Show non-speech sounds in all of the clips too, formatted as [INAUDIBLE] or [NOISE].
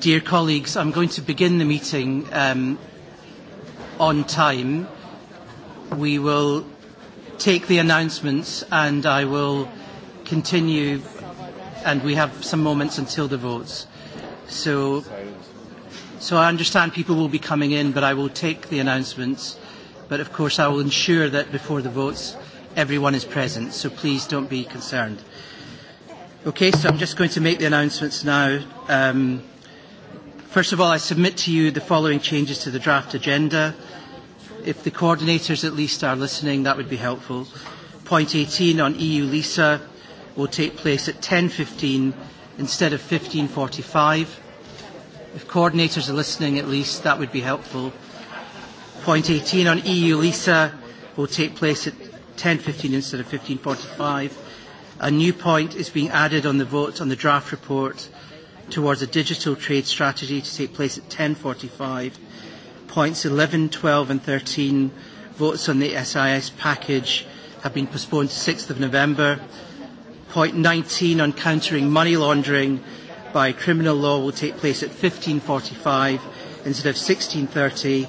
Dear colleagues, I'm going to begin the meeting um, on time. We will take the announcements and I will continue and we have some moments until the votes. So, so I understand people will be coming in but I will take the announcements but of course I will ensure that before the votes everyone is present so please don't be concerned. Okay, so I'm just going to make the announcements now. Um, First of all, I submit to you the following changes to the draft agenda. If the coordinators at least are listening, that would be helpful. Point 18 on EU LISA will take place at 10.15 instead of 15.45. If coordinators are listening at least, that would be helpful. Point 18 on EU LISA will take place at 10.15 instead of 15.45. A new point is being added on the vote on the draft report towards a digital trade strategy to take place at 10.45. Points 11, 12 and 13, votes on the SIS package have been postponed to 6th of November. Point 19 on countering money laundering by criminal law will take place at 15.45 instead of 16.30.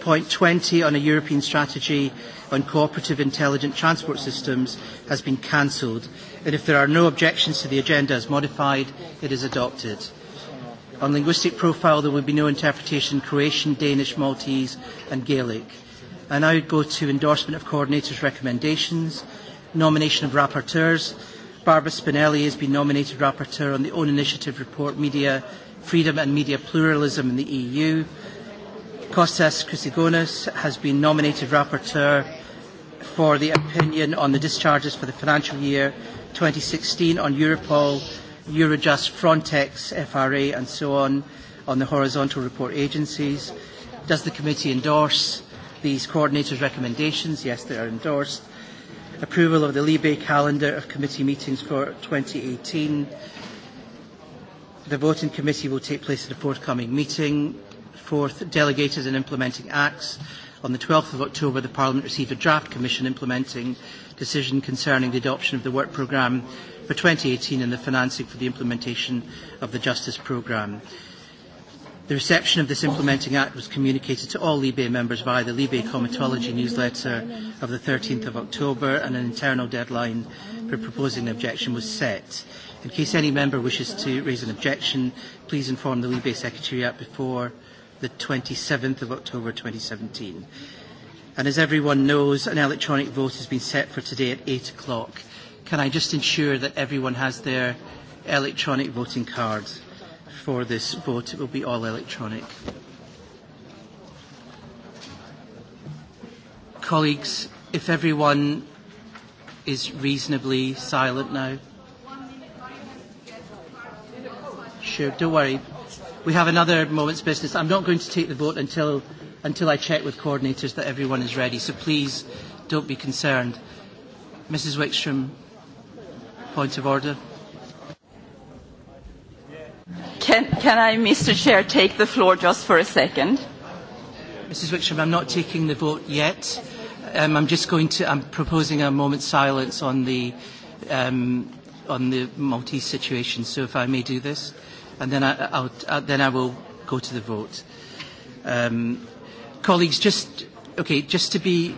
Point 20 on a European strategy on cooperative intelligent transport systems has been cancelled, and if there are no objections to the agenda as modified, it is adopted. On linguistic profile, there will be no interpretation Croatian, Danish, Maltese and Gaelic. I now go to endorsement of coordinators' recommendations, nomination of rapporteurs. Barbara Spinelli has been nominated rapporteur on the own initiative report Media Freedom and Media Pluralism in the EU. Kostas Chrysigonis has been nominated rapporteur for the opinion on the discharges for the financial year 2016 on Europol, Eurojust, Frontex, FRA, and so on, on the horizontal report agencies. Does the committee endorse these coordinators' recommendations? Yes, they are endorsed. Approval of the Libe calendar of committee meetings for 2018. The voting committee will take place at a forthcoming meeting. Fourth, delegated and implementing acts on the 12th of October, the Parliament received a draft Commission implementing decision concerning the adoption of the work programme for 2018 and the financing for the implementation of the Justice programme. The reception of this implementing act was communicated to all Libe members via the Libe Comitology newsletter of the 13th of October and an internal deadline for proposing an objection was set. In case any member wishes to raise an objection, please inform the Libe Secretariat before the 27th of October 2017. And as everyone knows, an electronic vote has been set for today at 8 o'clock. Can I just ensure that everyone has their electronic voting card for this vote? It will be all electronic. Colleagues, if everyone is reasonably silent now. Sure, don't worry. We have another moment's business. I'm not going to take the vote until, until I check with coordinators that everyone is ready, so please don't be concerned. Mrs Wickstrom, point of order. Can, can I, Mr Chair, take the floor just for a second? Mrs Wickstrom, I'm not taking the vote yet. Um, I'm just going to, I'm proposing a moment's silence on the, um, on the Maltese situation, so if I may do this and then I, I'll, I, uh, then I will go to the vote. Um, colleagues, just okay, just to be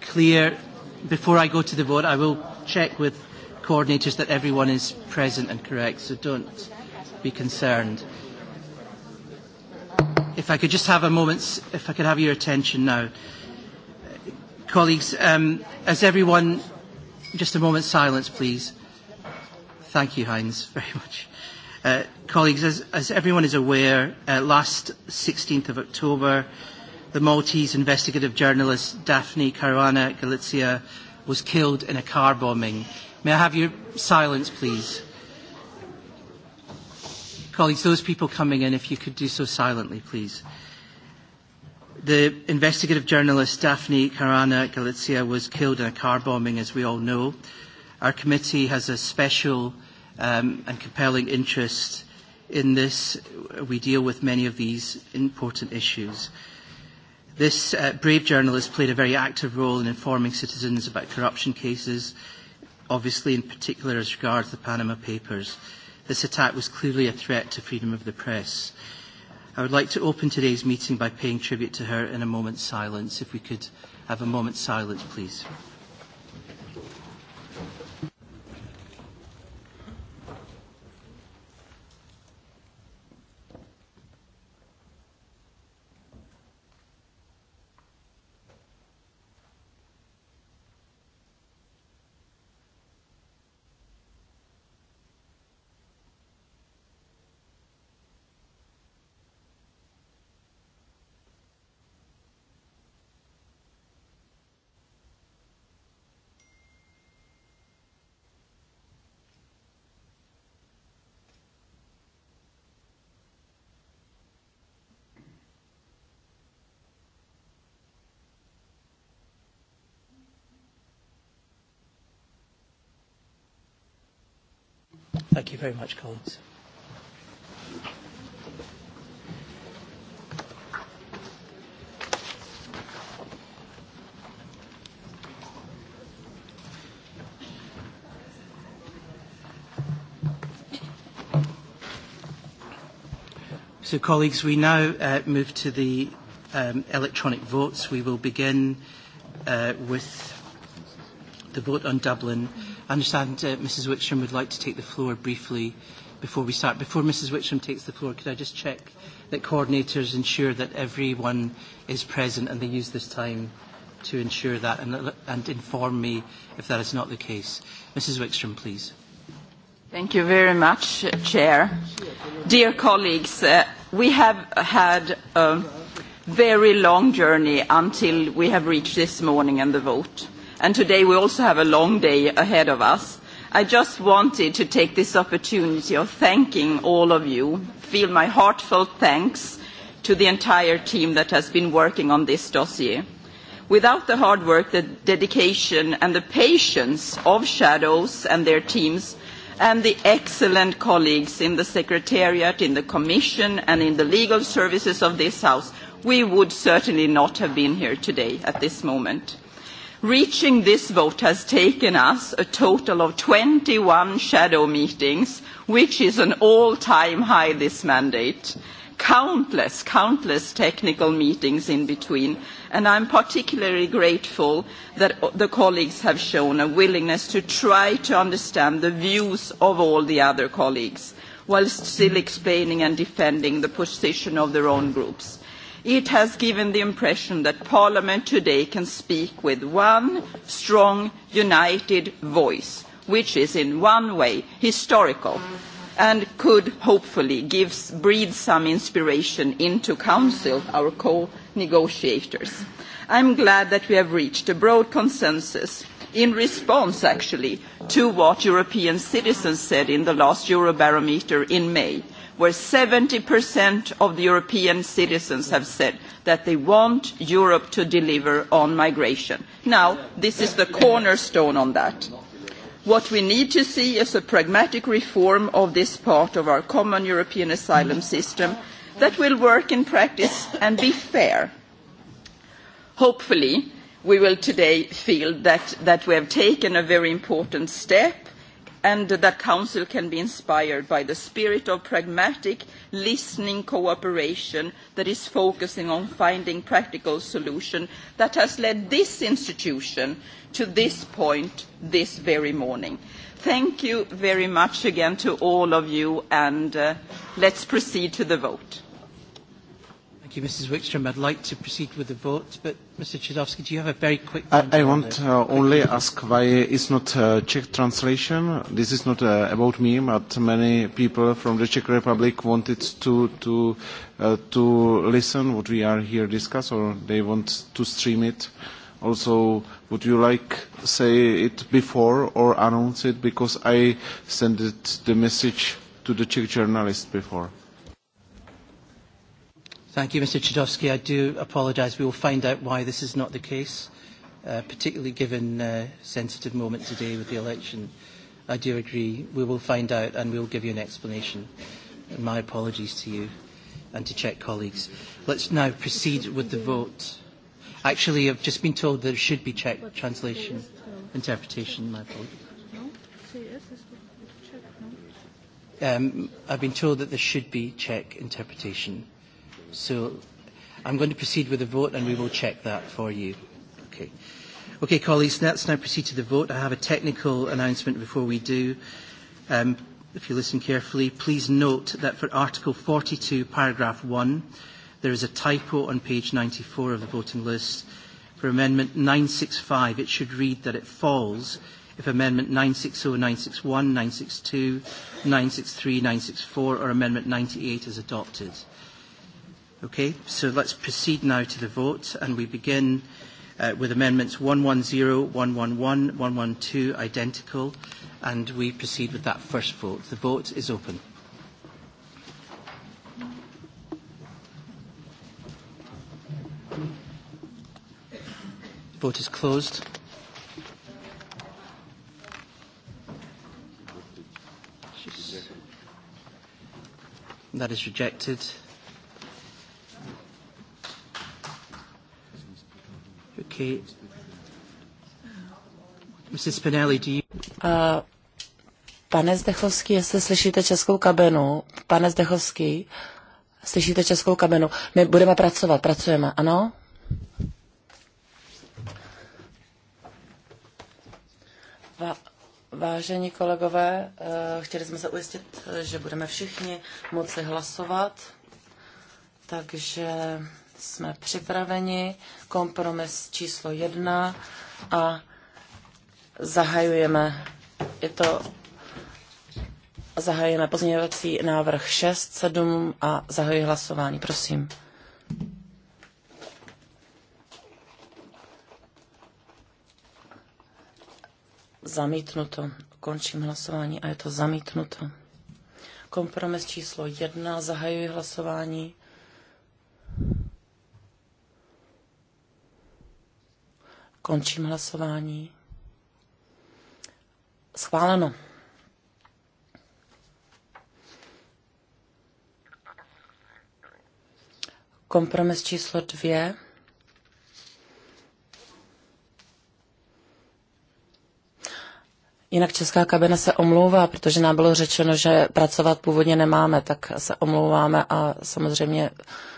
clear, before I go to the vote, I will check with coordinators that everyone is present and correct, so don't be concerned. If I could just have a moment, if I could have your attention now. Colleagues, um, as everyone, just a moment's silence, please. Thank you, Heinz, [LAUGHS] very much. Uh, colleagues, as, as everyone is aware, uh, last 16th of October, the Maltese investigative journalist Daphne Caruana Galizia was killed in a car bombing. May I have your silence, please? Colleagues, those people coming in, if you could do so silently, please. The investigative journalist Daphne Caruana Galizia was killed in a car bombing, as we all know. Our committee has a special um, and compelling interest in this. We deal with many of these important issues. This uh, brave journalist played a very active role in informing citizens about corruption cases, obviously in particular as regards the Panama Papers. This attack was clearly a threat to freedom of the press. I would like to open today's meeting by paying tribute to her in a moment's silence. If we could have a moment's silence, please. you very much, Collins. So, colleagues, we now uh, move to the um, electronic votes. We will begin uh, with the vote on Dublin. Mm-hmm i understand uh, Mrs. Wickstrom would like to take the floor briefly before we start. Before Mrs. Wickstrom takes the floor, could I just check that coordinators ensure that everyone is present and they use this time to ensure that and, and inform me if that is not the case. Mrs. Wickstrom, please. Thank you very much, uh, Chair. Dear colleagues, uh, we have had a very long journey until we have reached this morning and the vote and today we also have a long day ahead of us. I just wanted to take this opportunity of thanking all of you, feel my heartfelt thanks to the entire team that has been working on this dossier. Without the hard work, the dedication and the patience of shadows and their teams and the excellent colleagues in the Secretariat, in the Commission and in the legal services of this House, we would certainly not have been here today at this moment. Reaching this vote has taken us a total of 21 shadow meetings, which is an all-time high this mandate. Countless, countless technical meetings in between. And I'm particularly grateful that the colleagues have shown a willingness to try to understand the views of all the other colleagues, whilst still explaining and defending the position of their own groups it has given the impression that parliament today can speak with one strong united voice which is in one way historical and could hopefully give, breathe some inspiration into council our co-negotiators. i'm glad that we have reached a broad consensus in response actually to what european citizens said in the last eurobarometer in may where 70% of the European citizens have said that they want Europe to deliver on migration. Now, this is the cornerstone on that. What we need to see is a pragmatic reform of this part of our common European asylum system that will work in practice and be fair. Hopefully, we will today feel that, that we have taken a very important step and that council can be inspired by the spirit of pragmatic listening cooperation that is focusing on finding practical solutions that has led this institution to this point this very morning. thank you very much again to all of you and uh, let's proceed to the vote. Thank you, Mrs. Wickstrom. I'd like to proceed with the vote, but Mr. Chudovsky, do you have a very quick... I, I want uh, only ask why it's not uh, Czech translation. This is not uh, about me, but many people from the Czech Republic wanted to, to, uh, to listen what we are here discuss, or they want to stream it. Also, would you like say it before or announce it? Because I sent it, the message to the Czech journalist before. Thank you, Mr. Chudovsky. I do apologise. We will find out why this is not the case, uh, particularly given uh, sensitive moment today with the election. I do agree. We will find out and we will give you an explanation. And my apologies to you and to Czech colleagues. Let's now proceed with the vote. Actually, I've just been told there should be Czech translation, interpretation, my apologies. Um, I've been told that there should be Czech interpretation. So I'm going to proceed with the vote and we will check that for you. Okay. Okay, colleagues, let's now proceed to the vote. I have a technical announcement before we do. Um, if you listen carefully, please note that for Article 42, paragraph 1, there is a typo on page 94 of the voting list. For Amendment 965, it should read that it falls if Amendment 960, 961, 962, 963, 964 or Amendment 98 is adopted. Okay, so let's proceed now to the vote, and we begin uh, with amendments 110, 111, 112, identical, and we proceed with that first vote. The vote is open. Vote is closed. That is rejected. Okay. Mrs. Spinelli, do you... Uh, pane Zdechovský, jestli slyšíte českou kabinu, pane Zdechovský, slyšíte českou kabinu, my budeme pracovat, pracujeme, ano? Va- vážení kolegové, uh, chtěli jsme se ujistit, eh, že budeme všichni moci hlasovat, takže jsme připraveni, kompromis číslo jedna a zahajujeme. Je to zahajujeme pozměňovací návrh 6, 7 a zahajuji hlasování. Prosím. Zamítnuto. Končím hlasování a je to zamítnuto. Kompromis číslo jedna Zahajuji hlasování. Končím hlasování. Schváleno. Kompromis číslo dvě. Jinak česká kabina se omlouvá, protože nám bylo řečeno, že pracovat původně nemáme, tak se omlouváme a samozřejmě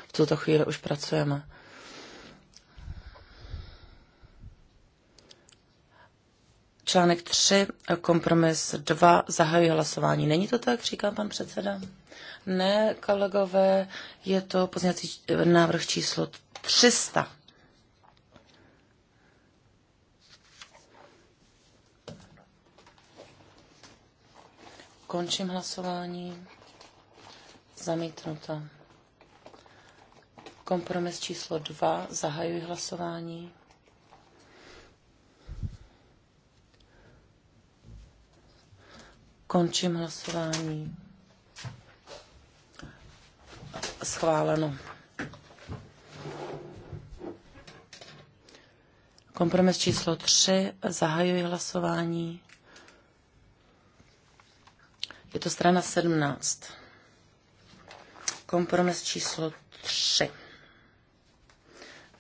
v tuto chvíli už pracujeme. Článek 3, kompromis 2, zahajuji hlasování. Není to tak, říká pan předseda? Ne, kolegové, je to pozněcí návrh číslo 300. Končím hlasování. Zamítnuto. Kompromis číslo 2, zahajuji hlasování. Končím hlasování. Schváleno. Kompromis číslo 3. Zahajuji hlasování. Je to strana 17. Kompromis číslo 3.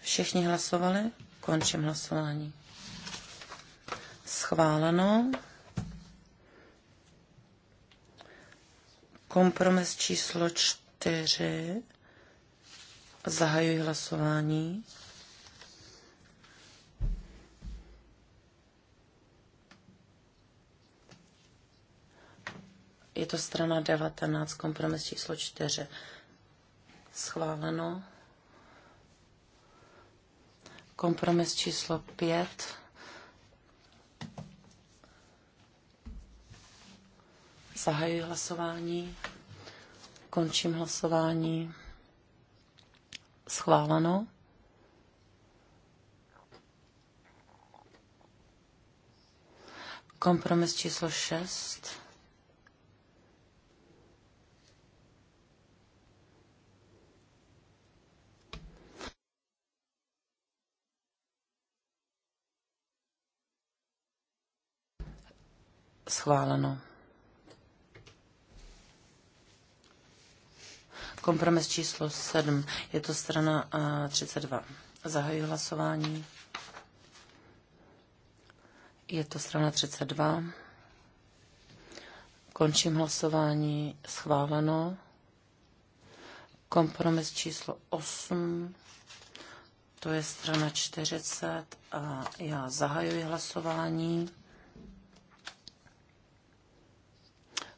Všichni hlasovali? Končím hlasování. Schváleno. Kompromis číslo čtyři. Zahajuji hlasování. Je to strana 19, kompromis číslo 4. Schváleno. Kompromis číslo 5. Zahajuji hlasování. Končím hlasování. Schváleno. Kompromis číslo 6. Schváleno. Kompromis číslo 7. Je to strana 32. Eh, zahajuji hlasování. Je to strana 32. Končím hlasování. Schváleno. Kompromis číslo 8. To je strana 40 a já zahajuji hlasování.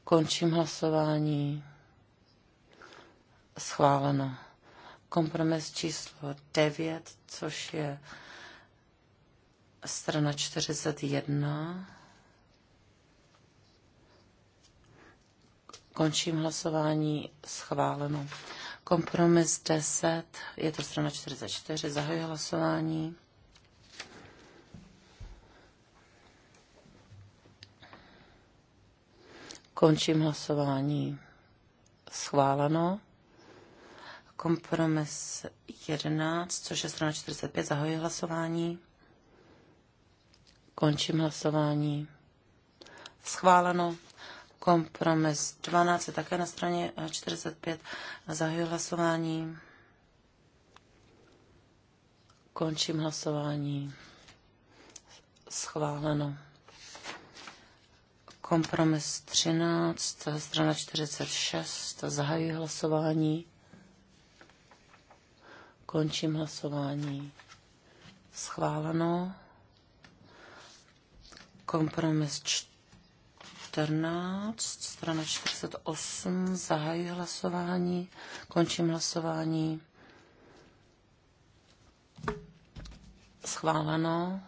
Končím hlasování schváleno. Kompromis číslo 9, což je strana 41. Končím hlasování schváleno. Kompromis 10, je to strana 44, zahajuji hlasování. Končím hlasování. Schváleno. Kompromis 11, což je strana 45, zahoji hlasování. Končím hlasování. Schváleno. Kompromis 12 je také na straně 45. Zahajuji hlasování. Končím hlasování. Schváleno. Kompromis 13, strana 46. Zahajuji hlasování. Končím hlasování. Schváleno. Kompromis 14, strana 48, zahajuji hlasování, končím hlasování. Schváleno.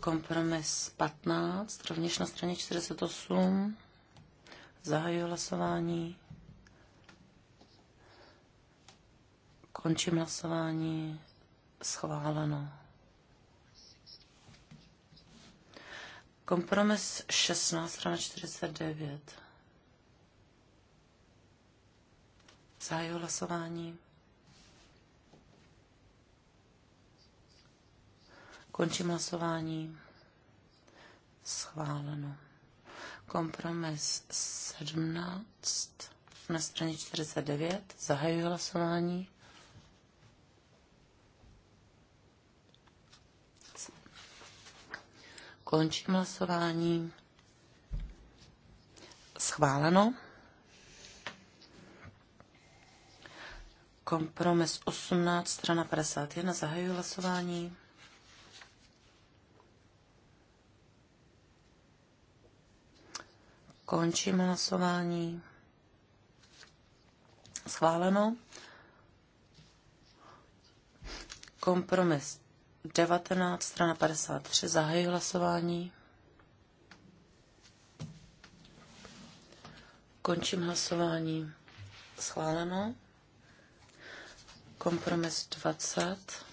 Kompromis 15, rovněž na straně 48, zahajuji hlasování. Končím hlasování. Schváleno. Kompromis 16, strana 49. Zahajuji hlasování. Končím hlasování. Schváleno. Kompromis 17 na straně 49. Zahajuji hlasování. Končím hlasování. Schváleno. Kompromis 18, strana 51, zahajuji hlasování. Končím hlasování. Schváleno. Kompromis 19, strana 53, zahají hlasování. Končím hlasování. Schváleno. Kompromis 20.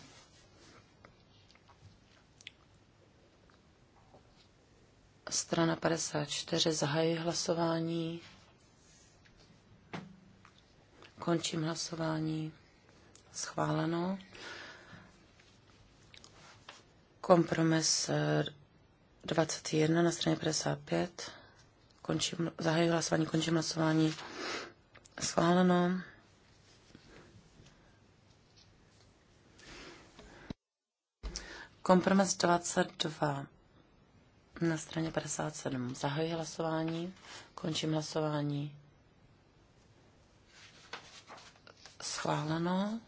Strana 54, zahají hlasování. Končím hlasování. Schváleno. Kompromis 21 eh, na straně 55. Končím, zahajuji hlasování, končím hlasování. Schváleno. Kompromis 22 na straně 57. Zahajuji hlasování, končím hlasování. Schváleno.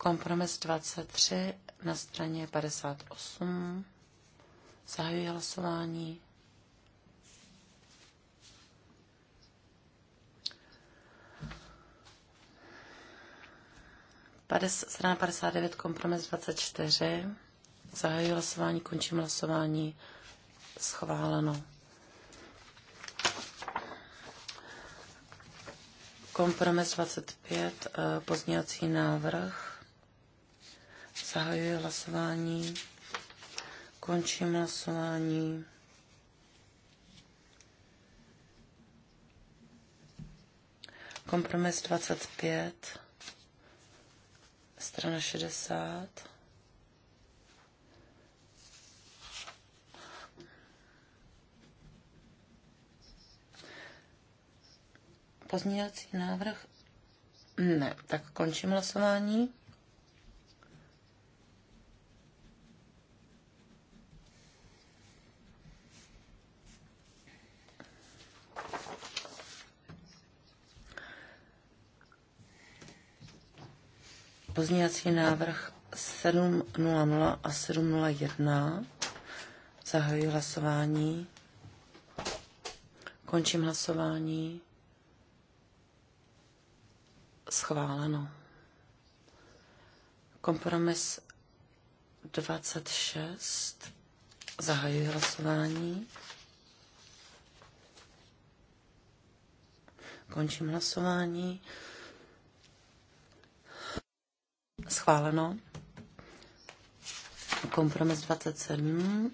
Kompromis 23 na straně 58. Zahajuji hlasování. Strana 59, kompromis 24. Zahajuji hlasování, končím hlasování. Schváleno. Kompromis 25, eh, pozměňovací návrh. Zahajuji hlasování. Končím hlasování. Kompromis 25, strana 60. Pozměňovací návrh? Ne. Tak končím hlasování. Pozměňovací návrh 7.00 a 7.01. Zahajuji hlasování. Končím hlasování. Schváleno. Kompromis 26. Zahajuji hlasování. Končím hlasování. Schváleno. Kompromis 27.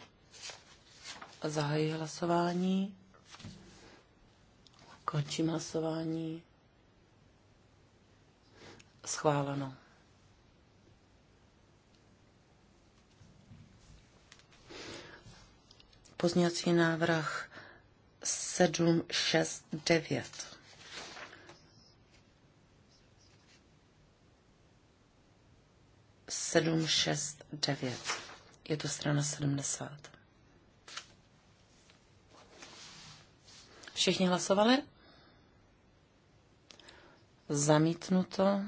Zahají hlasování. Končím hlasování. Schváleno. Pozněcí návrh 769. 769. Je to strana 70. Všichni hlasovali? Zamítnuto.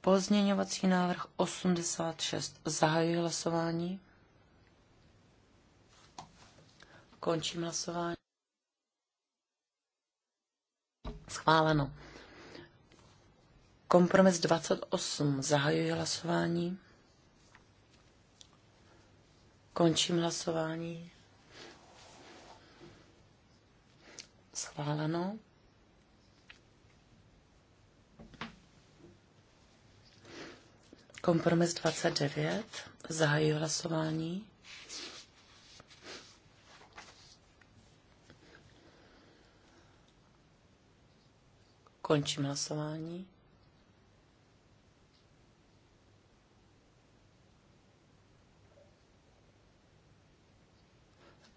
Pozměňovací návrh 86. Zahajuji hlasování. Končím hlasování. Schváleno. Kompromis 28. Zahajuji hlasování. Končím hlasování. Schváleno. Kompromis 29. Zahajuji hlasování. Končím hlasování.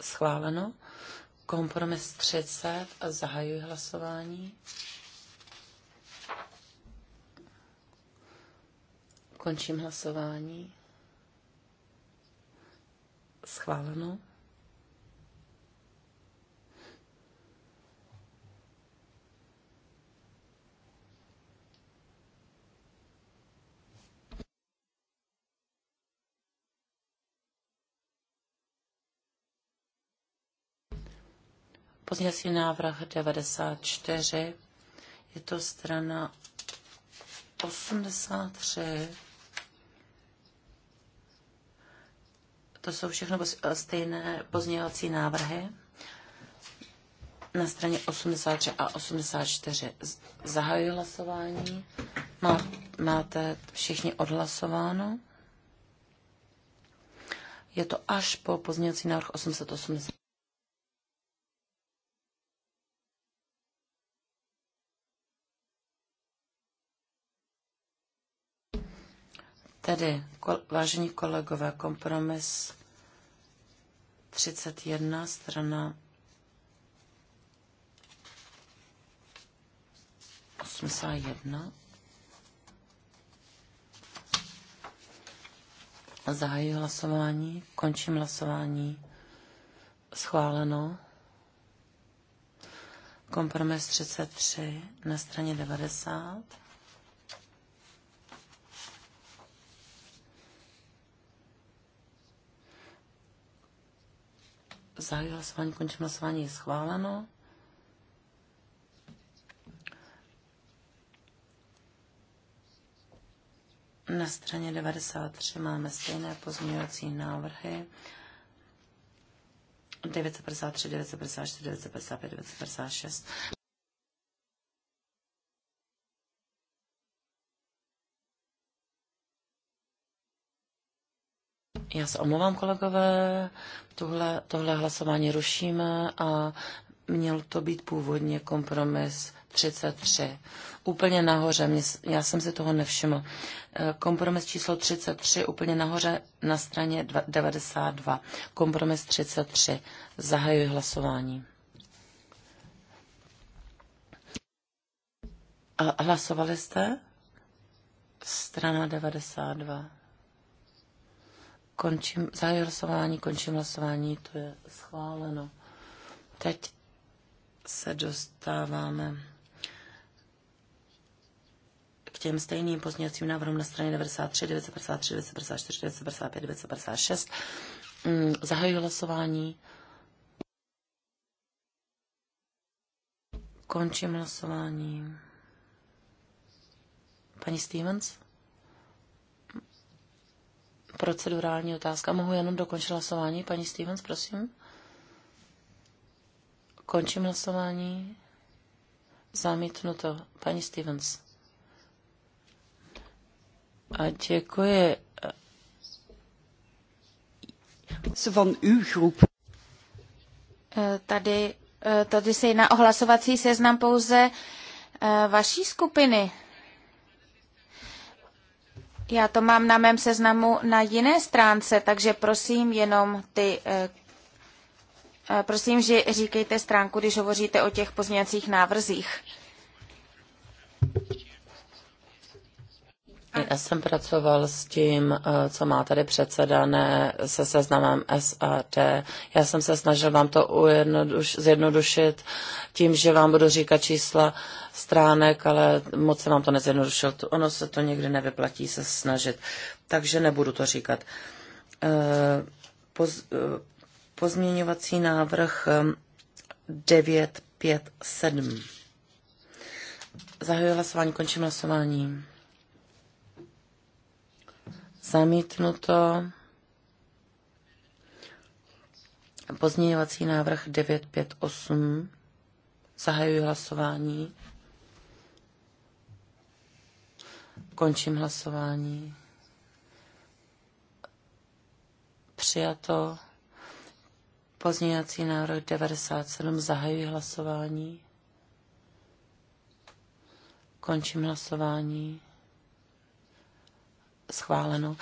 schváleno. Kompromis 30 a zahajuji hlasování. Končím hlasování. Schváleno. Pozměňovací návrh 94, je to strana 83. To jsou všechno stejné pozměňovací návrhy. Na straně 83 a 84 zahajuji hlasování. Má, máte všichni odhlasováno. Je to až po pozměňovací návrh 880. Tedy, kol, vážení kolegové, kompromis 31, strana 81. Zahajuji hlasování, končím hlasování. Schváleno. Kompromis 33 na straně 90. zahajuji hlasování, končím hlasování, je schváleno. Na straně 93 máme stejné pozměňovací návrhy. 953, 954, 955, 956. Já se omlouvám, kolegové, tohle, tohle hlasování rušíme a měl to být původně kompromis 33. Úplně nahoře, mě, já jsem si toho nevšiml. Eh, kompromis číslo 33, úplně nahoře na straně 92. Kompromis 33. Zahajuji hlasování. A hlasovali jste? Strana 92. Končím, zahajuji hlasování, končím hlasování, to je schváleno. Teď se dostáváme k těm stejným pozměňovacím návrhům na straně 93, 953, 954, 955, 956. Zahajuji hlasování. Končím hlasování. Paní Stevens? procedurální otázka. Mohu jenom dokončit hlasování? Paní Stevens, prosím. Končím hlasování. Zamítnuto. Paní Stevens. A děkuji. Van uw groep. Tady, eh, tady se jedná o hlasovací seznam pouze eh, vaší skupiny. Já to mám na mém seznamu na jiné stránce, takže prosím jenom ty eh, eh, Prosím, že říkejte stránku, když hovoříte o těch pozměňacích návrzích. Já jsem pracoval s tím, eh, co má tady předsedané. se seznamem SAD. Já jsem se snažil vám to ujednoduš, zjednodušit tím, že vám budu říkat čísla stránek, ale moc se vám to nezjednodušil. Ono se to někdy nevyplatí se snažit, takže nebudu to říkat. Eh, poz, eh, pozměňovací návrh 957. Zahajuji hlasování, končím hlasování. Zamítnuto. Pozměňovací návrh 958. Zahajuji hlasování. Končím hlasování. Přijato. Pozměňovací návrh 97. Zahajuji hlasování. Končím hlasování schváleno.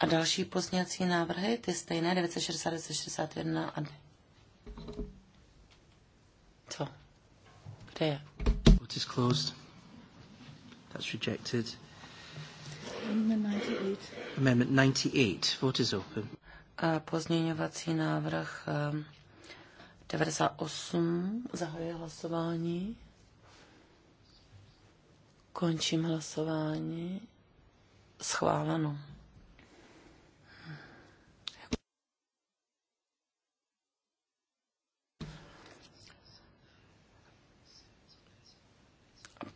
A další pozněcí návrhy, ty stejné, 960, 961 a... Co? Kde je? Vote is closed. That's rejected. Amendment 98. Amendment 98. Vote is open. A pozměňovací návrh 98. Ehm, Zahajuje hlasování. Končím hlasování. Schváleno.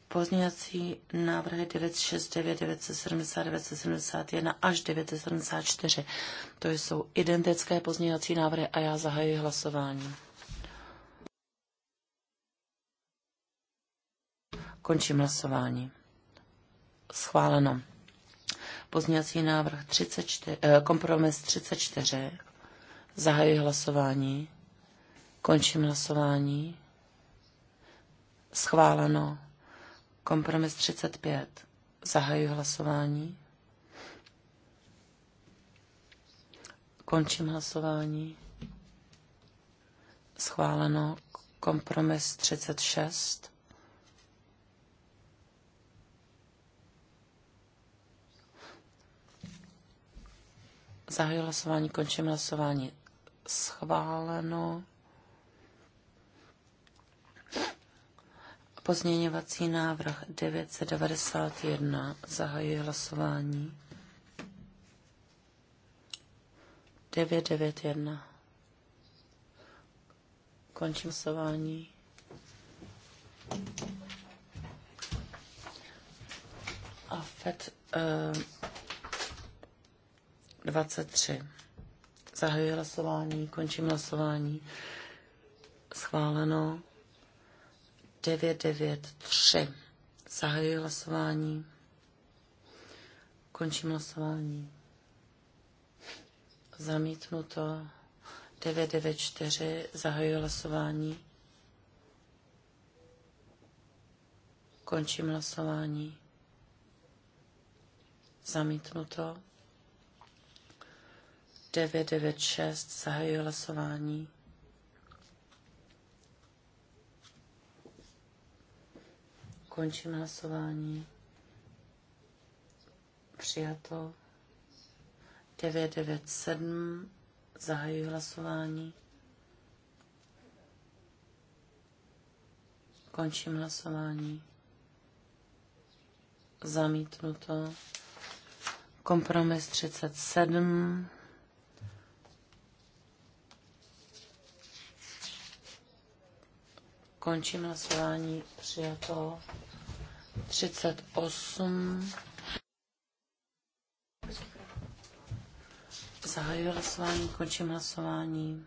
pozměňovací návrhy 969, 970, 971 až 974. To jsou identické pozměňovací návrhy a já zahajuji hlasování. Končím hlasování. Schváleno. Pozměňovací návrh 34, eh, kompromis 34. Zahajuji hlasování. Končím hlasování. Schváleno. Kompromis 35. Zahajuji hlasování. Končím hlasování. Schváleno. Kompromis 36. Zahajuji hlasování, končím hlasování. Schváleno. Pozměňovací návrh 991. Zahajuji hlasování. 991. Končím hlasování. A FED uh, 23. Zahajuji hlasování, končím hlasování. Schváleno 993. Zahajuji hlasování. Končím hlasování. Zamítnuto 994. Zahajuji hlasování. Končím hlasování. Zamítnuto 996. Zahajuji hlasování. Končím hlasování. Přijato. 997. Zahajuji hlasování. Končím hlasování. Zamítnuto. Kompromis 37. Končím hlasování. Přijato 38. Zahajuji hlasování, končím hlasování.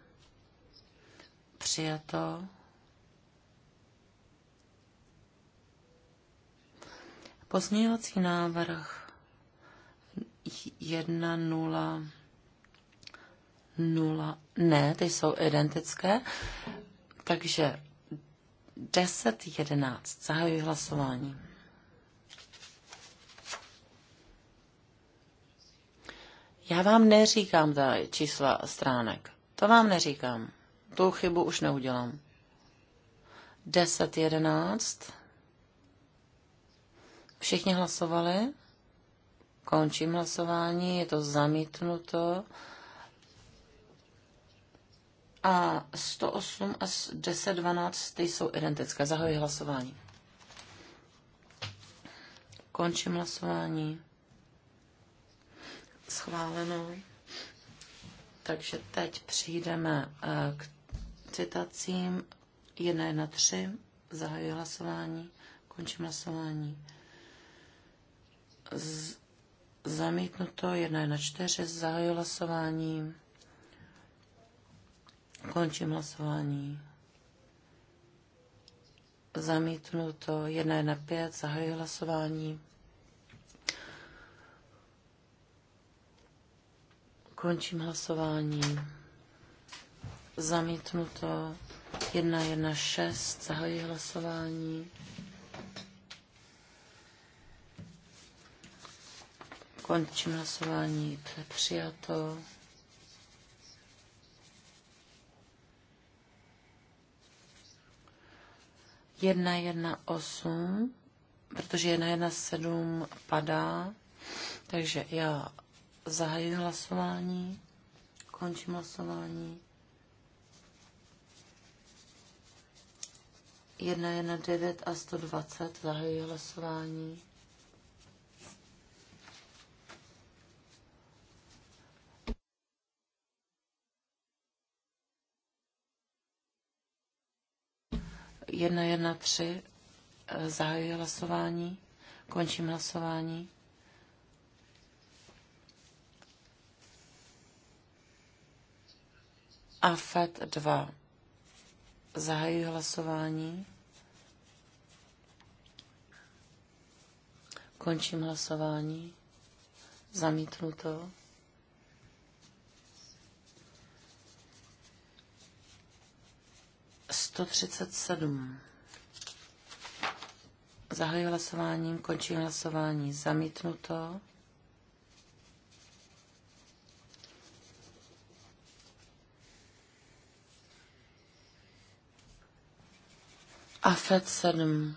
Přijato. Pozměňovací návrh 1, 0, 0. Ne, ty jsou identické. Takže 10.11. Zahajuji hlasování. Já vám neříkám ta čísla stránek. To vám neříkám. Tu chybu už neudělám. 10.11. Všichni hlasovali. Končím hlasování, je to zamítnuto. A 108 a 10, 12, ty jsou identické. Zahajuji hlasování. Končím hlasování. Schváleno. Takže teď přijdeme eh, k citacím 1 na 3. Zahajuji hlasování. Končím hlasování. Z- zamítnuto 1 na 4. Zahajuji hlasování. Končím hlasování. Zamítnu to na pět. Zahajuji hlasování. Končím hlasování. Zamítnu to Zamítnuto šest. Zahajuji hlasování. Končím hlasování. Přijato. 1.1.8, protože 1.1.7 padá, takže já zahajuji hlasování, končím hlasování. 1.1.9 a 120 zahajuji hlasování. 113 eh, zahajuji hlasování, končím hlasování. A FED 2. Zahajuji hlasování. Končím hlasování. Zamítnu to. 137. Zahajuji hlasováním, končím hlasování. Zamítnuto. AFED 7.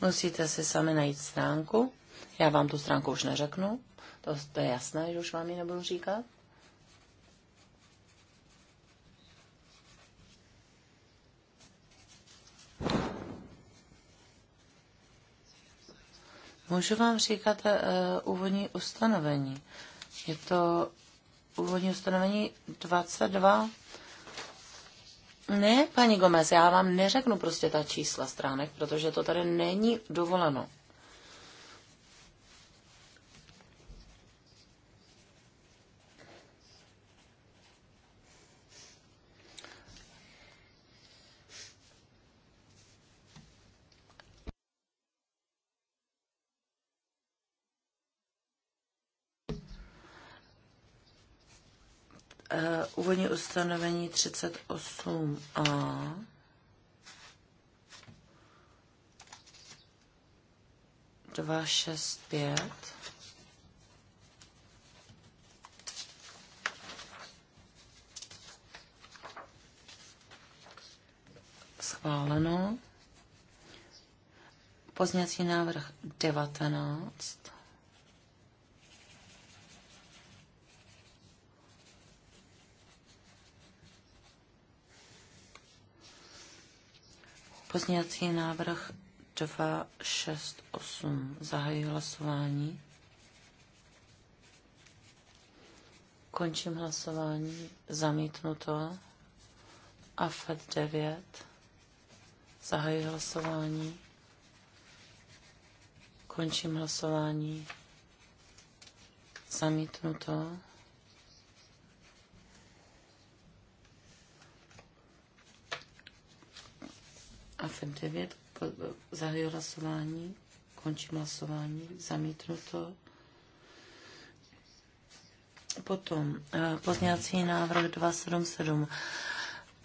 Musíte si sami najít stránku. Já vám tu stránku už neřeknu. To, to je jasné, že už vám ji nebudu říkat. Můžu vám říkat uh, úvodní ustanovení. Je to úvodní ustanovení 22. Ne, paní Gomez, já vám neřeknu prostě ta čísla stránek, protože to tady není dovoleno. úvodní ustanovení 38a. Dva, šest, pět. Schváleno. Pozněcí návrh devatenáct. Pozněcí návrh 268. Zahajuji hlasování. Končím hlasování. Zamítnuto. AFED 9. Zahajuji hlasování. Končím hlasování. Zamítnuto. AFEM 9, zahajuji hlasování, končím hlasování, zamítnuto. Potom eh, pozněvací návrh 277,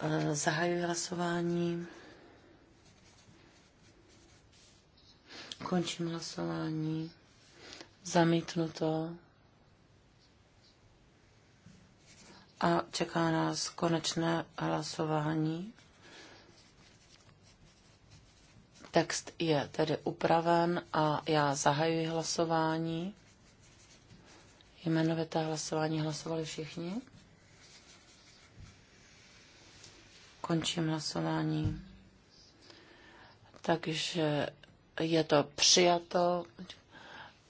eh, zahajuji hlasování, končím hlasování, zamítnuto. A čeká nás konečné hlasování Text je tedy upraven a já zahajuji hlasování. Jmenovité hlasování hlasovali všichni. Končím hlasování. Takže je to přijato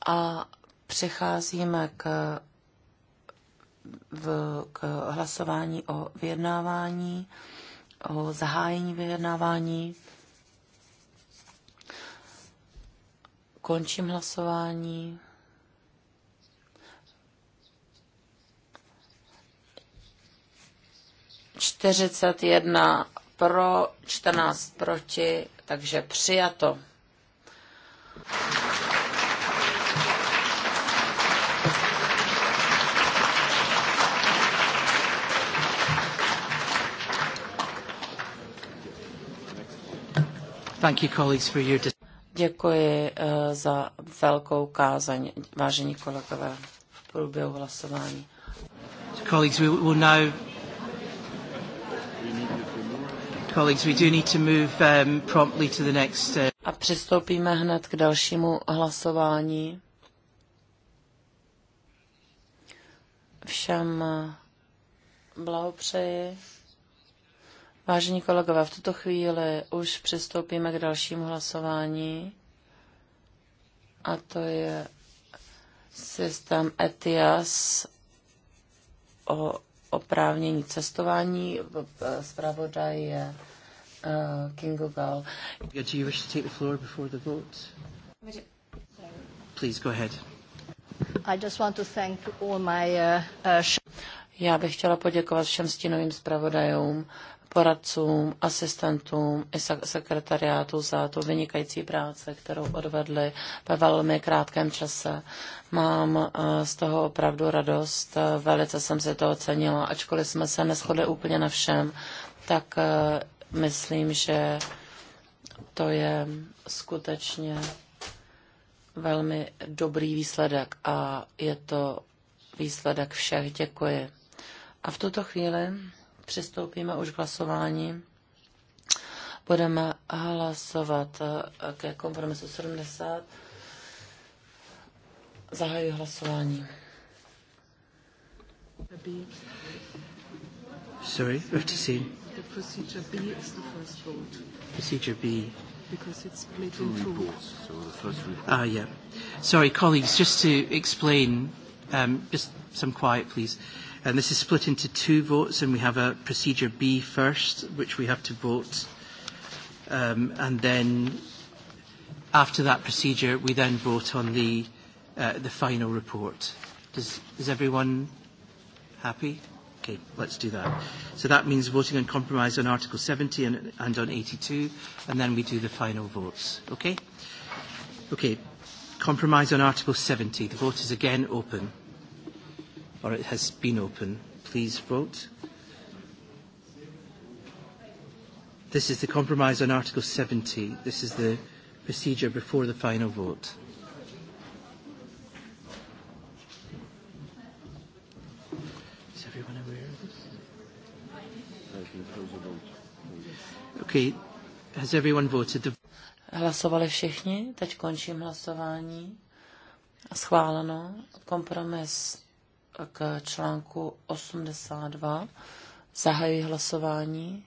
a přecházíme k, v, k hlasování o vyjednávání, o zahájení vyjednávání. Končím hlasování. Čtyřicet jedna pro, čtrnáct proti, takže přijato. Thank you, colleagues, for your Děkuji eh, za velkou kázeň, vážení kolegové, v průběhu hlasování. Colleagues, we will now... Colleagues, we do need to move um, promptly to the next... Uh... A přistoupíme hned k dalšímu hlasování. Všem eh, blahopřeji. Vážení kolegové, v tuto chvíli už přistoupíme k dalšímu hlasování a to je systém ETIAS o oprávnění cestování. Zpravodaj je uh, Kingo Gal. Eh, eh, Já bych chtěla poděkovat všem stínovým zpravodajům poradcům, asistentům i sekretariátu za tu vynikající práci, kterou odvedli ve velmi krátkém čase. Mám eh, z toho opravdu radost, velice jsem si to ocenila, ačkoliv jsme se neschodli úplně na všem, tak eh, myslím, že to je skutečně velmi dobrý výsledek a je to výsledek všech. Děkuji. A v tuto chvíli přistoupíme už k hlasování. Budeme hlasovat eh, ke kompromisu 70. Zahajuji hlasování. Sorry, we have to see. The procedure B is the first vote. Procedure B. Because it's split two in two. Reports, so the first report. Ah, yeah. Sorry, colleagues, just to explain, um, just some quiet, please. Uh, And uh, this is split into two votes, and we have a procedure B first, which we have to vote. Um, and then after that procedure, we then vote on the, uh, the final report. Does, is everyone happy? Okay, let's do that. So that means voting on compromise on Article 70 and, and on 82, and then we do the final votes. Okay? Okay. Compromise on Article 70. The vote is again open or it has been open. Please vote. This is the compromise on Article 70. This is the procedure before the final vote. Is everyone aware of this? Okay. Has everyone voted? The... Hlasovali všichni, teď končím hlasování. Schváleno. Kompromis k článku 82. Zahajuji hlasování.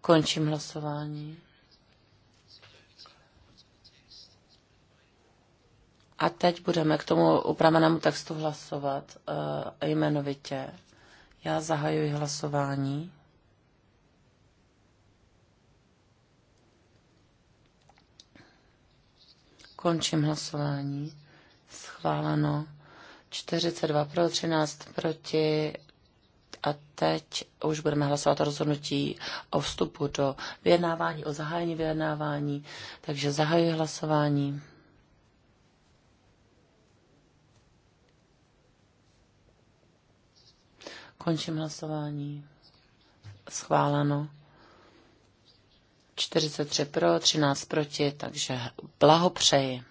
Končím hlasování. A teď budeme k tomu upravenému textu hlasovat uh, jmenovitě. Já zahajuji hlasování. Končím hlasování. Schváleno. 42 pro, 13 proti. A teď už budeme hlasovat o rozhodnutí o vstupu do vyjednávání, o zahájení vyjednávání. Takže zahajuji hlasování. Končím hlasování. Schváleno. 43 pro, 13 proti, takže blahopřeji.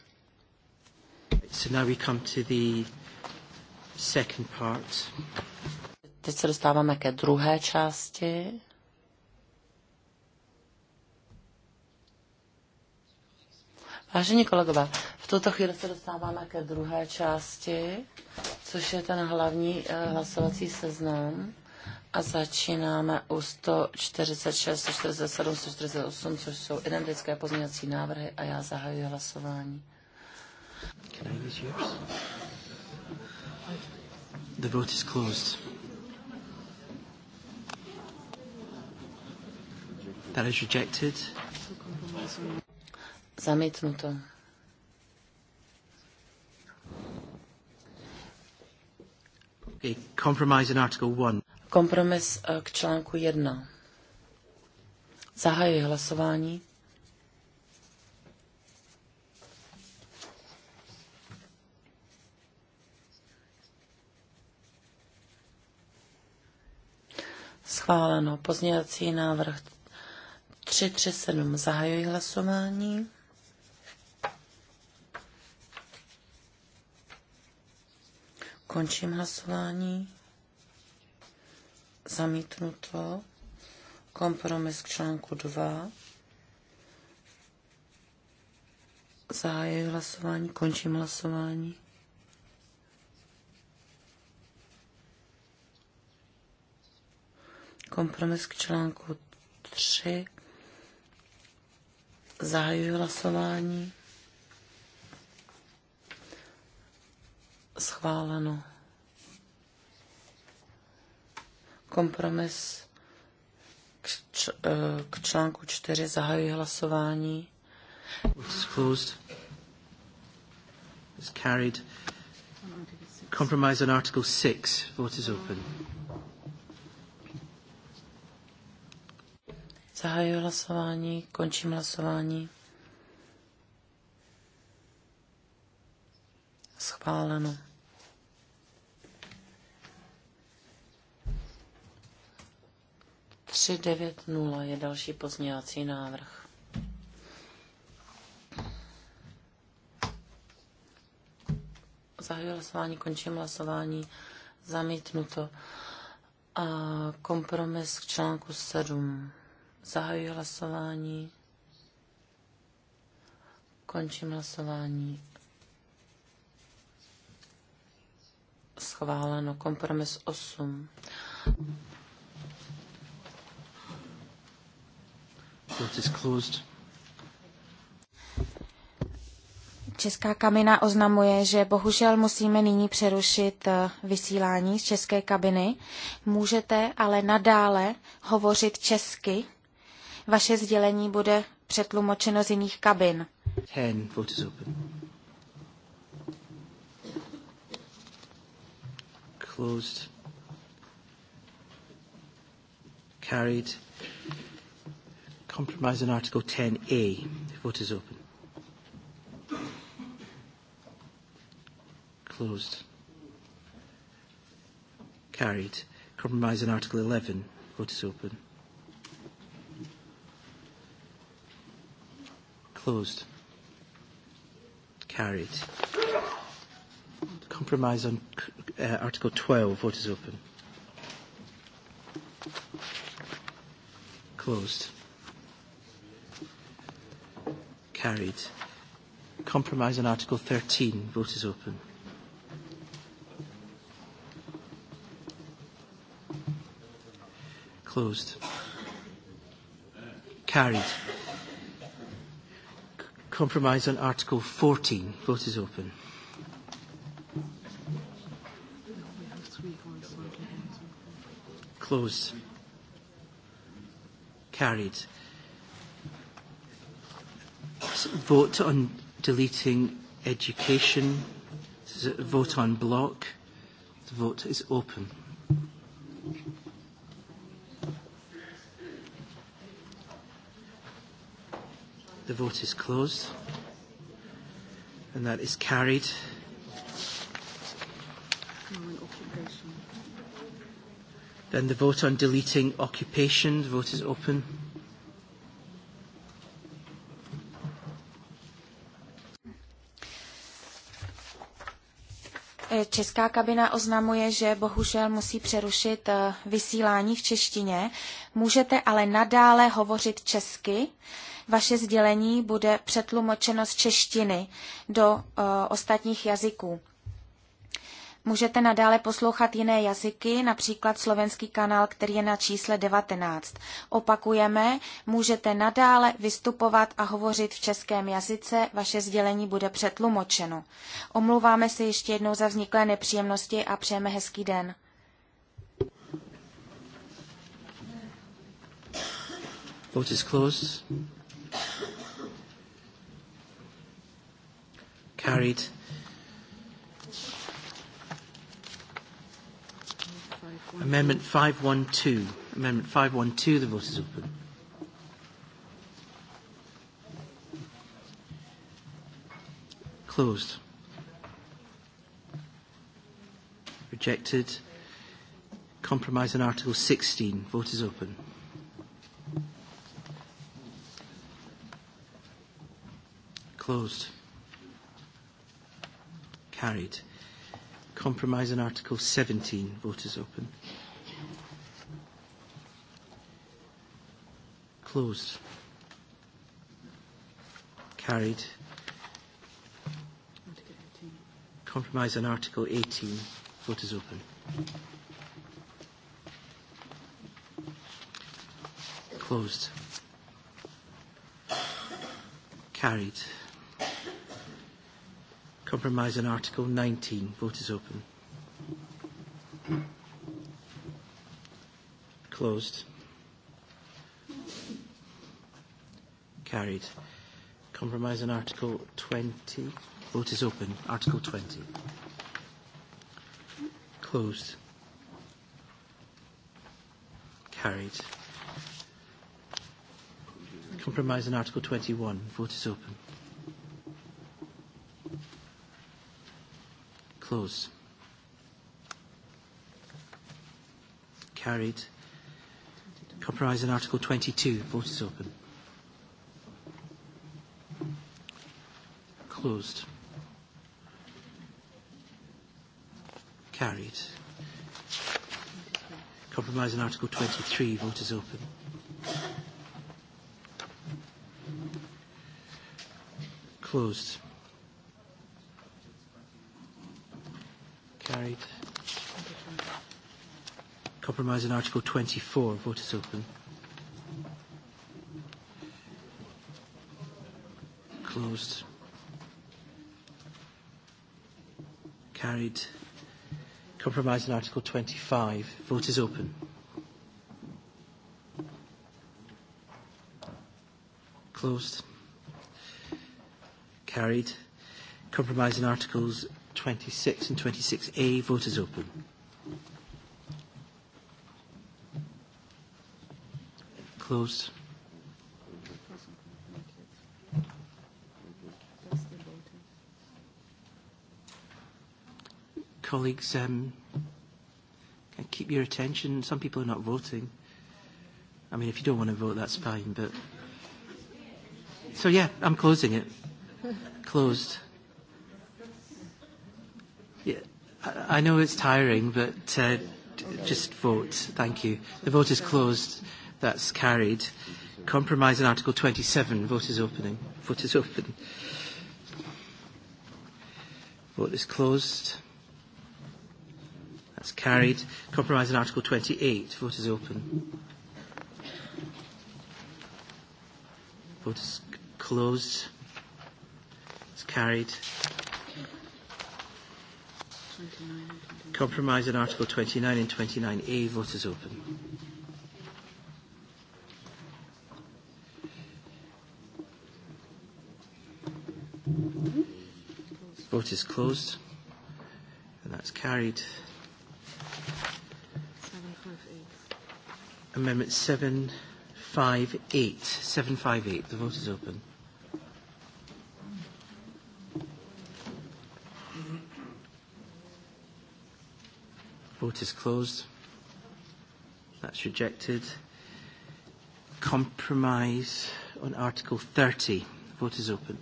So now we come to the second part. Teď se dostáváme ke druhé části. Vážení kolegové, v tuto chvíli se dostáváme ke druhé části, což je ten hlavní eh, hlasovací seznam. A začínáme u 146, 147, 148, což jsou identické pozměňovací návrhy a já zahajuji hlasování. Can I use yours? The vote is closed. That is rejected. Zamítnuto. A compromise in Article 1. Kompromis eh, k článku 1. Zahajuji hlasování. Schváleno. Pozměňovací návrh 337. Zahajuji hlasování. Končím hlasování zamítnuto. Kompromis k článku 2. Zahajuji hlasování, končím hlasování. Kompromis k článku 3. Zahajuji hlasování. Schváleno. Kompromis k, č- e, k článku 4 zahajuji hlasování. It's carried. Compromise on Article 6. Vote is open. Zahajuji hlasování, končím hlasování. Schváleno. 390 je další pozměňovací návrh. Zahajuji hlasování, končím hlasování, zamítnuto. A kompromis k článku 7. Zahajuji hlasování, končím hlasování. Schváleno kompromis 8. is closed. Česká kabina oznamuje, že bohužel musíme nyní přerušit eh, vysílání z české kabiny. Můžete ale nadále hovořit česky. Vaše sdělení bude přetlumočeno z jiných kabin. Ten, vote is open. Closed. Carried. Compromise on Article 10A. The vote is open. Closed. Carried. Compromise on Article 11. Vote is open. Closed. Carried. Compromise on uh, Article 12. Vote is open. Closed Carried. Compromise on Article 13. Vote is open. Closed. Carried. Compromise on Article 14. Vote is open. Closed. Carried vote on deleting education. This is a vote on block. The vote is open. The vote is closed. And that is carried. Then the vote on deleting occupation. The vote is open. Česká kabina oznamuje, že bohužel musí přerušit eh, vysílání v češtině. Můžete ale nadále hovořit česky. Vaše sdělení bude přetlumočeno z češtiny do eh, ostatních jazyků. Můžete nadále poslouchat jiné jazyky, například slovenský kanál, který je na čísle 19. Opakujeme, můžete nadále vystupovat a hovořit v českém jazyce, vaše sdělení bude přetlumočeno. Omlouváme se ještě jednou za vzniklé nepříjemnosti a přejeme hezký den. Vote is closed. Carried. Amendment 512. Amendment 512, the vote is open. Closed. Rejected. Compromise on Article 16. Vote is open. Closed. Carried. Compromise on Article 17. Vote is open. closed. Carried. Compromise on Article 18. Vote is open. Closed. Carried. Compromise on Article 19. Vote is open. Closed. carried. Compromise on Article 20. Vote is open. Article 20. Closed. Carried. Compromise on Article 21. Vote is open. Closed. Carried. Compromise on Article 22. Vote is open. closed. Carried. Compromise on Article 23. Vote is open. Closed. Carried. Compromise on Article 24. Vote is open. Closed. Carried. Compromise on Article 25. Vote is open. Closed. Carried. Compromise on Articles 26 and 26A. Vote is open. Closed. colleagues, um, can keep your attention. Some people are not voting. I mean, if you don't want to vote, that's fine. But so yeah, I'm closing it. Closed. Yeah, I, I know it's tiring, but uh, okay. just vote. Thank you. The vote is closed. That's carried. Compromise in Article 27. Vote is opening. Vote is open. Vote is closed carried. Compromise on Article 28. Vote is open. Vote is closed. It's carried. Compromise on Article 29 and 29A. Vote is open. Vote is closed. And that's carried. Amendment 758. 758. The vote is open. Vote is closed. That's rejected. Compromise on Article 30. Vote is open.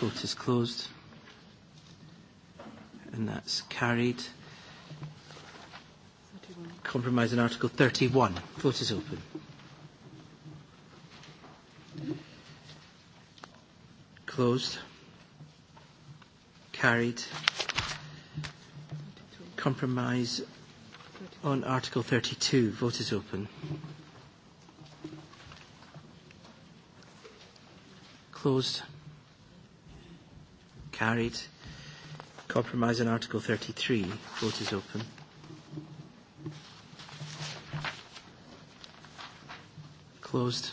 Vote is closed. And that's carried compromise on Article 31. Vote is open. Closed. Carried. Compromise on Article 32. Vote is open. Closed. Carried. Compromise on Article 33. Vote is open. Closed.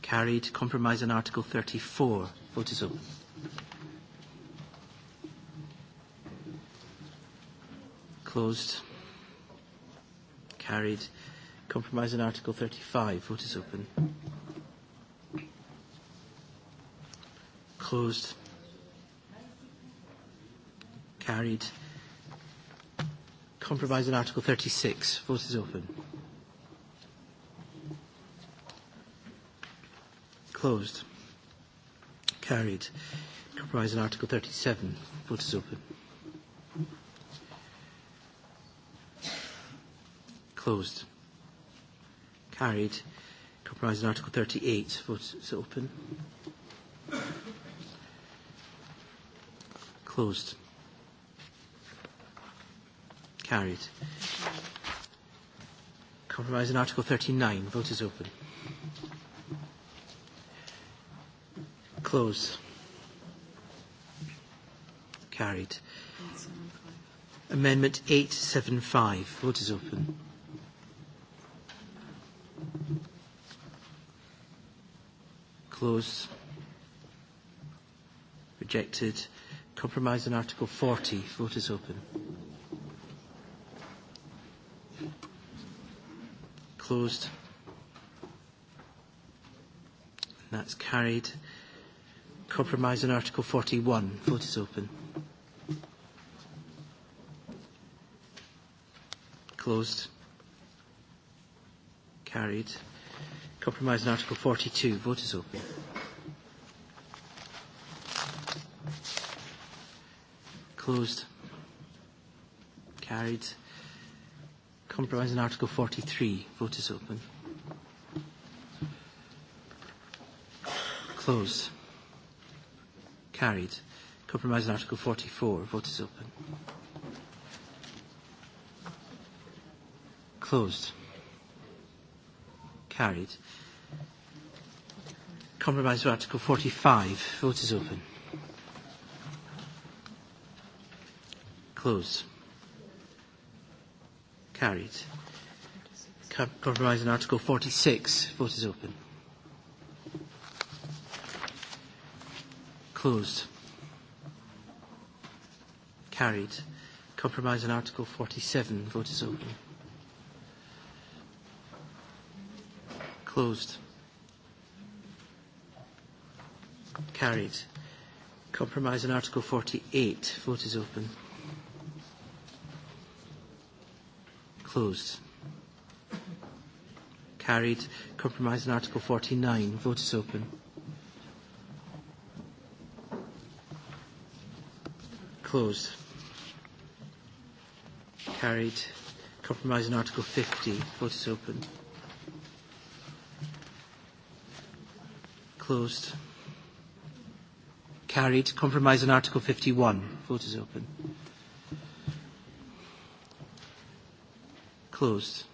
Carried. Compromise on Article 34. Vote is open. Closed. Carried. Compromise on Article 35. Vote is open. Closed. Carried. Compromise on Article 36. Vote is open. Opposed? Carried. Comprise in Article 37. Vote is open. Closed. Carried. Comprise in Article 38. Vote is open. Closed. Carried. Compromise in Article 39. Vote is open. close. Carried. Amendment 875. Vote is open. Close. Rejected. Compromise on Article 40. Vote is open. Closed. And that's carried compromise on Article 41. Vote is open. Closed. Carried. Compromise on Article 42. Vote is open. Closed. Carried. Compromise on Article 43. Vote is open. Closed. Carried. Compromise on Article 44. Vote is open. Closed. Carried. Compromise on Article 45. Vote is open. Closed. Carried. Compromise on Article 46. Vote is open. Opposed? Carried. Compromise on Article 47. Vote is open. Closed. Carried. Compromise on Article 48. Vote is open. Closed. Carried. Compromise on Article 49. Vote is open. Closed. Carried. Compromise on Article 50. Vote is open. Closed. Carried. Compromise on Article 51. Vote is open. Closed.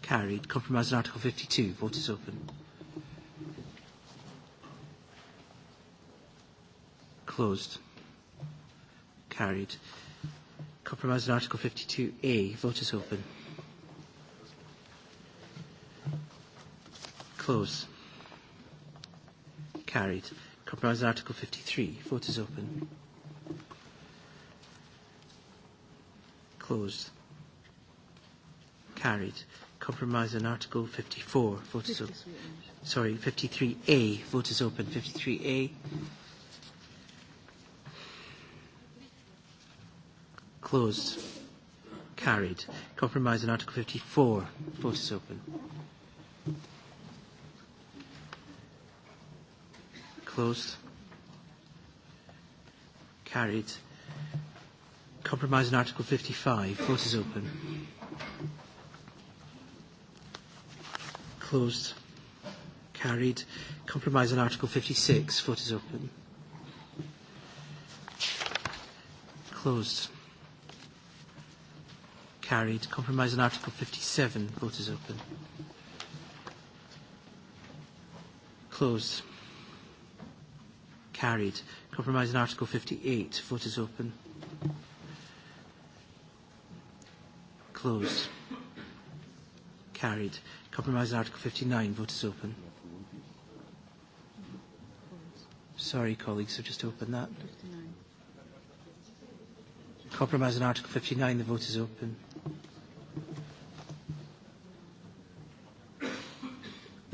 Carried. Compromise on Article 52. Vote is open. Closed carried. Compromise on Article 52A. Vote is open. Close. Carried. Compromise on Article 53. Vote is open. Closed. Carried. Compromise on Article 54. Vote is open. Sorry, 53A. Vote is open. 53A. Closed. Carried. Compromise on Article 54. Vote is open. Closed. Carried. Compromise on Article 55. Vote is open. Closed. Carried. Compromise on Article 56. Vote is open. Closed carried. Compromise on Article 57. Vote is open. Closed. Carried. Compromise on Article 58. Vote is open. Closed. Carried. Compromise on Article 59. Vote is open. Sorry, colleagues, I've just opened that. Compromise on Article 59. The vote is open.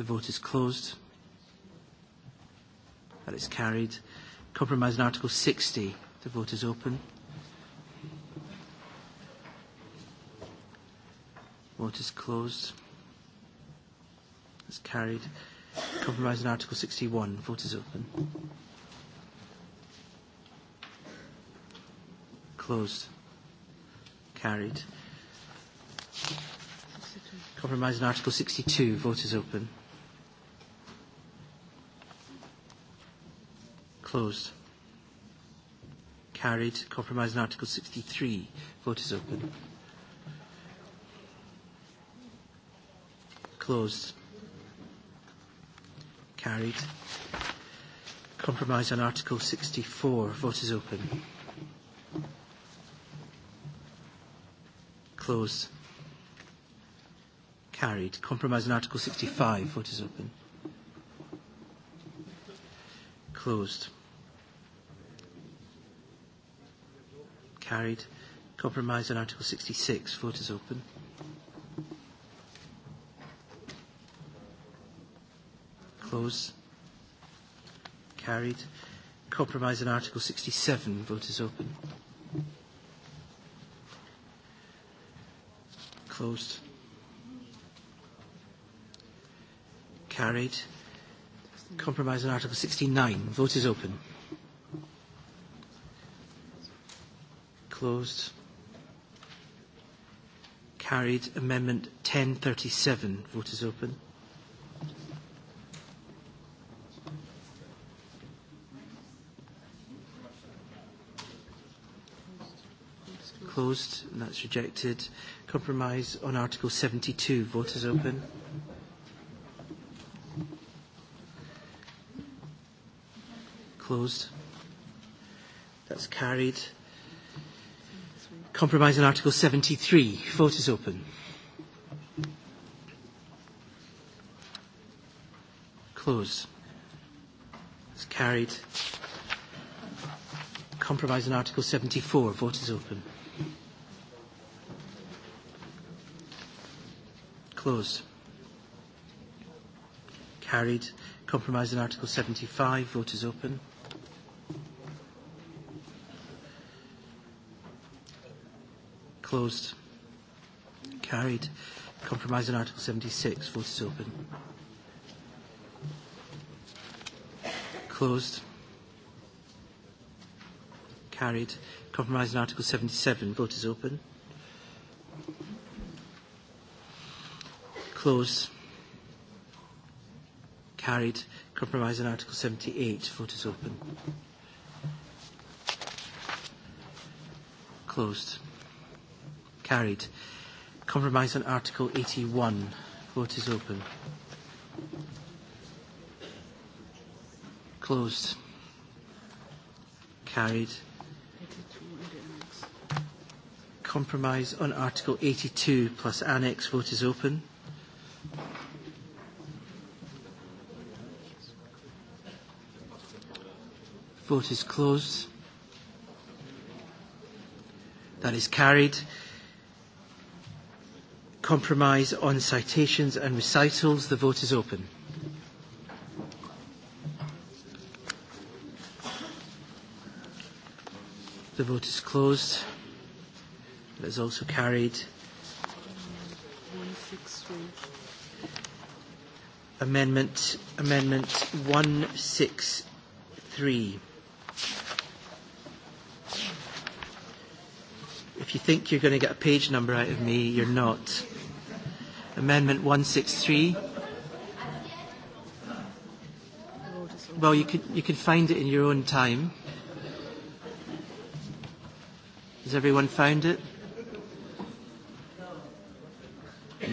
The vote is closed. That is carried. Compromise on Article 60. The vote is open. Vote is closed. It's carried. Compromise on Article 61. Vote is open. Closed. Carried. Compromise on Article 62. Vote is open. closed. Carried. Compromise on Article 63. Vote is open. Closed. Carried. Compromise on Article 64. Vote is open. Closed. Carried. Compromise on Article 65. Vote is open. Closed. carried. Compromise on Article 66. Vote is open. Close. Carried. Compromise on Article 67. Vote is open. Closed. Carried. Compromise on Article 69. Vote is open. closed. Carried. Amendment 1037. Vote is open. Closed. And that's rejected. Compromise on Article 72. Vote is open. Closed. That's carried compromise on Article 73. Vote is open. Close. It's carried. Compromise on Article 74. Vote is open. Close. Carried. Compromise on Article 75. Vote is open. closed. Carried. Compromise on Article 76. Vote is open. Closed. Carried. Compromise on Article 77. Vote is open. Closed. Carried. Compromise on Article 78. Vote is open. Closed. Carried. Compromise on Article 81. Vote is open. Closed. Carried. Compromise on Article 82 plus Annex. Vote is open. Vote is closed. That is carried compromise on citations and recitals. The vote is open. The vote is closed. It is also carried. Amendment, amendment 163. If you think you're going to get a page number out of me, you're not. Amendment 163. Well, you could, you can find it in your own time. Has everyone found it?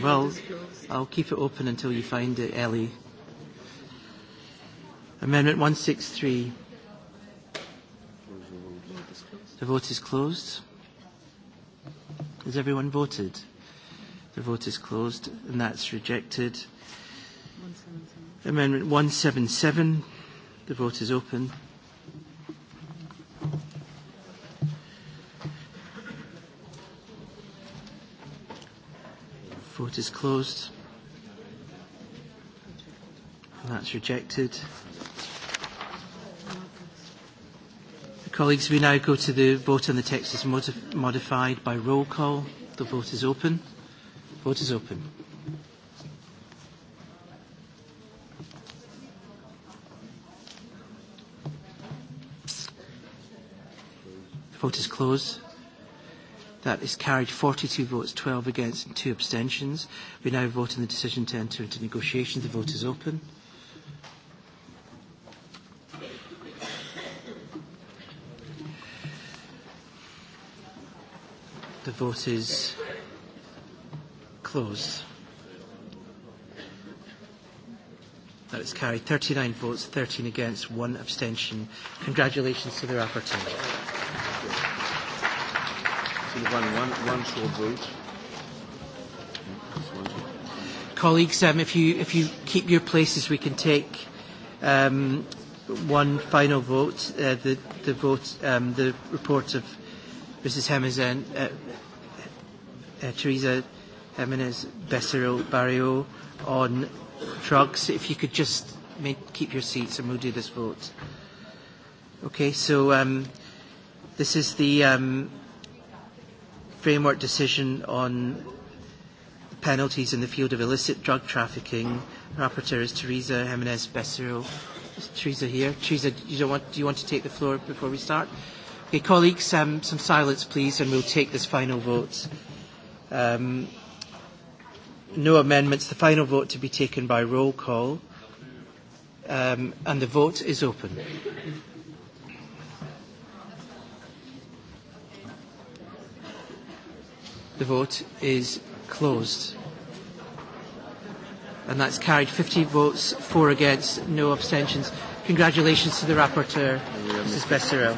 Well, I'll keep it open until you find it, Ellie. Amendment 163. The vote is closed. Has everyone voted? The vote is closed and that's rejected. 177. Amendment 177. The vote is open. Vote is closed. And that's rejected. Colleagues, we now go to the vote on the text as modif- modified by roll call. The vote is open. Vote is open. The vote is closed. That is carried 42 votes, 12 against and two abstentions. We now vote on the decision to enter into negotiations. The vote is open. The vote is close. That is carried. 39 votes, 13 against, one abstention. Congratulations to the rapporteur. One, one, one short vote. Colleagues, um, if, you, if you keep your places, we can take um, one final vote. Uh, the, the vote, um, the report of Mrs. Hemmers and uh, uh, Theresa. Jimenez Becerril Barrio on drugs. If you could just make, keep your seats and we'll do this vote. Okay, so um, this is the um, framework decision on penalties in the field of illicit drug trafficking. Rapporteur is Teresa Jimenez Becerril. Is Teresa here? Teresa, you don't want, do you want to take the floor before we start? Okay, colleagues, um, some silence, please, and we'll take this final vote. Um, No amendments. The final vote to be taken by roll call. Um, and the vote is open. The vote is closed. And that's carried 50 votes, four against, no abstentions. Congratulations to the rapporteur, Mrs. Besserell.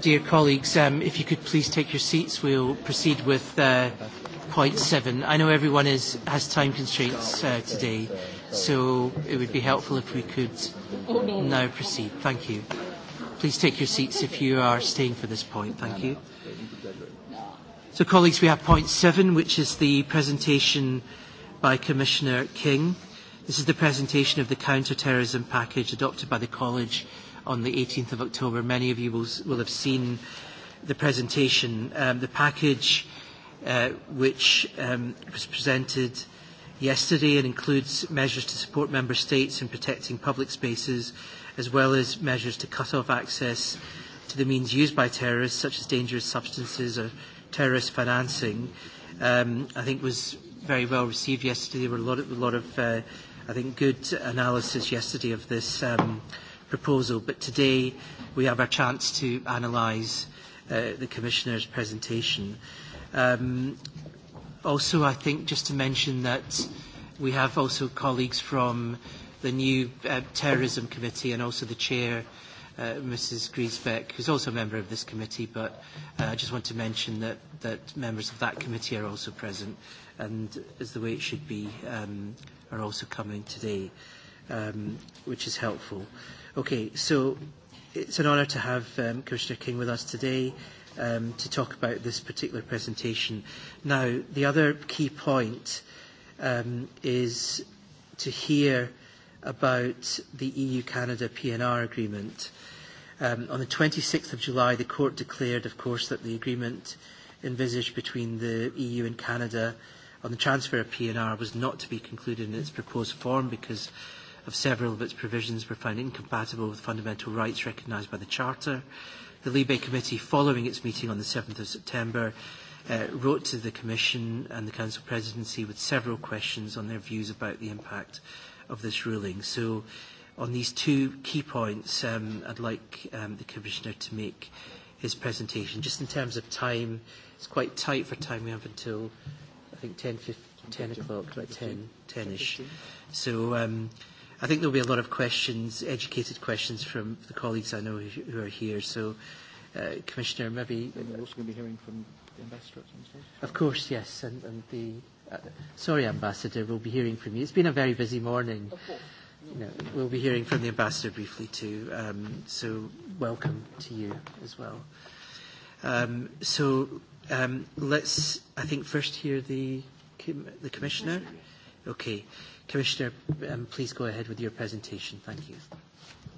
dear colleagues, um, if you could please take your seats, we'll proceed with uh, point seven. I know everyone is, has time constraints uh, today, so it would be helpful if we could now proceed. Thank you. Please take your seats if you are staying for this point. Thank you. So, colleagues, we have point seven, which is the presentation by Commissioner King. This is the presentation of the counter-terrorism package adopted by the College on the 18th of October. Many of you will, will have seen the presentation. Um, the package uh, which um, was presented yesterday and includes measures to support member states in protecting public spaces as well as measures to cut off access to the means used by terrorists such as dangerous substances or terrorist financing um, I think was very well received yesterday. There were a lot of, a lot of uh, I think, good analysis yesterday of this um, uh, proposal, but today we have a chance to analyse uh, the Commissioner's presentation. Um, also, I think just to mention that we have also colleagues from the new uh, Terrorism Committee and also the Chair, uh, Mrs Griesbeck, is also a member of this committee, but uh, I just want to mention that, that members of that committee are also present and, as the way it should be, um, are also coming today, um, which is helpful. Uh, Okay, so it's an honour to have um, Commissioner King with us today um, to talk about this particular presentation. Now, the other key point um, is to hear about the EU-Canada PNR agreement. Um, on the 26th of July, the court declared, of course, that the agreement envisaged between the EU and Canada on the transfer of PNR was not to be concluded in its proposed form because of several of its provisions were found incompatible with fundamental rights recognised by the Charter. The Libe Committee, following its meeting on the 7th of September, uh, wrote to the Commission and the Council Presidency with several questions on their views about the impact of this ruling. So on these two key points, um, I'd like um, the Commissioner to make his presentation. Just in terms of time, it's quite tight for time we have until, I think, 10, 15, 10 o'clock, about 10, 10-ish. So um, i think there'll be a lot of questions, educated questions from the colleagues I know who are here. So, uh, Commissioner, maybe. And we're also going to be hearing from the ambassador at some stage. Of course, yes, and, and the. Uh, sorry, Ambassador, we'll be hearing from you. It's been a very busy morning. Of course. No, we'll be hearing from the ambassador briefly too. Um, so welcome to you as well. Um, so um, let's, I think, first hear the com- the commissioner. Okay. Commissioner, um, please go ahead with your presentation. Thank you.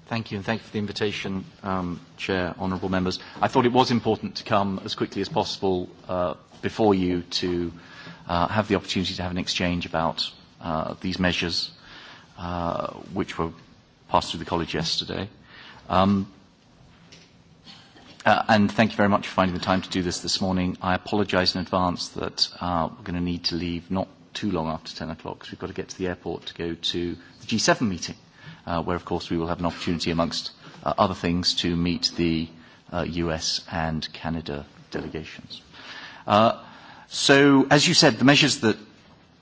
Thank you, and thank you for the invitation, um, Chair, honourable members. I thought it was important to come as quickly as possible uh, before you to uh, have the opportunity to have an exchange about uh, these measures, uh, which were passed through the college yesterday. Um, uh, and thank you very much for finding the time to do this this morning. I apologise in advance that uh, we're going to need to leave not too long after 10 o'clock because we've got to get to the airport to go to the G7 meeting, uh, where, of course, we will have an opportunity, amongst uh, other things, to meet the uh, US and Canada delegations. Uh, so, as you said, the measures that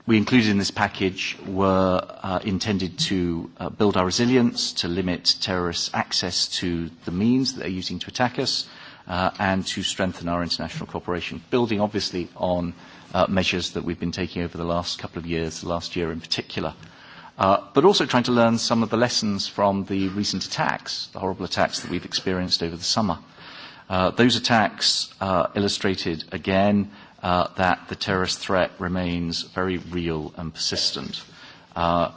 we included in this package were uh, intended to uh, build our resilience, to limit terrorists' access to the means that they're using to attack us, uh, and to strengthen our international cooperation, building obviously on uh, Uh, measures that we've been taking over the last couple of years, last year in particular. Uh, but also trying to learn some of the lessons from the recent attacks, the horrible attacks that we've experienced over the summer. Uh, those attacks uh, illustrated again uh, that the terrorist threat remains very real and persistent. Uh,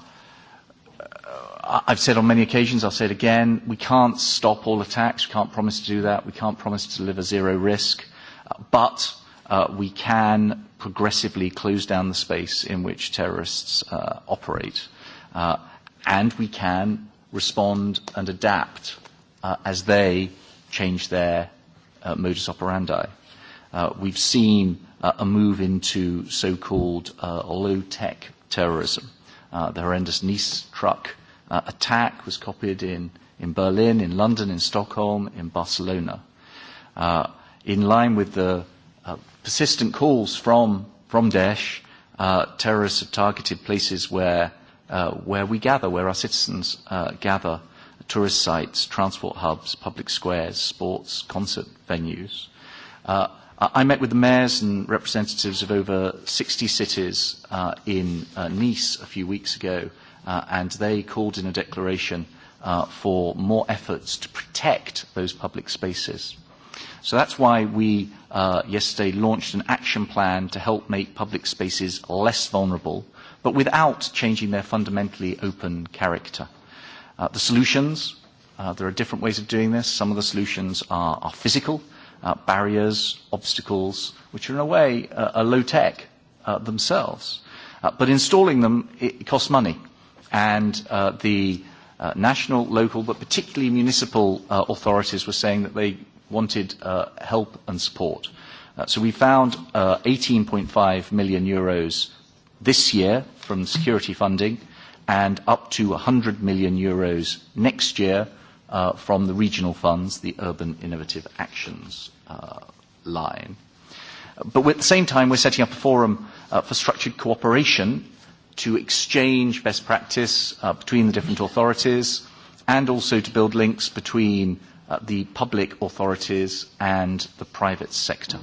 I've said on many occasions, I'll say it again, we can't stop all attacks. We can't promise to do that. We can't promise to deliver zero risk. Uh, but Uh, we can progressively close down the space in which terrorists uh, operate. Uh, and we can respond and adapt uh, as they change their uh, modus operandi. Uh, we've seen uh, a move into so-called uh, low-tech terrorism. Uh, the horrendous Nice truck uh, attack was copied in, in Berlin, in London, in Stockholm, in Barcelona. Uh, in line with the uh, persistent calls from, from Daesh. Uh, terrorists have targeted places where, uh, where we gather, where our citizens uh, gather, tourist sites, transport hubs, public squares, sports, concert venues. Uh, I met with the mayors and representatives of over 60 cities uh, in uh, Nice a few weeks ago, uh, and they called in a declaration uh, for more efforts to protect those public spaces. So that's why we uh, yesterday launched an action plan to help make public spaces less vulnerable, but without changing their fundamentally open character. Uh, the solutions, uh, there are different ways of doing this. Some of the solutions are, are physical, uh, barriers, obstacles, which are in a way uh, are low tech uh, themselves. Uh, but installing them, it, costs money. And uh, the uh, national, local, but particularly municipal uh, authorities were saying that they wanted uh, help and support. Uh, so we found uh, 18.5 million euros this year from security funding and up to 100 million euros next year uh, from the regional funds, the Urban Innovative Actions uh, line. But at the same time, we're setting up a forum uh, for structured cooperation to exchange best practice uh, between the different authorities and also to build links between the public authorities and the private sector.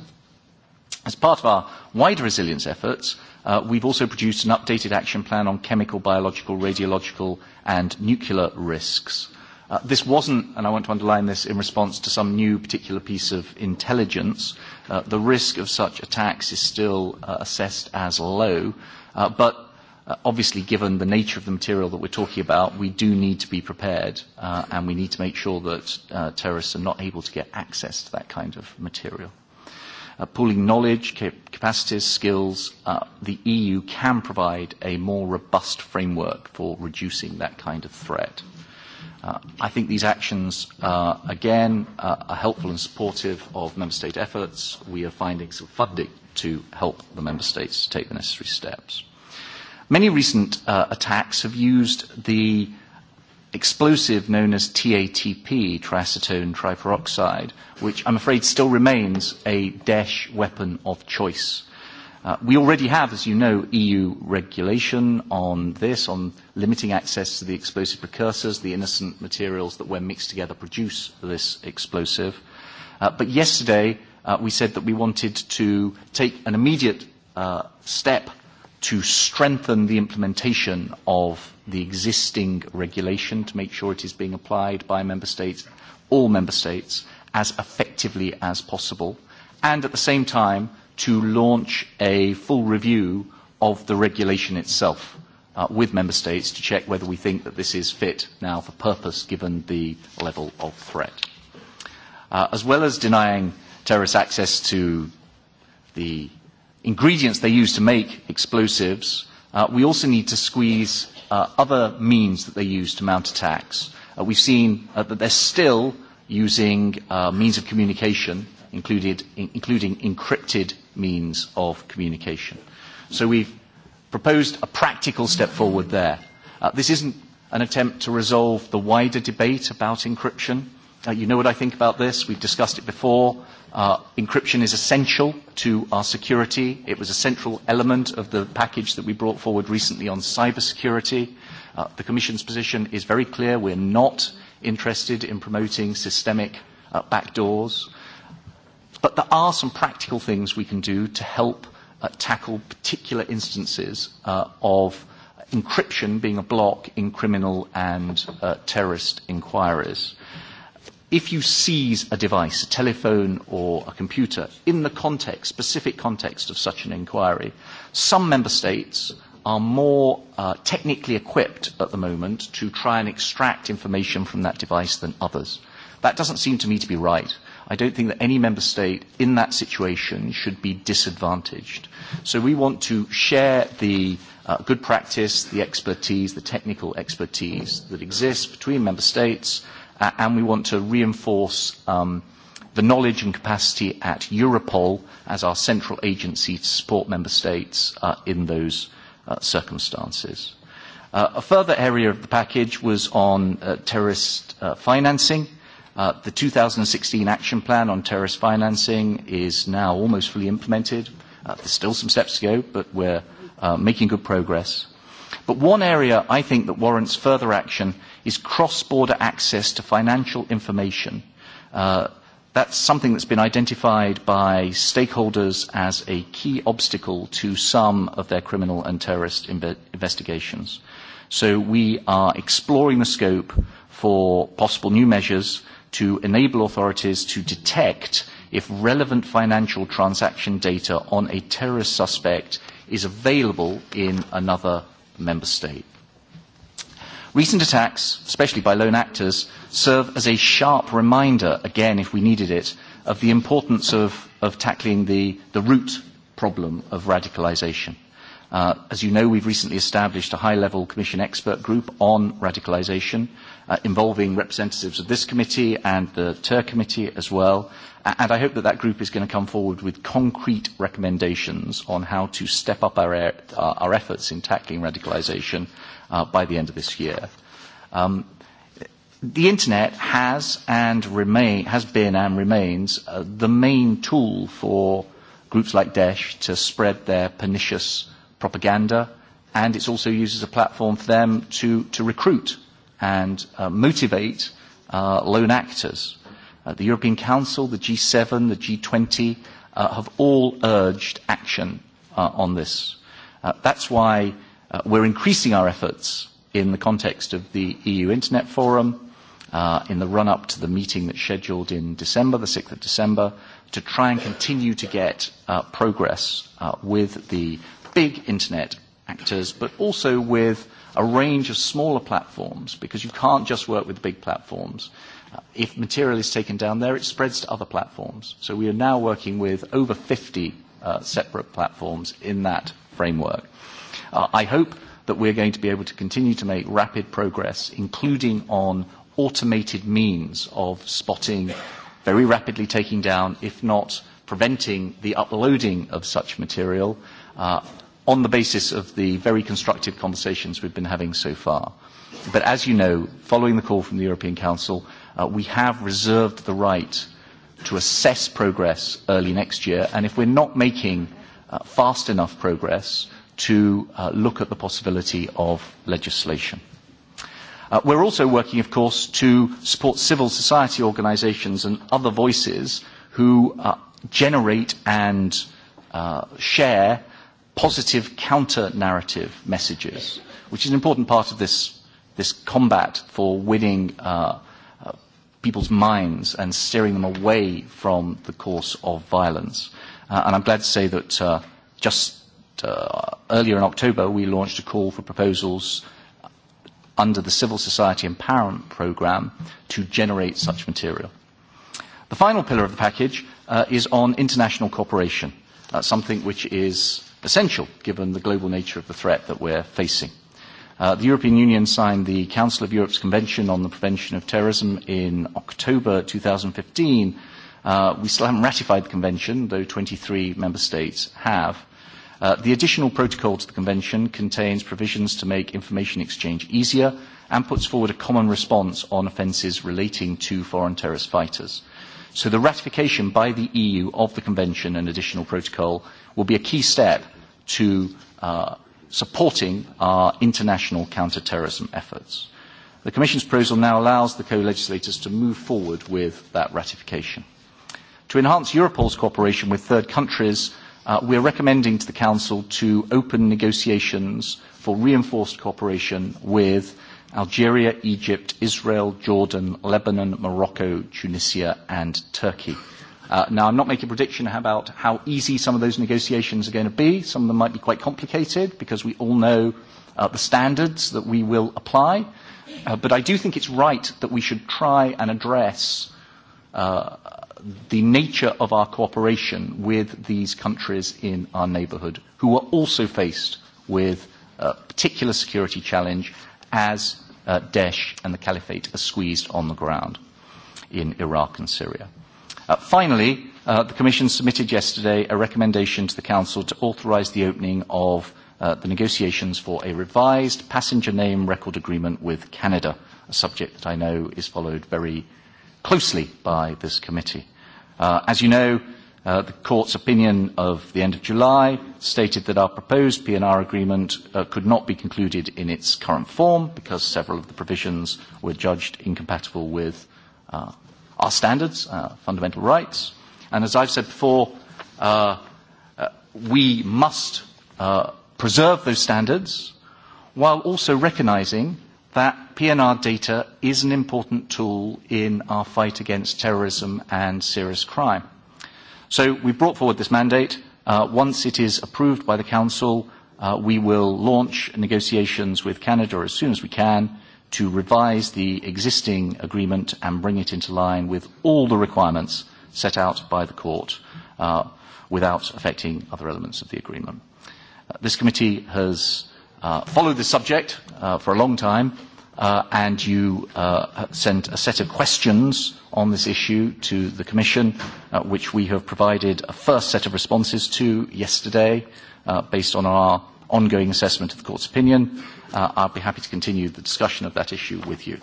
As part of our wider resilience efforts, uh, we've also produced an updated action plan on chemical, biological, radiological and nuclear risks. Uh, this wasn't, and I want to underline this, in response to some new particular piece of intelligence. Uh, the risk of such attacks is still uh, assessed as low, uh, but Uh, obviously, given the nature of the material that we're talking about, we do need to be prepared, uh, and we need to make sure that uh, terrorists are not able to get access to that kind of material. Uh, pooling knowledge, cap- capacities, skills, uh, the EU can provide a more robust framework for reducing that kind of threat. Uh, I think these actions, uh, again, uh, are helpful and supportive of member state efforts. We are finding some funding to help the member states take the necessary steps. Many recent uh, attacks have used the explosive known as TATP, triacetone triperoxide, which I'm afraid still remains a Daesh weapon of choice. Uh, we already have, as you know, EU regulation on this, on limiting access to the explosive precursors, the innocent materials that, when mixed together, produce this explosive. Uh, but yesterday, uh, we said that we wanted to take an immediate uh, step to strengthen the implementation of the existing regulation to make sure it is being applied by member states, all member states, as effectively as possible, and at the same time to launch a full review of the regulation itself uh, with member states to check whether we think that this is fit now for purpose given the level of threat. Uh, as well as denying terrorist access to the ingredients they use to make explosives, uh, we also need to squeeze uh, other means that they use to mount attacks. Uh, we've seen uh, that they're still using uh, means of communication, included, in, including encrypted means of communication. So we've proposed a practical step forward there. Uh, this isn't an attempt to resolve the wider debate about encryption. Uh, you know what I think about this. We've discussed it before. Uh, encryption is essential to our security. It was a central element of the package that we brought forward recently on cybersecurity. Uh, the Commission's position is very clear. We're not interested in promoting systemic uh, backdoors. But there are some practical things we can do to help uh, tackle particular instances uh, of encryption being a block in criminal and uh, terrorist inquiries if you seize a device, a telephone or a computer, in the context, specific context of such an inquiry, some member states are more uh, technically equipped at the moment to try and extract information from that device than others. That doesn't seem to me to be right. I don't think that any member state in that situation should be disadvantaged. So we want to share the uh, good practice, the expertise, the technical expertise that exists between member states and we want to reinforce um, the knowledge and capacity at Europol as our central agency to support member states uh, in those uh, circumstances. Uh, a further area of the package was on uh, terrorist uh, financing. Uh, the 2016 action plan on terrorist financing is now almost fully implemented. Uh, there's still some steps to go, but we're uh, making good progress. But one area I think that warrants further action is cross-border access to financial information. Uh, that's something that's been identified by stakeholders as a key obstacle to some of their criminal and terrorist imbe- investigations. So we are exploring the scope for possible new measures to enable authorities to detect if relevant financial transaction data on a terrorist suspect is available in another member state. Recent attacks, especially by lone actors, serve as a sharp reminder, again, if we needed it, of the importance of, of tackling the, the root problem of radicalisation. Uh, as you know, we've recently established a high-level Commission expert group on radicalisation, uh, involving representatives of this committee and the TUR committee as well. And I hope that that group is going to come forward with concrete recommendations on how to step up our, uh, our efforts in tackling radicalisation Uh, by the end of this year. Um, the internet has and remain has been and remains uh, the main tool for groups like Daesh to spread their pernicious propaganda, and it's also used as a platform for them to to recruit and uh, motivate uh, lone actors. Uh, the European Council, the G7, the G20 uh, have all urged action uh, on this. Uh, that's why Uh, we're increasing our efforts in the context of the EU Internet Forum, uh, in the run-up to the meeting that's scheduled in December, the 6th of December, to try and continue to get uh, progress uh, with the big Internet actors, but also with a range of smaller platforms, because you can't just work with big platforms. Uh, if material is taken down there, it spreads to other platforms. So we are now working with over 50 uh, separate platforms in that framework. Uh, I hope that we're going to be able to continue to make rapid progress, including on automated means of spotting, very rapidly taking down, if not preventing the uploading of such material uh, on the basis of the very constructive conversations we've been having so far. But as you know, following the call from the European Council, uh, we have reserved the right to assess progress early next year, and if we're not making uh, fast enough progress, to uh, look at the possibility of legislation. Uh, we're also working, of course, to support civil society organisations and other voices who uh, generate and uh, share positive counter-narrative messages, which is an important part of this, this combat for winning uh, uh, people's minds and steering them away from the course of violence. Uh, and I'm glad to say that uh, just Uh, earlier in October, we launched a call for proposals under the Civil Society Empowerment Programme to generate such material. The final pillar of the package uh, is on international cooperation, uh, something which is essential given the global nature of the threat that we're facing. Uh, the European Union signed the Council of Europe's Convention on the Prevention of Terrorism in October 2015. Uh, we still haven't ratified the convention, though 23 member states have. Uh, the additional protocol to the convention contains provisions to make information exchange easier and puts forward a common response on offences relating to foreign terrorist fighters. So the ratification by the EU of the convention and additional protocol will be a key step to uh, supporting our international counter-terrorism efforts. The Commission's proposal now allows the co-legislators to move forward with that ratification. To enhance Europol's cooperation with third countries, Uh, we're recommending to the Council to open negotiations for reinforced cooperation with Algeria, Egypt, Israel, Jordan, Lebanon, Morocco, Tunisia, and Turkey. Uh, now, I'm not making a prediction about how easy some of those negotiations are going to be. Some of them might be quite complicated because we all know uh, the standards that we will apply. Uh, but I do think it's right that we should try and address uh, the nature of our cooperation with these countries in our neighbourhood, who are also faced with a particular security challenge as uh, Daesh and the Caliphate are squeezed on the ground in Iraq and Syria. Uh, finally, uh, the Commission submitted yesterday a recommendation to the Council to authorise the opening of uh, the negotiations for a revised passenger name record agreement with Canada, a subject that I know is followed very closely by this committee. Uh, as you know, uh, the court's opinion of the end of July stated that our proposed PNR agreement uh, could not be concluded in its current form because several of the provisions were judged incompatible with uh, our standards, uh, fundamental rights. And as I've said before, uh, uh, we must uh, preserve those standards while also recognizing that PNR data is an important tool in our fight against terrorism and serious crime. So we brought forward this mandate. Uh, once it is approved by the Council, uh, we will launch negotiations with Canada as soon as we can to revise the existing agreement and bring it into line with all the requirements set out by the Court uh, without affecting other elements of the agreement. Uh, this committee has uh, followed the subject uh, for a long time, uh, and you uh, sent a set of questions on this issue to the Commission, uh, which we have provided a first set of responses to yesterday uh, based on our ongoing assessment of the Court's opinion. Uh, I'll be happy to continue the discussion of that issue with you.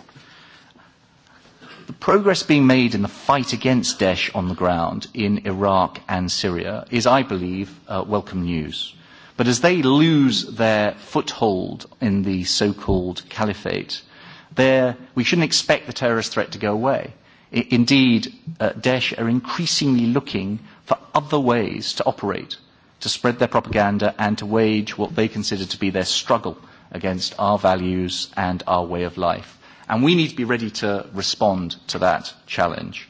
The progress being made in the fight against Daesh on the ground in Iraq and Syria is, I believe, uh, welcome news. Uh, But as they lose their foothold in the so-called caliphate, there, we shouldn't expect the terrorist threat to go away. I, indeed, uh, Daesh are increasingly looking for other ways to operate, to spread their propaganda and to wage what they consider to be their struggle against our values and our way of life. And we need to be ready to respond to that challenge.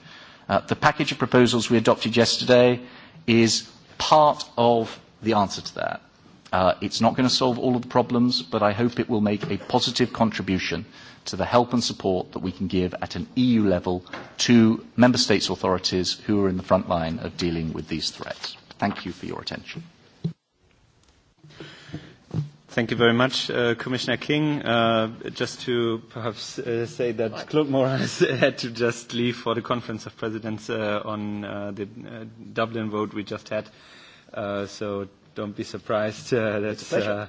Uh, the package of proposals we adopted yesterday is part of the answer to that. Uh, it's not going to solve all of the problems, but I hope it will make a positive contribution to the help and support that we can give at an EU level to member states' authorities who are in the front line of dealing with these threats. Thank you for your attention. Thank you very much, uh, Commissioner King. Uh, just to perhaps uh, say that Claude Moraes [LAUGHS] had to just leave for the Conference of Presidents uh, on uh, the uh, Dublin vote we just had. Uh, so don't be surprised. Uh, that's uh,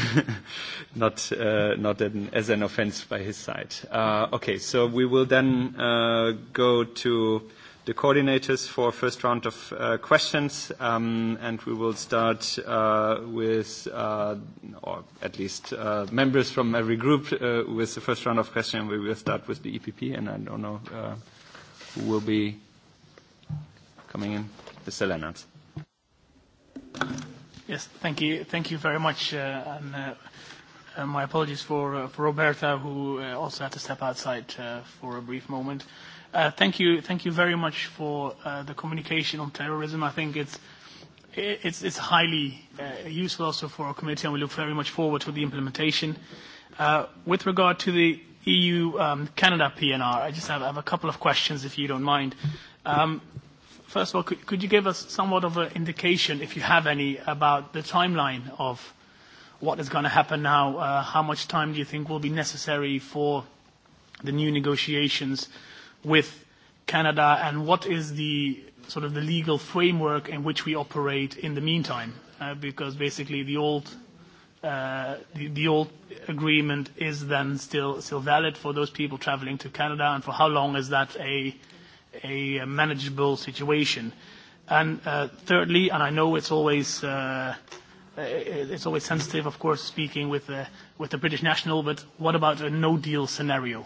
[LAUGHS] not uh, not an, as an offense by his side. Uh, okay, so we will then uh, go to the coordinators for first round of uh, questions, um, and we will start uh, with, uh, or at least uh, members from every group, uh, with the first round of questions. We will start with the EPP, and I don't know uh, who will be coming in. Mr. Lennart. Yes, thank you. Thank you very much. Uh, and uh, uh, my apologies for uh, for Roberta, who uh, also had to step outside uh, for a brief moment. Uh, Thank you. Thank you very much for uh, the communication on terrorism. I think it's it's it's highly uh, useful also for our committee, and we look very much forward to the implementation. Uh, With regard to the EU-Canada um, PNR, I just have, have a couple of questions, if you don't mind. Um, First of all, could, could you give us somewhat of an indication, if you have any, about the timeline of what is going to happen now? Uh, how much time do you think will be necessary for the new negotiations with Canada, and what is the sort of the legal framework in which we operate in the meantime? Uh, because basically the old uh, the, the old agreement is then still still valid for those people traveling to Canada, and for how long is that a a manageable situation. Uh, thirdly, I know uh, uh, it's always sensitive, of course, speaking with a British national, but what about a no-deal scenario?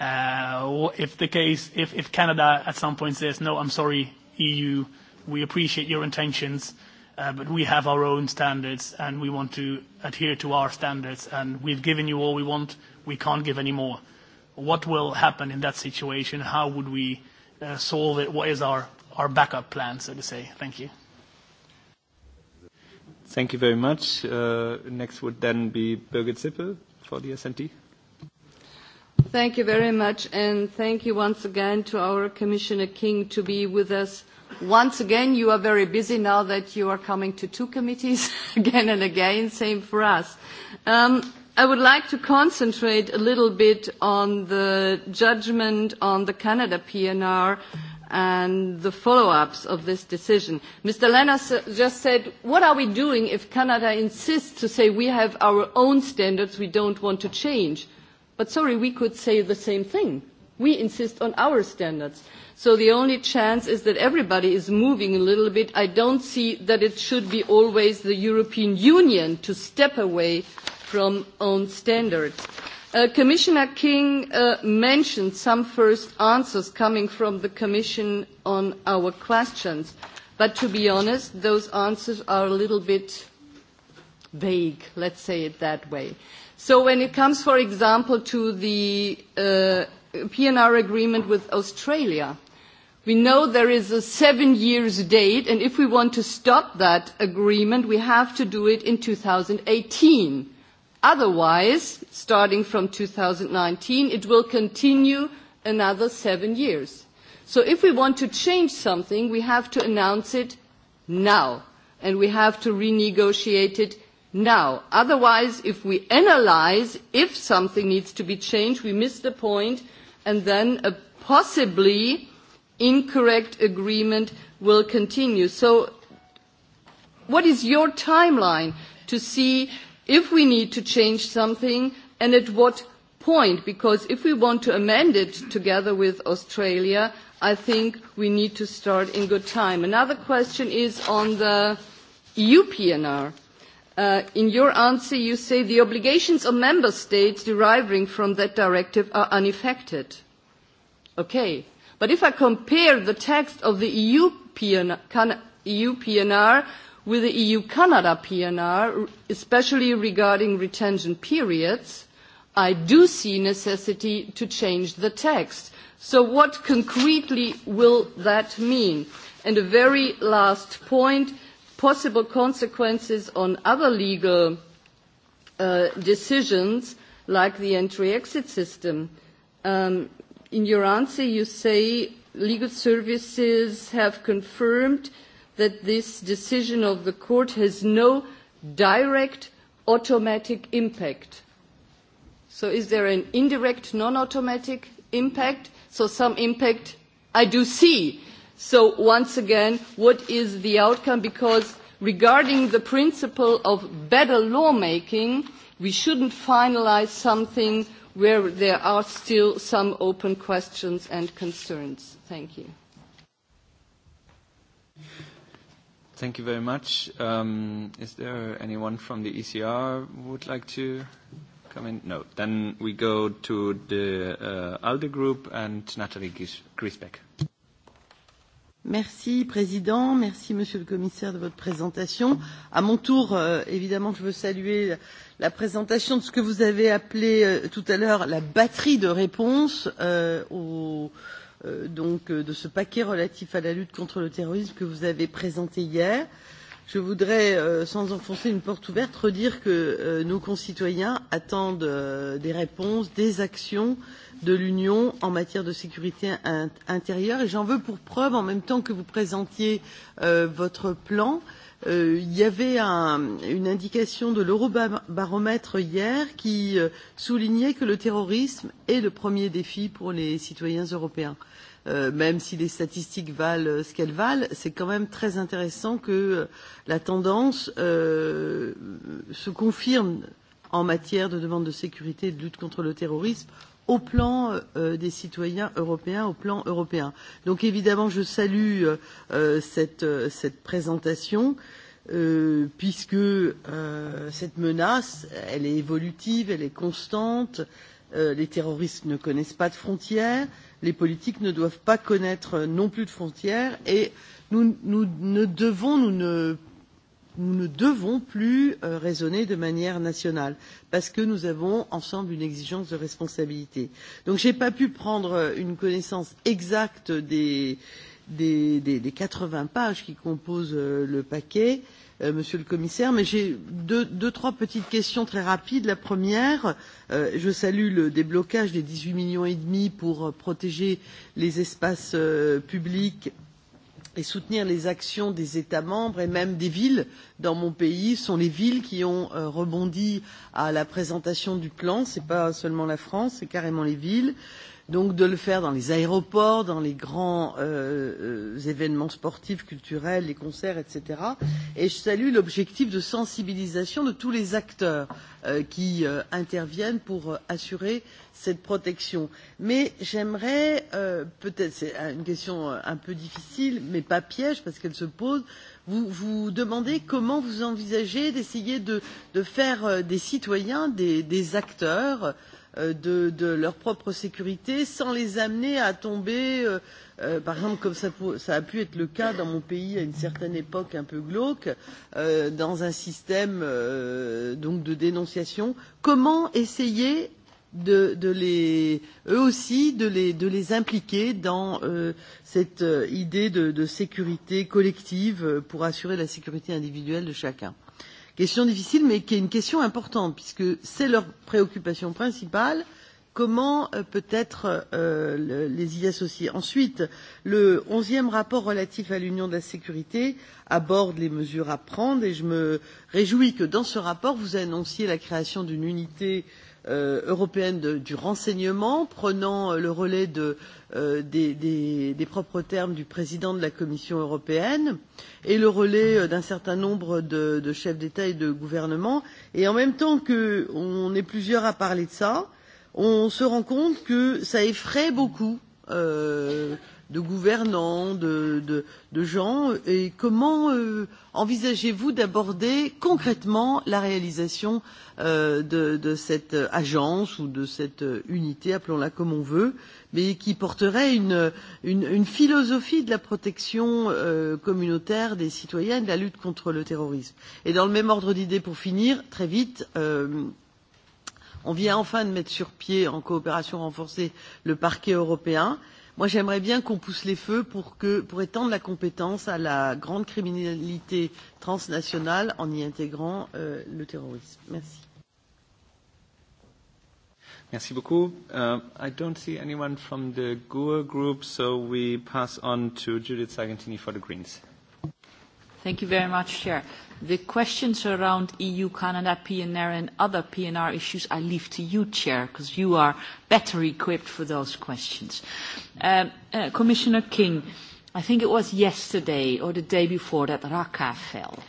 if Canada at some point says, no, I'm sorry, EU, we appreciate your intentions, but we have our own standards and we want to adhere to our standards and we've given you all we want, we can't give any more what will happen in that situation? How would we uh, solve it? What is our, our backup plan, so to say? Thank you. Thank you very much. Uh, next would then be Birgit Zippel for the S&T. Thank you very much, and thank you once again to our Commissioner King to be with us. Once again, you are very busy now that you are coming to two committees [LAUGHS] again and again, same for us. Um, i would like to concentrate a little bit on the judgment on the Canada PNR and the follow-ups of this decision. Mr. Lenners just said, what are we doing if Canada insists to say we have our own standards we don't want to change? But sorry, we could say the same thing. We insist on our standards. So the only chance is that everybody is moving a little bit. I don't see that it should be always the European Union to step away from own standards. Uh, Commissioner King uh, mentioned some first answers coming from the Commission on our questions, but to be honest, those answers are a little bit vague, let's say it that way. So when it comes, for example, to the uh, PNR agreement with Australia, we know there is a seven years date, and if we want to stop that agreement, we have to do it in 2018 Otherwise, starting from 2019, it will continue another seven years. So if we want to change something, we have to announce it now, and we have to renegotiate it now. Otherwise, if we analyse if something needs to be changed, we miss the point, and then a possibly incorrect agreement will continue. So what is your timeline to see if we need to change something and at what point, because if we want to amend it together with Australia, I think we need to start in good time. Another question is on the EU PNR. Uh, in your answer, you say the obligations of member states deriving from that directive are unaffected. Okay. But if I compare the text of the EU PNR, EU PNR with the EU-Canada PNR, especially regarding retention periods, I do see necessity to change the text. So what concretely will that mean? And a very last point, possible consequences on other legal uh, decisions like the entry-exit system. Um, in your answer, you say legal services have confirmed that this decision of the court has no direct automatic impact. So is there an indirect non-automatic impact? So some impact I do see. So once again, what is the outcome? Because regarding the principle of better lawmaking, we shouldn't finalize something where there are still some open questions and concerns. Thank you. Thank you very much. Um, is there anyone from the ECR who would like to come in? No. Then we go to the uh, ALDE Group and Nathalie Griesbeck. Merci Président, merci Monsieur le Commissaire de votre présentation. À mon tour, euh, évidemment, je veux saluer la présentation de ce que vous avez appelé euh, tout à l'heure la batterie de réponses euh, aux Euh, donc euh, de ce paquet relatif à la lutte contre le terrorisme que vous avez présenté hier. Je voudrais, euh, sans enfoncer une porte ouverte, redire que nos concitoyens attendent des réponses, des actions de l'Union en matière de sécurité intérieure et j'en veux pour preuve en même temps que vous présentiez votre plan euh, euh, y avait un, une indication de l'eurobaromètre hier qui euh, soulignait que le terrorisme est le premier défi pour les citoyens européens. Euh, même si les statistiques valent euh, ce qu'elles valent, c'est quand même très intéressant que euh, la tendance euh, se confirme en matière de demande de sécurité et de lutte contre le terrorisme au plan euh, des citoyens européens, au plan européen. Donc évidemment, je salue euh, euh, cette, euh, cette présentation. Euh, puisque euh, cette menace, elle est évolutive, elle est constante, euh, les terroristes ne connaissent pas de frontières, les politiques ne doivent pas connaître euh, non plus de frontières et nous, nous ne devons, nous ne nous ne devons plus euh, raisonner de manière nationale parce que nous avons ensemble une exigence de responsabilité. Donc je n'ai pas pu prendre euh, une connaissance exacte des, des, des, des 80 pages qui composent euh, le paquet, euh, monsieur le commissaire, mais j'ai deux, deux, trois petites questions très rapides. La première, euh, je salue le déblocage des 18 millions et demi pour euh, protéger les espaces euh, publics et soutenir les actions des États membres et même des villes dans mon pays sont les villes qui ont euh, rebondi à la présentation du plan. Ce n'est pas seulement la France, c'est carrément les villes donc de le faire dans les aéroports, dans les grands euh, euh événements sportifs, culturels, les concerts, etc. Et je salue l'objectif de sensibilisation de tous les acteurs euh, qui euh, interviennent pour euh, assurer cette protection. Mais j'aimerais, euh, peut-être c'est une question euh, un peu difficile, mais pas piège parce qu'elle se pose, vous, vous demandez comment vous envisagez d'essayer de, de faire euh, des citoyens des, des acteurs euh, Euh, de, de leur propre sécurité sans les amener à tomber euh, euh, par exemple comme ça, ça a pu être le cas dans mon pays à une certaine époque un peu glauque euh, dans un système euh, donc de dénonciation comment essayer de, de les, eux aussi de les, de les impliquer dans euh, cette euh, idée de, de sécurité collective euh, pour assurer la sécurité individuelle de chacun. Question difficile, mais qui est une question importante, puisque c'est leur préoccupation principale. Comment euh, peut-être euh, le, les y associer Ensuite, le onzième rapport relatif à l'Union de la sécurité aborde les mesures à prendre et je me réjouis que dans ce rapport, vous annonciez la création d'une unité euh, euh, européenne de, du renseignement, prenant euh, le relais de, euh, des, des, des propres termes du président de la Commission européenne et le relais euh, d'un certain nombre de, de chefs d'État et de gouvernement. Et en même temps qu'on est plusieurs à parler de ça, on se rend compte que ça effraie beaucoup euh, de gouvernants, de, de, de gens, et comment euh, envisagez-vous d'aborder concrètement la réalisation euh, de, de cette agence ou de cette unité, appelons-la comme on veut, mais qui porterait une, une, une philosophie de la protection euh, communautaire des citoyens et de la lutte contre le terrorisme Et dans le même ordre d'idées, pour finir, très vite, euh, on vient enfin de mettre sur pied, en coopération renforcée, le parquet européen. Euh, Moi, j'aimerais bien qu'on pousse les feux pour, que, pour étendre la compétence à la grande criminalité transnationale en y intégrant euh, le terrorisme. Merci. Merci beaucoup. Uh, I don't see anyone from the GUA e group, so we pass on to Judith Sargentini for the Greens. Thank you very much, Chair. The questions around EU, Canada, PNR and other PNR issues I leave to you, Chair, because you are better equipped for those questions. Uh, uh, Commissioner King, I think it was yesterday or the day before that Raqqa fell.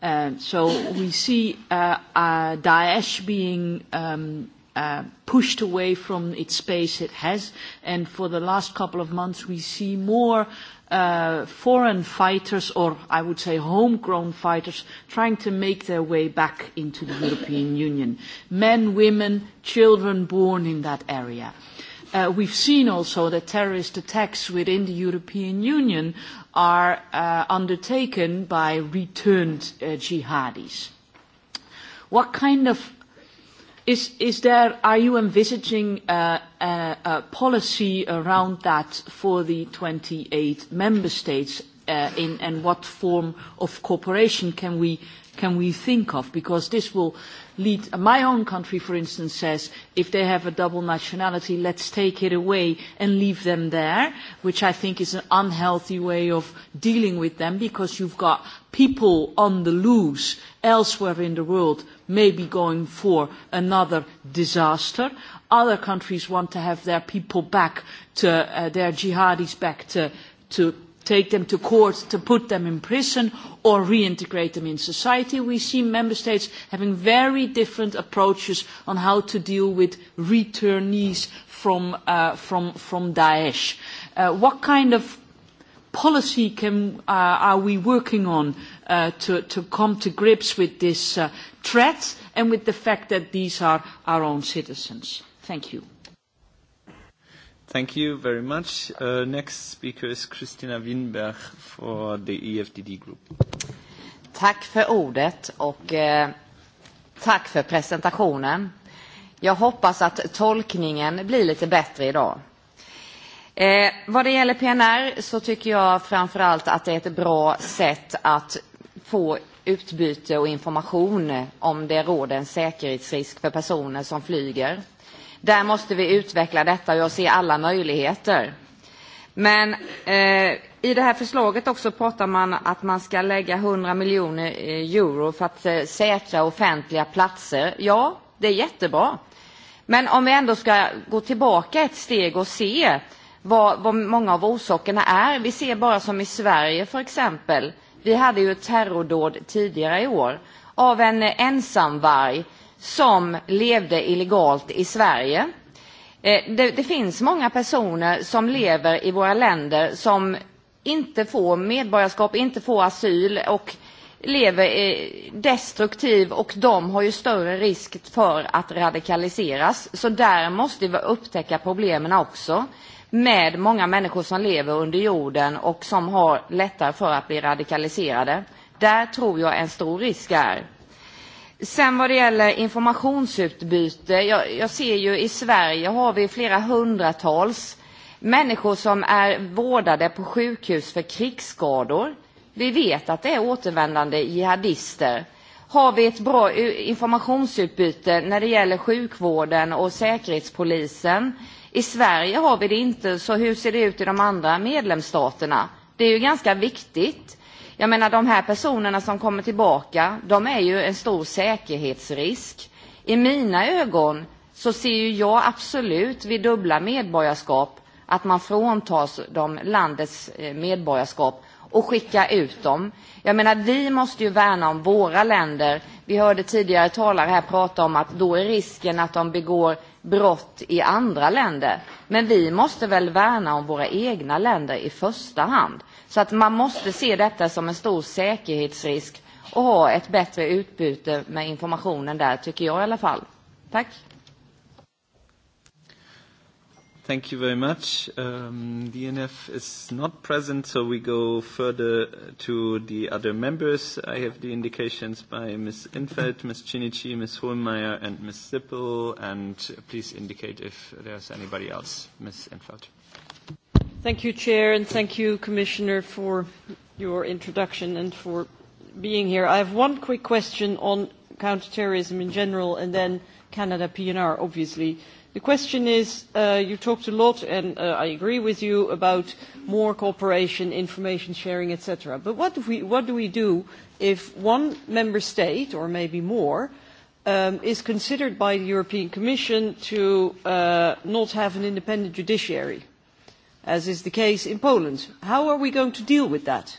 Um, so we see uh, uh, Daesh being um, Uh, pushed away from its space it has. And for the last couple of months, we see more uh, foreign fighters, or I would say homegrown fighters, trying to make their way back into the European [LAUGHS] Union. Men, women, children born in that area. Uh, we've seen also that terrorist attacks within the European Union are uh, undertaken by returned uh, jihadis. What kind of Is, is there, are you envisaging uh, uh, a policy around that for the 28 member states, uh, in, and what form of cooperation can we, can we think of? Because this will lead, my own country, for instance, says if they have a double nationality, let's take it away and leave them there, which I think is an unhealthy way of dealing with them because you've got people on the loose elsewhere in the world maybe going for another disaster. Other countries want to have their people back to uh, their jihadis back to, to take them to court to put them in prison or reintegrate them in society. We see member states having very different approaches on how to deal with returnees from, uh, from, from Daesh. Uh, what kind of policy can, uh, are we working on uh, to, to come to grips with this uh, threat and with the fact that these are our own citizens? Thank you. Thank you very much. Uh, next speaker is Kristina Winberg for the EFDD Group. Tack för ordet och eh, tack för presentationen. Jag hoppas att tolkningen blir lite bättre idag. Eh, vad det gäller PNR så tycker jag framförallt att det är ett bra sätt att få utbyte och information om det råder en säkerhetsrisk för personer som flyger. Där måste vi utveckla detta och jag ser alla möjligheter. Men eh, i det här förslaget också pratar man att man ska lägga 100 miljoner eh, euro för att eh, säkra offentliga platser. Ja, det är jättebra. Men om vi ändå ska gå tillbaka ett steg och se vad, vad många av orsakerna är. Vi ser bara som i Sverige för exempel. Vi hade ju ett terrordåd tidigare i år av en eh, ensamvarg som levde illegalt i Sverige. Eh, det, det finns många personer som lever i våra länder som inte får medborgarskap, inte får asyl och lever destruktiv och de har ju större risk för att radikaliseras. Så där måste vi upptäcka problemen också med många människor som lever under jorden och som har lättare för att bli radikaliserade. Där tror jag en stor risk är. Sen vad det gäller informationsutbyte, jag, jag ser ju i Sverige har vi flera hundratals människor som är vårdade på sjukhus för krigsskador. Vi vet att det är återvändande jihadister. Har vi ett bra informationsutbyte när det gäller sjukvården och säkerhetspolisen? I Sverige har vi det inte, så hur ser det ut i de andra medlemsstaterna? Det är ju ganska viktigt. Jag menar de här personerna som kommer tillbaka, de är ju en stor säkerhetsrisk. I mina ögon så ser ju jag absolut vid dubbla medborgarskap att man fråntas dem landets eh, medborgarskap och skickar ut dem. Jag menar, vi måste ju värna om våra länder. Vi hörde tidigare talare här prata om att då är risken att de begår brott i andra länder. Men vi måste väl värna om våra egna länder i första hand. Så att man måste se detta som en stor säkerhetsrisk och ha ett bättre utbyte med informationen där, tycker jag i alla fall. Tack! Thank you very much. Um, DNF is not present, so we go further to the other members. I have the indications by Ms. Infeld, Ms. Chinichi, Ms. Hohlmeier, and Ms. Sippel, and please indicate if there's anybody else. Ms. Infeld. Thank you, Chair, and thank you, Commissioner, for your introduction and for being here. I have one quick question on counterterrorism in general and then Canada PNR, obviously. The question is, uh, you talked a lot, and uh, I agree with you, about more cooperation, information sharing, etc. But what do, we, what do we do if one member state, or maybe more, um, is considered by the European Commission to uh, not have an independent judiciary? as is the case in Poland. How are we going to deal with that?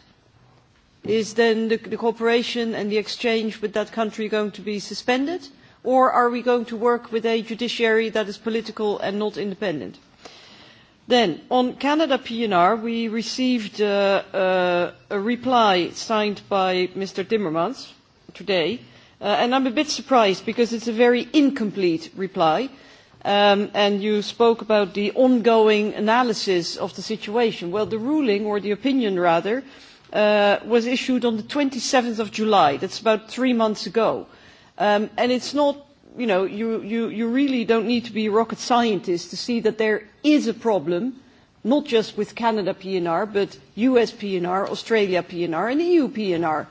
Is then the, the cooperation and the exchange with that country going to be suspended? Or are we going to work with a judiciary that is political and not independent? Then, on Canada PNR, we received uh, uh, a reply signed by Mr. Timmermans today, uh, and I'm a bit surprised because it's a very incomplete reply Um, and you spoke about the ongoing analysis of the situation. Well, the ruling, or the opinion rather, uh, was issued on the 27th of July. That's about three months ago. Um, and it's not, you know, you, you, you really don't need to be a rocket scientist to see that there is a problem, not just with Canada PNR, but US PNR, Australia PNR, and EU PNR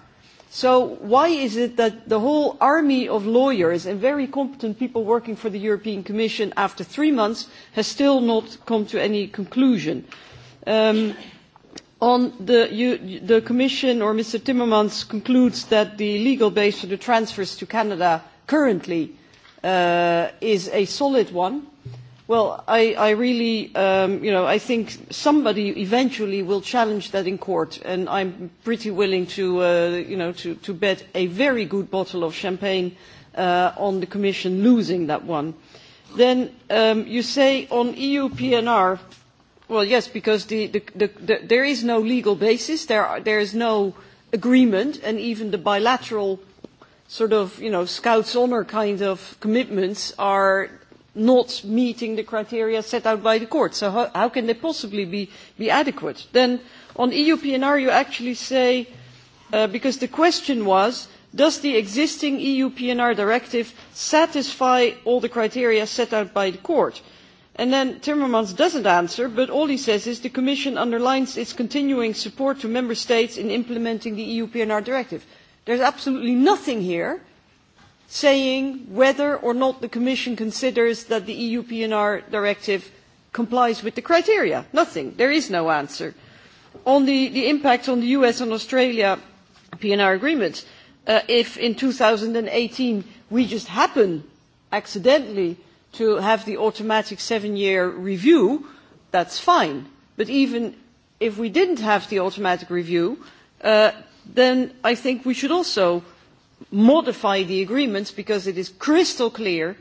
So why is it that the whole army of lawyers and very competent people working for the European Commission after three months has still not come to any conclusion? Um, on the, you, the Commission or Mr Timmermans concludes that the legal base for the transfers to Canada currently uh, is a solid one Well, I, I really, um, you know, I think somebody eventually will challenge that in court, and I'm pretty willing to, uh, you know, to, to bet a very good bottle of champagne uh, on the Commission losing that one. Then um, you say on EU PNR, well, yes, because the, the, the, the, there is no legal basis, there, are, there is no agreement, and even the bilateral sort of, you know, scouts honor kind of commitments are not meeting the criteria set out by the court. So how, can they possibly be, adequate? Then on EU PNR you actually say, uh, because the question was, does the existing EU PNR directive satisfy all the criteria set out by the court? And then Timmermans doesn't answer, but all he says is the Commission underlines its continuing support to Member States in implementing the EU PNR directive. There's absolutely nothing here saying whether or not the Commission considers that the EU PNR directive complies with the criteria. Nothing. There is no answer. On the, the impact on the US and Australia PNR agreements, uh, if in 2018 we just happen accidentally to have the automatic seven-year review, that's fine. But even if we didn't have the automatic review, uh, then I think we should also modify the agreements because it is crystal clear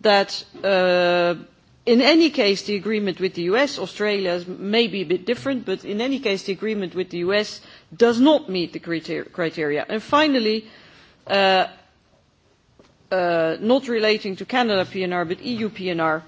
that uh, in any case the agreement with the us australia may be a bit different but in any case the agreement with the us does not meet the criteria. and finally uh, uh, not relating to canada pnr but eu pnr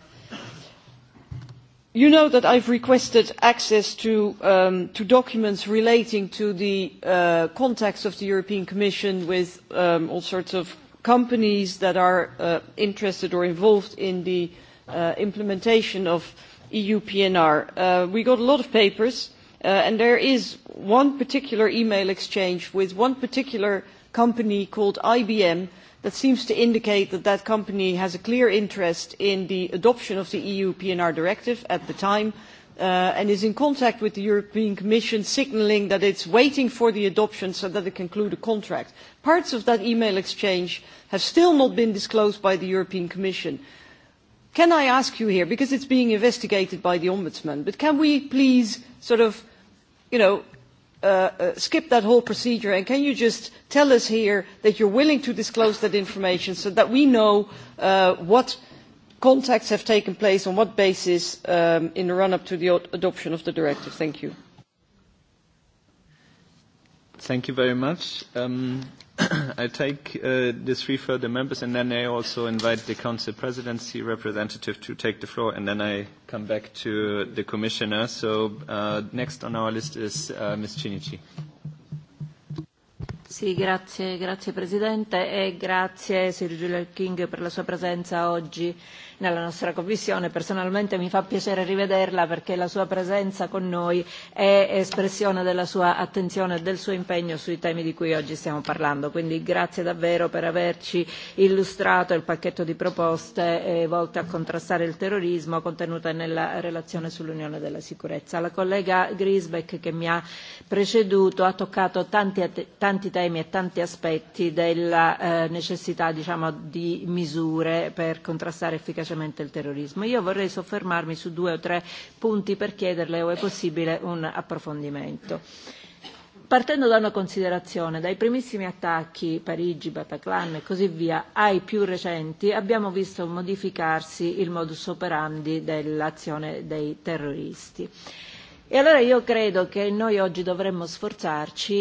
you know that i have requested access um, to, documents relating to the uh, contacts of the european commission with um, all sorts of companies that are uh, interested or involved in the uh, implementation of eu pnr. we got a lot of papers and there is one particular email exchange with one particular company called ibm that seems to indicate that that company has a clear interest in the adoption of the EU PNR directive at the time uh, and is in contact with the European Commission signalling that it's waiting for the adoption so that it can conclude a contract. Parts of that email exchange have still not been disclosed by the European Commission. Can I ask you here, because it's being investigated by the Ombudsman, but can we please sort of, you know, Uh, uh, skip that whole procedure and can you just tell us here that you're willing to disclose that information so that we know uh, what contacts have taken place on what basis um, in the run-up to the adoption of the directive? Thank you. Thank you very much. Um, i take uh, the three further members, and then I also invite the Council Presidency representative to take the floor, and then I come back to the Commissioner. So uh, next on our list is uh, Ms. Cinici. Sì, grazie, grazie Presidente e grazie Sergio King per la sua presenza oggi nella nostra Commissione. Personalmente mi fa piacere rivederla perché la sua presenza con noi è espressione della sua attenzione e del suo impegno sui temi di cui oggi stiamo parlando. Quindi grazie davvero per averci illustrato il pacchetto di proposte eh, volte a contrastare il terrorismo contenute nella relazione sull'Unione della sicurezza. La collega Grisbeck che mi ha preceduto ha toccato tanti, tanti temi e tanti aspetti della eh, necessità diciamo, di misure per contrastare efficacemente efficacemente il terrorismo. Io vorrei soffermarmi su due o tre punti per chiederle o è possibile un approfondimento. Partendo da una considerazione, dai primissimi attacchi Parigi, Bataclan e così via ai più recenti abbiamo visto modificarsi il modus operandi dell'azione dei terroristi. E allora io credo che noi oggi dovremmo sforzarci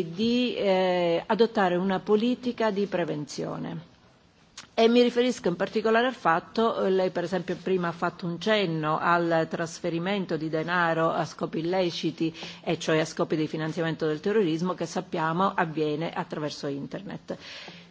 eh, di eh, adottare una politica di prevenzione E mi riferisco in particolare al fatto, eh, lei per esempio prima ha fatto un cenno al trasferimento di denaro a scopi illeciti, e cioè a scopi di finanziamento del terrorismo, che sappiamo avviene attraverso Internet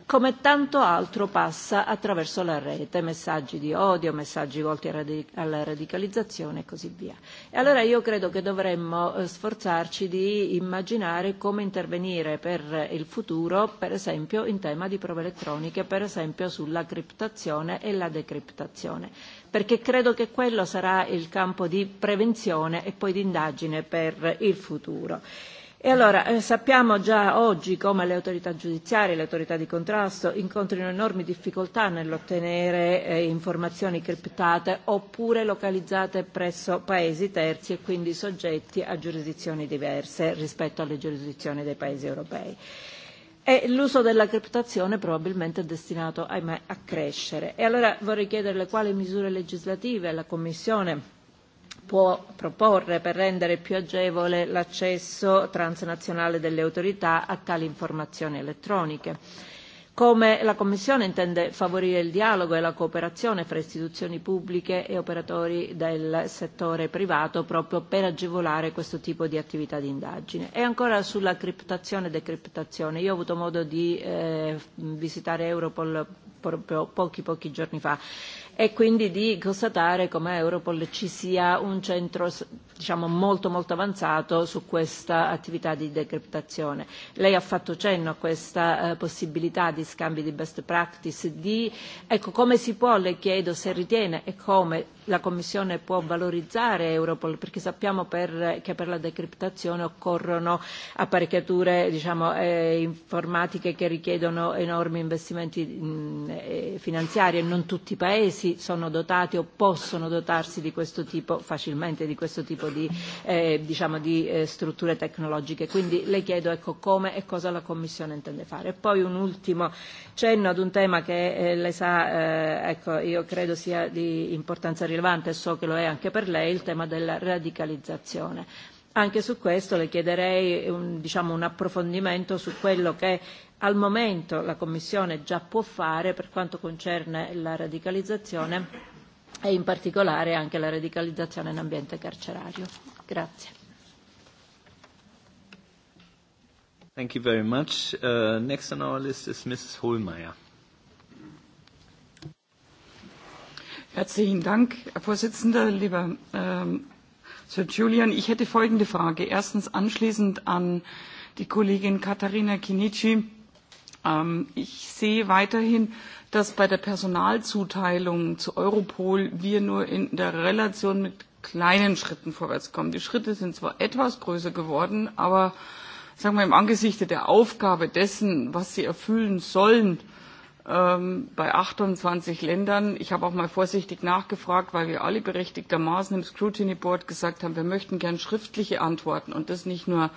come tanto altro passa attraverso la rete, messaggi di odio, messaggi volti alla radicalizzazione e così via. E allora io credo che dovremmo eh, sforzarci di immaginare come intervenire per il futuro, per esempio in tema di prove elettroniche, per esempio sulla criptazione e la decriptazione, perché credo che quello sarà il campo di prevenzione e poi di indagine per il futuro. E allora eh, sappiamo già oggi come le autorità giudiziarie, le autorità di contrasto incontrino enormi difficoltà nell'ottenere eh, informazioni criptate oppure localizzate presso paesi terzi e quindi soggetti a giurisdizioni diverse rispetto alle giurisdizioni dei paesi europei. E l'uso della criptazione probabilmente è destinato, ahimè, a crescere. E allora vorrei chiederle quali misure legislative la Commissione può proporre per rendere più agevole l'accesso transnazionale delle autorità a tali informazioni elettroniche. Come la Commissione intende favorire il dialogo e la cooperazione fra istituzioni pubbliche e operatori del settore privato proprio per agevolare questo tipo di attività di indagine. E ancora sulla criptazione e decriptazione. Io ho avuto modo di eh, visitare Europol proprio pochi pochi giorni fa e quindi di constatare come Europol ci sia un centro diciamo, molto molto avanzato su questa attività di decryptazione. Lei ha fatto cenno a questa eh, possibilità di scambi di best practice, di ecco, come si può, le chiedo se ritiene e come la Commissione può valorizzare Europol perché sappiamo per, che per la decriptazione occorrono apparecchiature diciamo, eh, informatiche che richiedono enormi investimenti mh, mm, finanziari e non tutti i paesi sono dotati o possono dotarsi di questo tipo facilmente di questo tipo di, eh, diciamo, di eh, strutture tecnologiche. Quindi le chiedo ecco, come e cosa la Commissione intende fare. E poi un ultimo cenno ad un tema che eh, lei sa, eh, ecco, io credo sia di importanza rilevante rilevante, e so che lo è anche per lei, il tema della radicalizzazione. Anche su questo le chiederei un, diciamo, un approfondimento su quello che al momento la Commissione già può fare per quanto concerne la radicalizzazione e in particolare anche la radicalizzazione in ambiente carcerario. Grazie. Thank you very much. Uh, next on our list is Mrs. Holmeier. Herzlichen Dank, Herr Vorsitzender, lieber ähm, Sir Julian. Ich hätte folgende Frage. Erstens anschließend an die Kollegin Katharina Kinici. Ähm, ich sehe weiterhin, dass bei der Personalzuteilung zu Europol nur in der Relation mit kleinen Schritten vorwärtskommen. Die Schritte sind zwar etwas größer geworden, aber sagen der Aufgabe dessen, was sie erfüllen sollen, ähm, bei 28 Ländern. Ich habe auch mal vorsichtig nachgefragt, weil wir alle berechtigtermaßen im Scrutiny Board gesagt haben, wir möchten gern schriftliche Antworten und das nicht nur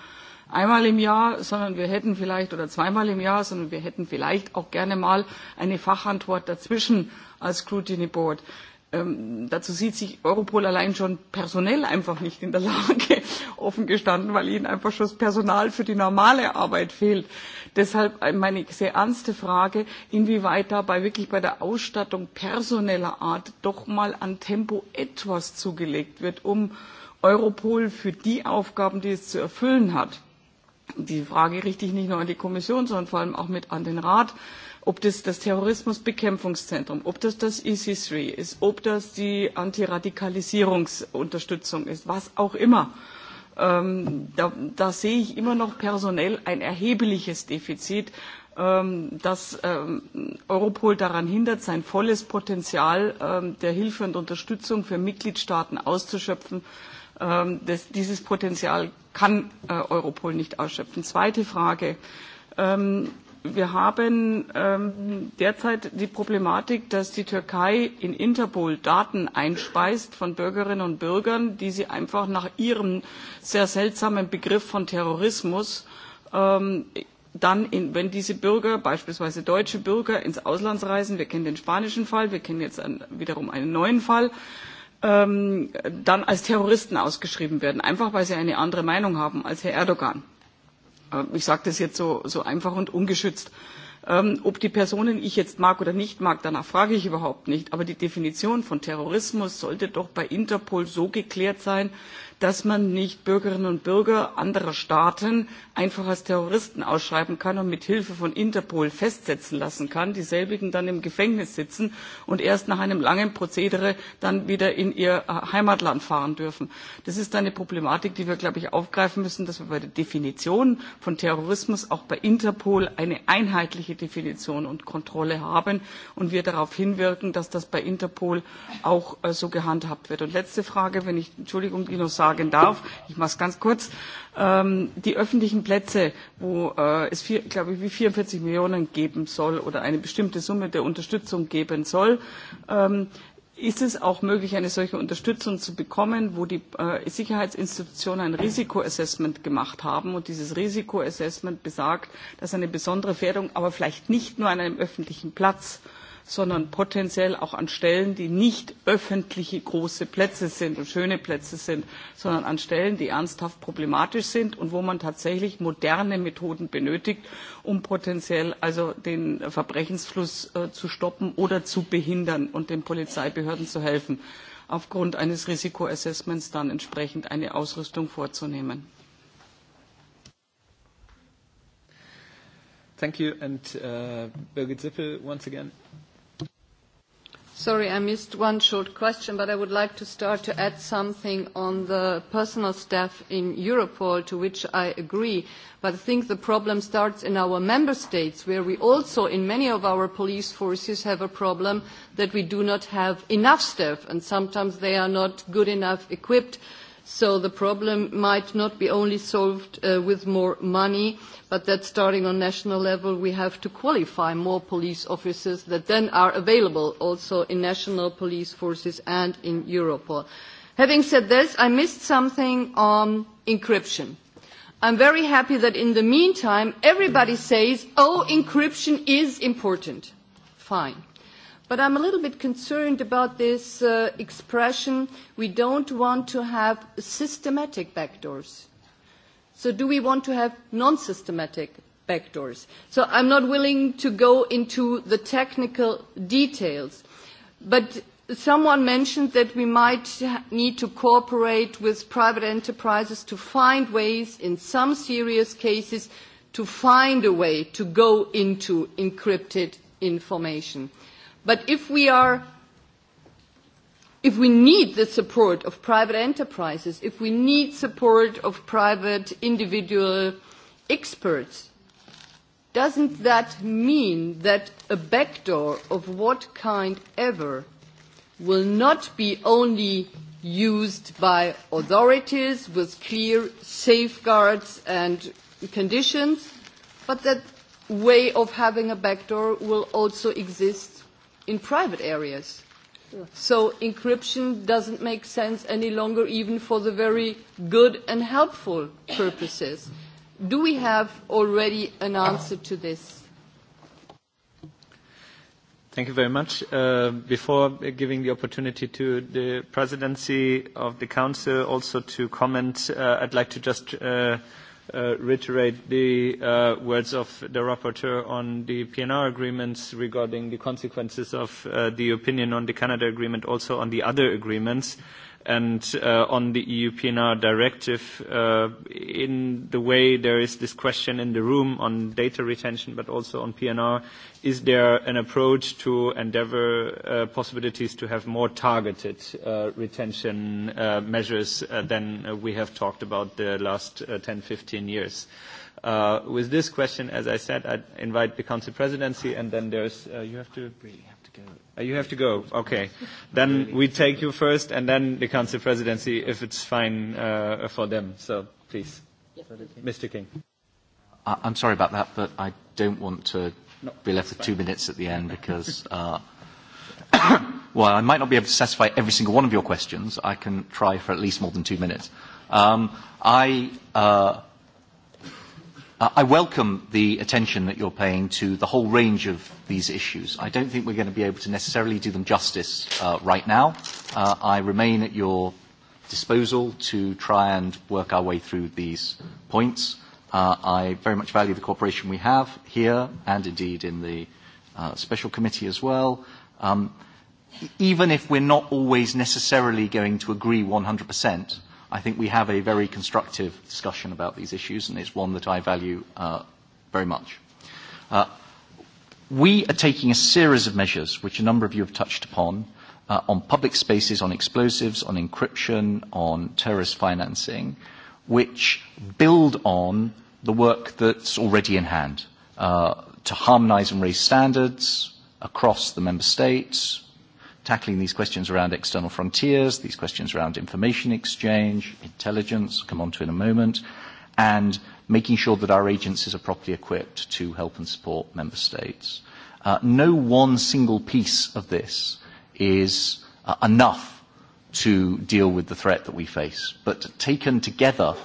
einmal im Jahr, sondern wir hätten vielleicht oder zweimal im Jahr, sondern wir hätten vielleicht auch gerne mal eine Fachantwort dazwischen als Scrutiny Board. Ähm, dazu sieht sich Europol allein schon personell einfach nicht in der Lage, [LAUGHS] offen gestanden, weil ihnen einfach schon das Personal für die normale Arbeit fehlt. Deshalb äh, meine sehr ernste Frage, inwieweit dabei wirklich bei der Ausstattung personeller Art doch mal an Tempo etwas zugelegt wird, um Europol für die Aufgaben, die es zu erfüllen hat, die Frage richte ich nicht nur an die Kommission, sondern vor allem auch mit an den Rat, ob das das Terrorismusbekämpfungszentrum, ob das das EC3 ist, ob das die Antiradikalisierungsunterstützung ist, was auch immer. Ähm, da, da sehe ich immer noch personell ein erhebliches Defizit, ähm, das ähm, Europol daran hindert, sein volles Potenzial ähm, der Hilfe und Unterstützung für Mitgliedstaaten auszuschöpfen. Ähm, das, dieses Potenzial kann äh, Europol nicht ausschöpfen. Zweite Frage. Ähm, Wir haben ähm, derzeit die Problematik, dass die Türkei in Interpol Daten einspeist von Bürgerinnen und Bürgern, die sie einfach nach ihrem sehr seltsamen Begriff von Terrorismus ähm, dann, in, wenn diese Bürger, beispielsweise deutsche Bürger, ins Ausland reisen, wir kennen den spanischen Fall, wir kennen jetzt einen, wiederum einen neuen Fall, ähm, dann als Terroristen ausgeschrieben werden, einfach weil sie eine andere Meinung haben als Herr Erdogan Ähm, ich sage das jetzt so, so einfach und ungeschützt. Ähm, ob die Personen ich jetzt mag oder nicht mag, danach frage ich überhaupt nicht. Aber die Definition von Terrorismus sollte doch bei Interpol so geklärt sein, dass man nicht Bürgerinnen und Bürger anderer Staaten einfach als Terroristen ausschreiben kann und mit Hilfe von Interpol festsetzen lassen kann, dieselbigen dann im Gefängnis sitzen und erst nach einem langen Prozedere dann wieder in ihr äh, Heimatland fahren dürfen. Das ist eine Problematik, die wir, glaube ich, aufgreifen müssen, dass wir bei der Definition von Terrorismus auch bei Interpol eine einheitliche Definition und Kontrolle haben und wir darauf hinwirken, dass das bei Interpol auch äh, so gehandhabt wird. Und letzte Frage, wenn ich, Entschuldigung, Dino sagen, sagen darf. Ich mache es ganz kurz. Ähm, die öffentlichen Plätze, wo äh, es, glaube ich, wie 44 Millionen geben soll oder eine bestimmte Summe der Unterstützung geben soll, ähm, ist es auch möglich, eine solche Unterstützung zu bekommen, wo die äh, Sicherheitsinstitutionen ein Risikoassessment gemacht haben. Und dieses Risikoassessment besagt, dass eine besondere Gefährdung aber vielleicht nicht nur an einem öffentlichen Platz sondern potenziell auch an Stellen, die nicht öffentliche große Plätze sind und schöne Plätze sind, sondern an Stellen, die ernsthaft problematisch sind und wo man tatsächlich moderne Methoden benötigt, um potenziell also den Verbrechensfluss äh, zu stoppen oder zu behindern und den Polizeibehörden zu helfen, aufgrund eines Risikoassessments dann entsprechend eine Ausrüstung vorzunehmen. Thank you. And uh, Birgit Zippel, once again. Sorry, I missed one short question, but I would like to start to add something on the personal staff in Europol, to which I agree. But I think the problem starts in our member states, where we also, in many of our police forces, have a problem that we do not have enough staff, and sometimes they are not good enough equipped So the problem might not be only solved uh, with more money, but that starting on national level, we have to qualify more police officers that then are available also in national police forces and in Europol. Having said this, I missed something on encryption. I'm very happy that in the meantime, everybody says, oh, encryption is important. Fine. But I'm a little bit concerned about this uh, expression, we don't want to have systematic backdoors. So do we want to have non-systematic backdoors? So I'm not willing to go into the technical details. But someone mentioned that we might need to cooperate with private enterprises to find ways in some serious cases to find a way to go into encrypted information. But if we are if we need the support of private enterprises, if we need support of private individual experts, doesn't that mean that a backdoor of what kind ever will not be only used by authorities with clear safeguards and conditions, but that way of having a backdoor will also exist in private areas. So encryption doesn't make sense any longer even for the very good and helpful purposes. Do we have already an answer to this? Thank you very much. Uh, before giving the opportunity to the presidency of the council also to comment, uh, I'd like to just uh, uh, reiterate the uh, words of the rapporteur on the PNR agreements regarding the consequences of uh, the opinion on the Canada agreement, also on the other agreements. Uh, and uh, on the EU PNR directive, uh, in the way there is this question in the room on data retention, but also on PNR, is there an approach to endeavor uh, possibilities to have more targeted uh, retention uh, measures uh, than we have talked about the last 10, 15 years? With this question, as I said, I invite the council presidency, and then there's you have to- Uh, you have to go. Okay. Then we take you first, and then the Council Presidency, if it's fine uh, for them. So please, Mr. King. I I'm sorry about that, but I don't want to no, be left with fine. two minutes at the end because, uh, [COUGHS] well, I might not be able to satisfy every single one of your questions. I can try for at least more than two minutes. Um, I. Uh, Uh, I welcome the attention that you're paying to the whole range of these issues. I don't think we're going to be able to necessarily do them justice uh, right now. Uh, I remain at your disposal to try and work our way through these points. Uh, I very much value the cooperation we have here and indeed in the uh, special committee as well. Um, e-, even if we're not always necessarily going to agree 100%, i think we have a very constructive discussion about these issues, and it's one that I value uh, very much. Uh, we are taking a series of measures, which a number of you have touched upon, uh, on public spaces, on explosives, on encryption, on terrorist financing, which build on the work that's already in hand uh, to harmonize and raise standards across the member states, tackling these questions around external frontiers, these questions around information exchange, intelligence, come on to in a moment, and making sure that our agencies are properly equipped to help and support member states. Uh, no one single piece of this is uh, enough to deal with the threat that we face. But taken together,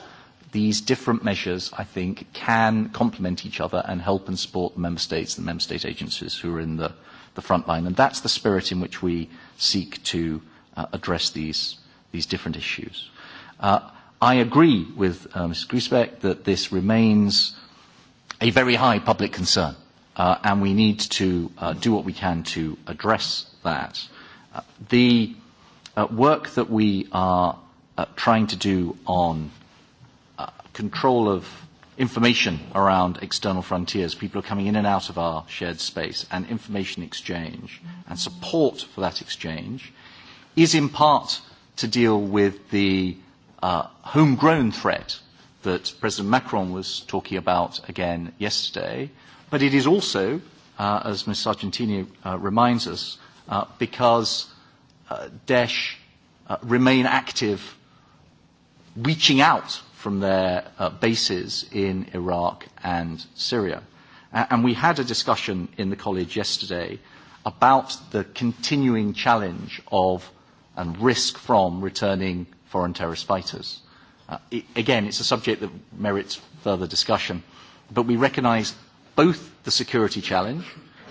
these different measures, I think, can complement each other and help and support the member states and member state agencies who are in the the front line. And that's the spirit in which we seek to uh, address these, these different issues. Uh, I agree with uh, Ms. Griesbeck that this remains a very high public concern, uh, and we need to uh, do what we can to address that. Uh, the uh, work that we are uh, trying to do on uh, control of information around external frontiers. People are coming in and out of our shared space and information exchange and support for that exchange is in part to deal with the uh, homegrown threat that President Macron was talking about again yesterday, but it is also, uh, as Ms. Sargentini uh, reminds us, uh, because uh, Daesh uh, remain active reaching out from their uh, bases in Iraq and Syria. and we had a discussion in the college yesterday about the continuing challenge of and risk from returning foreign terrorist fighters. Uh, it, again, it's a subject that merits further discussion, but we recognise both the security challenge,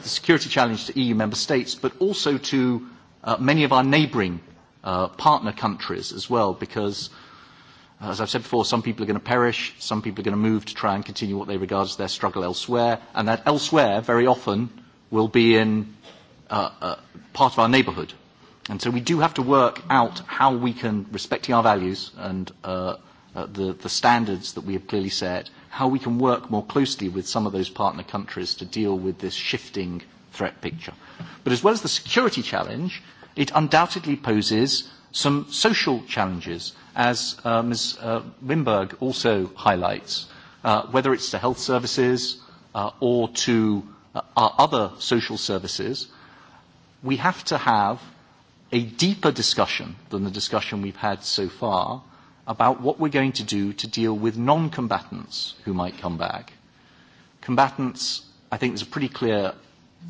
the security challenge to EU member states, but also to uh, many of our neighbouring uh, partner countries as well, because uh, Uh, as I've said before, some people are going to perish, some people are going to move to try and continue what they regard as their struggle elsewhere, and that elsewhere very often will be in uh, uh, part of our neighbourhood. And so we do have to work out how we can, respecting our values and uh, uh, the, the standards that we have clearly set, how we can work more closely with some of those partner countries to deal with this shifting threat picture. But as well as the security challenge, it undoubtedly poses some social challenges as uh, Ms. Uh, Wimberg also highlights, uh, whether it's to health services uh, or to uh, our other social services, we have to have a deeper discussion than the discussion we've had so far about what we're going to do to deal with non-combatants who might come back. Combatants, I think there's a pretty clear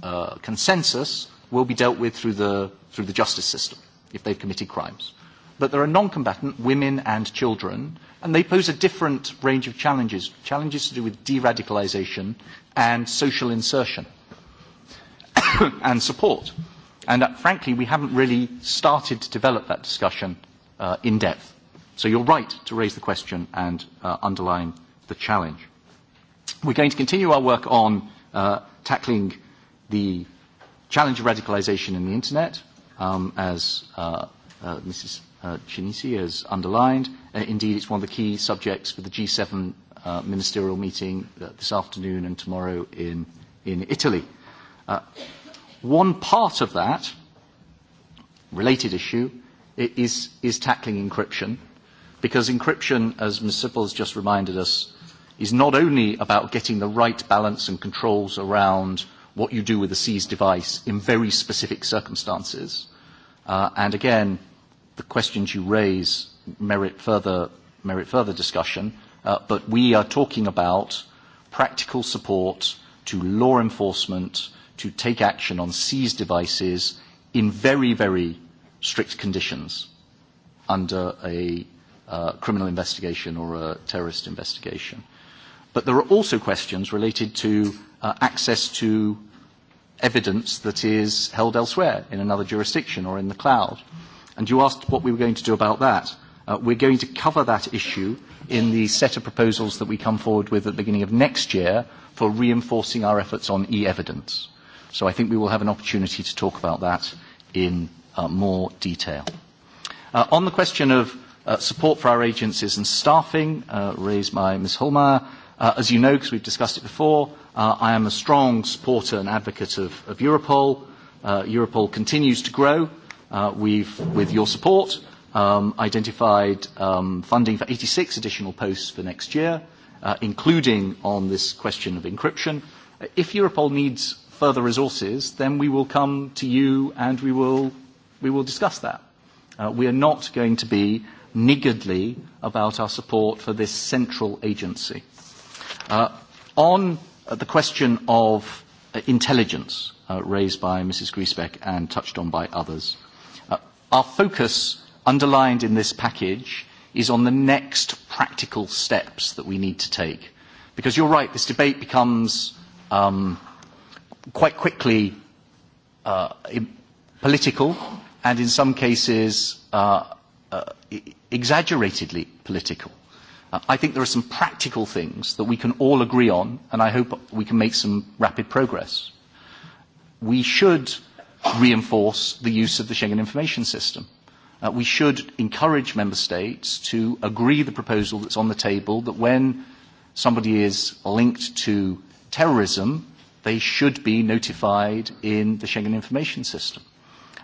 uh, consensus, will be dealt with through the, through the justice system if they've committed crimes but there are non-combatant women and children, and they pose a different range of challenges, challenges to do with de-radicalization and social insertion [COUGHS] and support. And uh, frankly, we haven't really started to develop that discussion uh, in depth. So you're right to raise the question and uh, underline the challenge. We're going to continue our work on uh, tackling the challenge of radicalization in the internet, um, as uh, uh, Mrs uh, has underlined. Uh, indeed, it's one of the key subjects for the G7 uh, ministerial meeting uh, this afternoon and tomorrow in, in Italy. Uh, one part of that related issue is, is tackling encryption, because encryption, as Ms. Sippel has just reminded us, is not only about getting the right balance and controls around what you do with a seized device in very specific circumstances, uh, and again, the questions you raise merit further, merit further discussion, uh, but we are talking about practical support to law enforcement to take action on seized devices in very, very strict conditions under a uh, criminal investigation or a terrorist investigation. But there are also questions related to uh, access to evidence that is held elsewhere in another jurisdiction or in the cloud. Mm-hmm And you asked what we were going to do about that. Uh, we're going to cover that issue in the set of proposals that we come forward with at the beginning of next year for reinforcing our efforts on e-evidence. So I think we will have an opportunity to talk about that in uh, more detail. Uh, on the question of uh, support for our agencies and staffing, uh, raised by Ms. Holmeyer, uh, as you know, because we've discussed it before, uh, I am a strong supporter and advocate of, of Europol. Uh, Europol continues to grow. Uh, we've, with your support, um, identified um, funding for 86 additional posts for next year, uh, including on this question of encryption. Uh, if Europol needs further resources, then we will come to you and we will, we will discuss that. Uh, we are not going to be niggardly about our support for this central agency. Uh, on uh, the question of uh, intelligence uh, raised by Mrs. Griesbeck and touched on by others, Our focus underlined in this package is on the next practical steps that we need to take. Because you're right, this debate becomes um, quite quickly uh, political and in some cases uh, uh, e-, exaggeratedly political. I think there are some practical things that we can all agree on, and I hope we can make some rapid progress. We should reinforce the use of the Schengen Information System. Uh, we should encourage member states to agree the proposal that's on the table that when somebody is linked to terrorism, they should be notified in the Schengen Information System.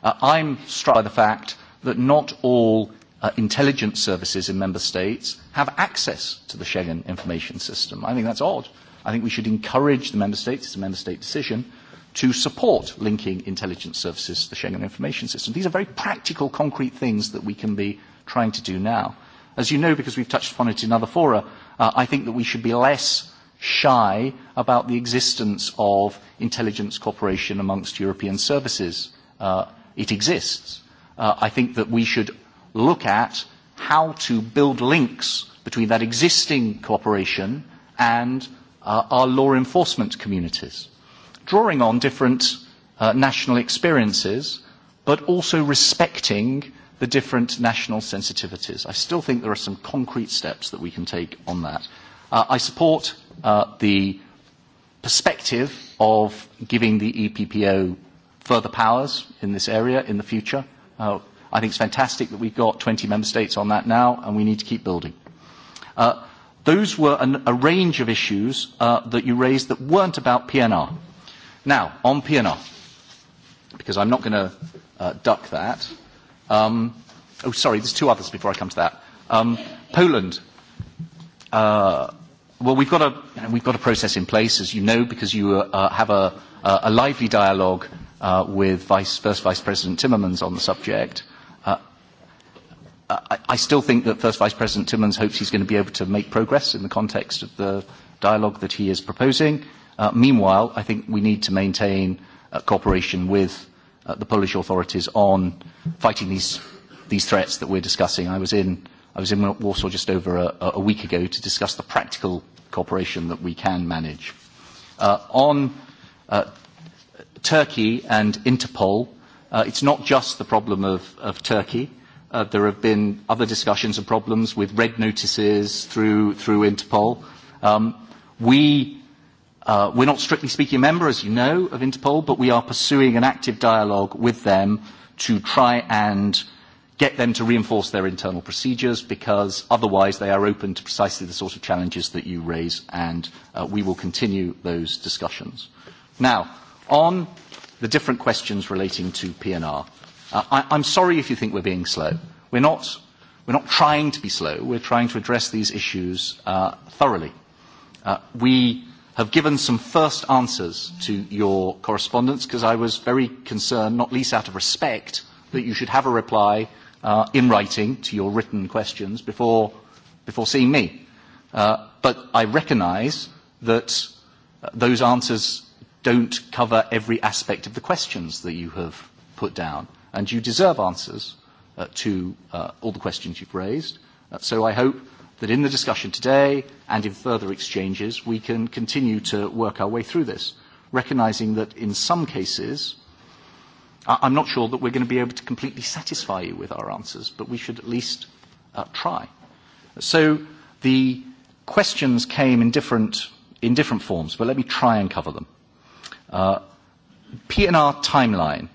Uh, I'm struck by the fact that not all uh, intelligence services in member states have access to the Schengen Information System. I think that's odd. I think we should encourage the member states, it's a member state decision, to support linking intelligence services to the Schengen information system. These are very practical, concrete things that we can be trying to do now. As you know, because we've touched upon it in other fora, uh, I think that we should be less shy about the existence of intelligence cooperation amongst European services. Uh, it exists. Uh, I think that we should look at how to build links between that existing cooperation and uh, our law enforcement communities drawing on different uh, national experiences, but also respecting the different national sensitivities. I still think there are some concrete steps that we can take on that. Uh, I support uh, the perspective of giving the EPPO further powers in this area in the future. Uh, I think it's fantastic that we've got 20 member states on that now, and we need to keep building. Uh, those were an, a range of issues uh, that you raised that weren't about PNR. Now, on PNR, because I'm not going to uh, duck that. Um, oh, sorry, there's two others before I come to that. Um, Poland. Uh, well, we've got, a, you know, we've got a process in place, as you know, because you uh, have a, uh, a lively dialogue uh, with Vice, First Vice President Timmermans on the subject. Uh, I, I still think that First Vice President Timmermans hopes he's going to be able to make progress in the context of the dialogue that he is proposing. Uh, meanwhile, I think we need to maintain uh, cooperation with uh, the Polish authorities on fighting these, these threats that we're discussing. I was in, I was in Warsaw just over a, a week ago to discuss the practical cooperation that we can manage. Uh, on uh, Turkey and Interpol, uh, it's not just the problem of, of Turkey. Uh, there have been other discussions and problems with red notices through, through Interpol. Um, we Uh, we're not strictly speaking a member, as you know, of Interpol, but we are pursuing an active dialogue with them to try and get them to reinforce their internal procedures because otherwise they are open to precisely the sort of challenges that you raise and uh, we will continue those discussions. Now, on the different questions relating to PNR, uh, I, I'm sorry if you think we're being slow. We're not, we're not trying to be slow. We're trying to address these issues uh, thoroughly. Uh, we have given some first answers to your correspondence because I was very concerned, not least out of respect, that you should have a reply uh, in writing to your written questions before, before seeing me. Uh, but I recognise that uh, those answers don't cover every aspect of the questions that you have put down, and you deserve answers uh, to uh, all the questions you've raised. Uh, so I hope that in the discussion today and in further exchanges, we can continue to work our way through this, recognizing that in some cases, I'm not sure that we're going to be able to completely satisfy you with our answers, but we should at least uh, try. So the questions came in different, in different forms, but let me try and cover them. Uh, PNR timeline.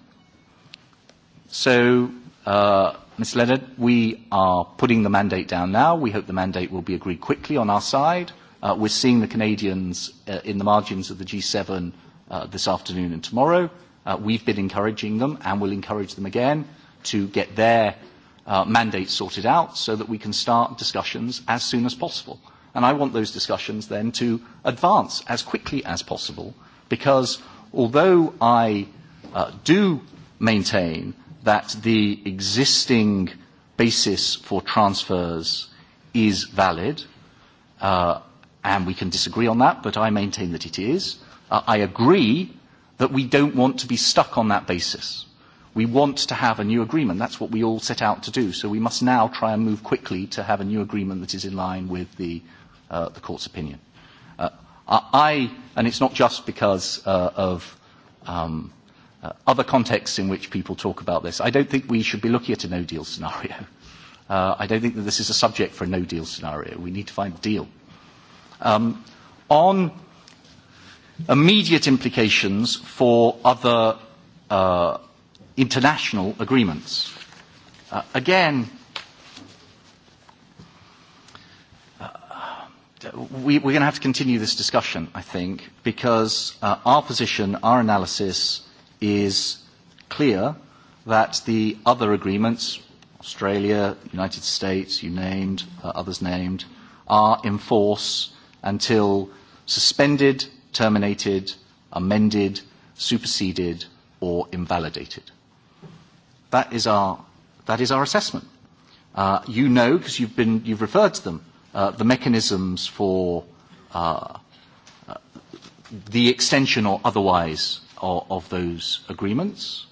So uh, Ms. Leonard, we are putting the mandate down now. We hope the mandate will be agreed quickly on our side. Uh, we're seeing the Canadians uh, in the margins of the G7 uh, this afternoon and tomorrow. Uh, we've been encouraging them and will encourage them again to get their uh, mandate sorted out so that we can start discussions as soon as possible. And I want those discussions then to advance as quickly as possible because although I uh, do maintain that the existing basis for transfers is valid, uh, and we can disagree on that, but I maintain that it is. Uh, I agree that we don't want to be stuck on that basis. We want to have a new agreement. That's what we all set out to do. So we must now try and move quickly to have a new agreement that is in line with the, uh, the court's opinion. Uh, I, and it's not just because uh, of um, uh, other contexts in which people talk about this. I don't think we should be looking at a no-deal scenario. [LAUGHS] Uh, I don't think that this is a subject for a no-deal scenario. We need to find a deal. Um, on immediate implications for other uh, international agreements. Uh, again, uh, we, we're going to have to continue this discussion, I think, because uh, our position, our analysis, is clear that the other agreements, Australia, United States, you named, uh, others named, are in force until suspended, terminated, amended, superseded, or invalidated. That is our, that is our assessment. Uh, you know, because you've, been, you've referred to them, uh, the mechanisms for uh, uh, the extension or otherwise of, those agreements.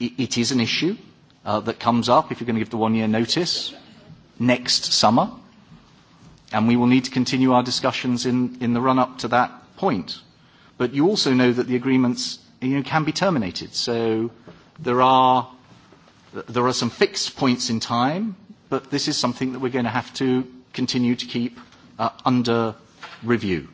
It, it is an issue uh, that comes up if you're going to give the one-year notice next summer, and we will need to continue our discussions in, in the run-up to that point. But you also know that the agreements you know, can be terminated, so there are, there are some fixed points in time, but this is something that we're going to have to continue to keep uh, under review.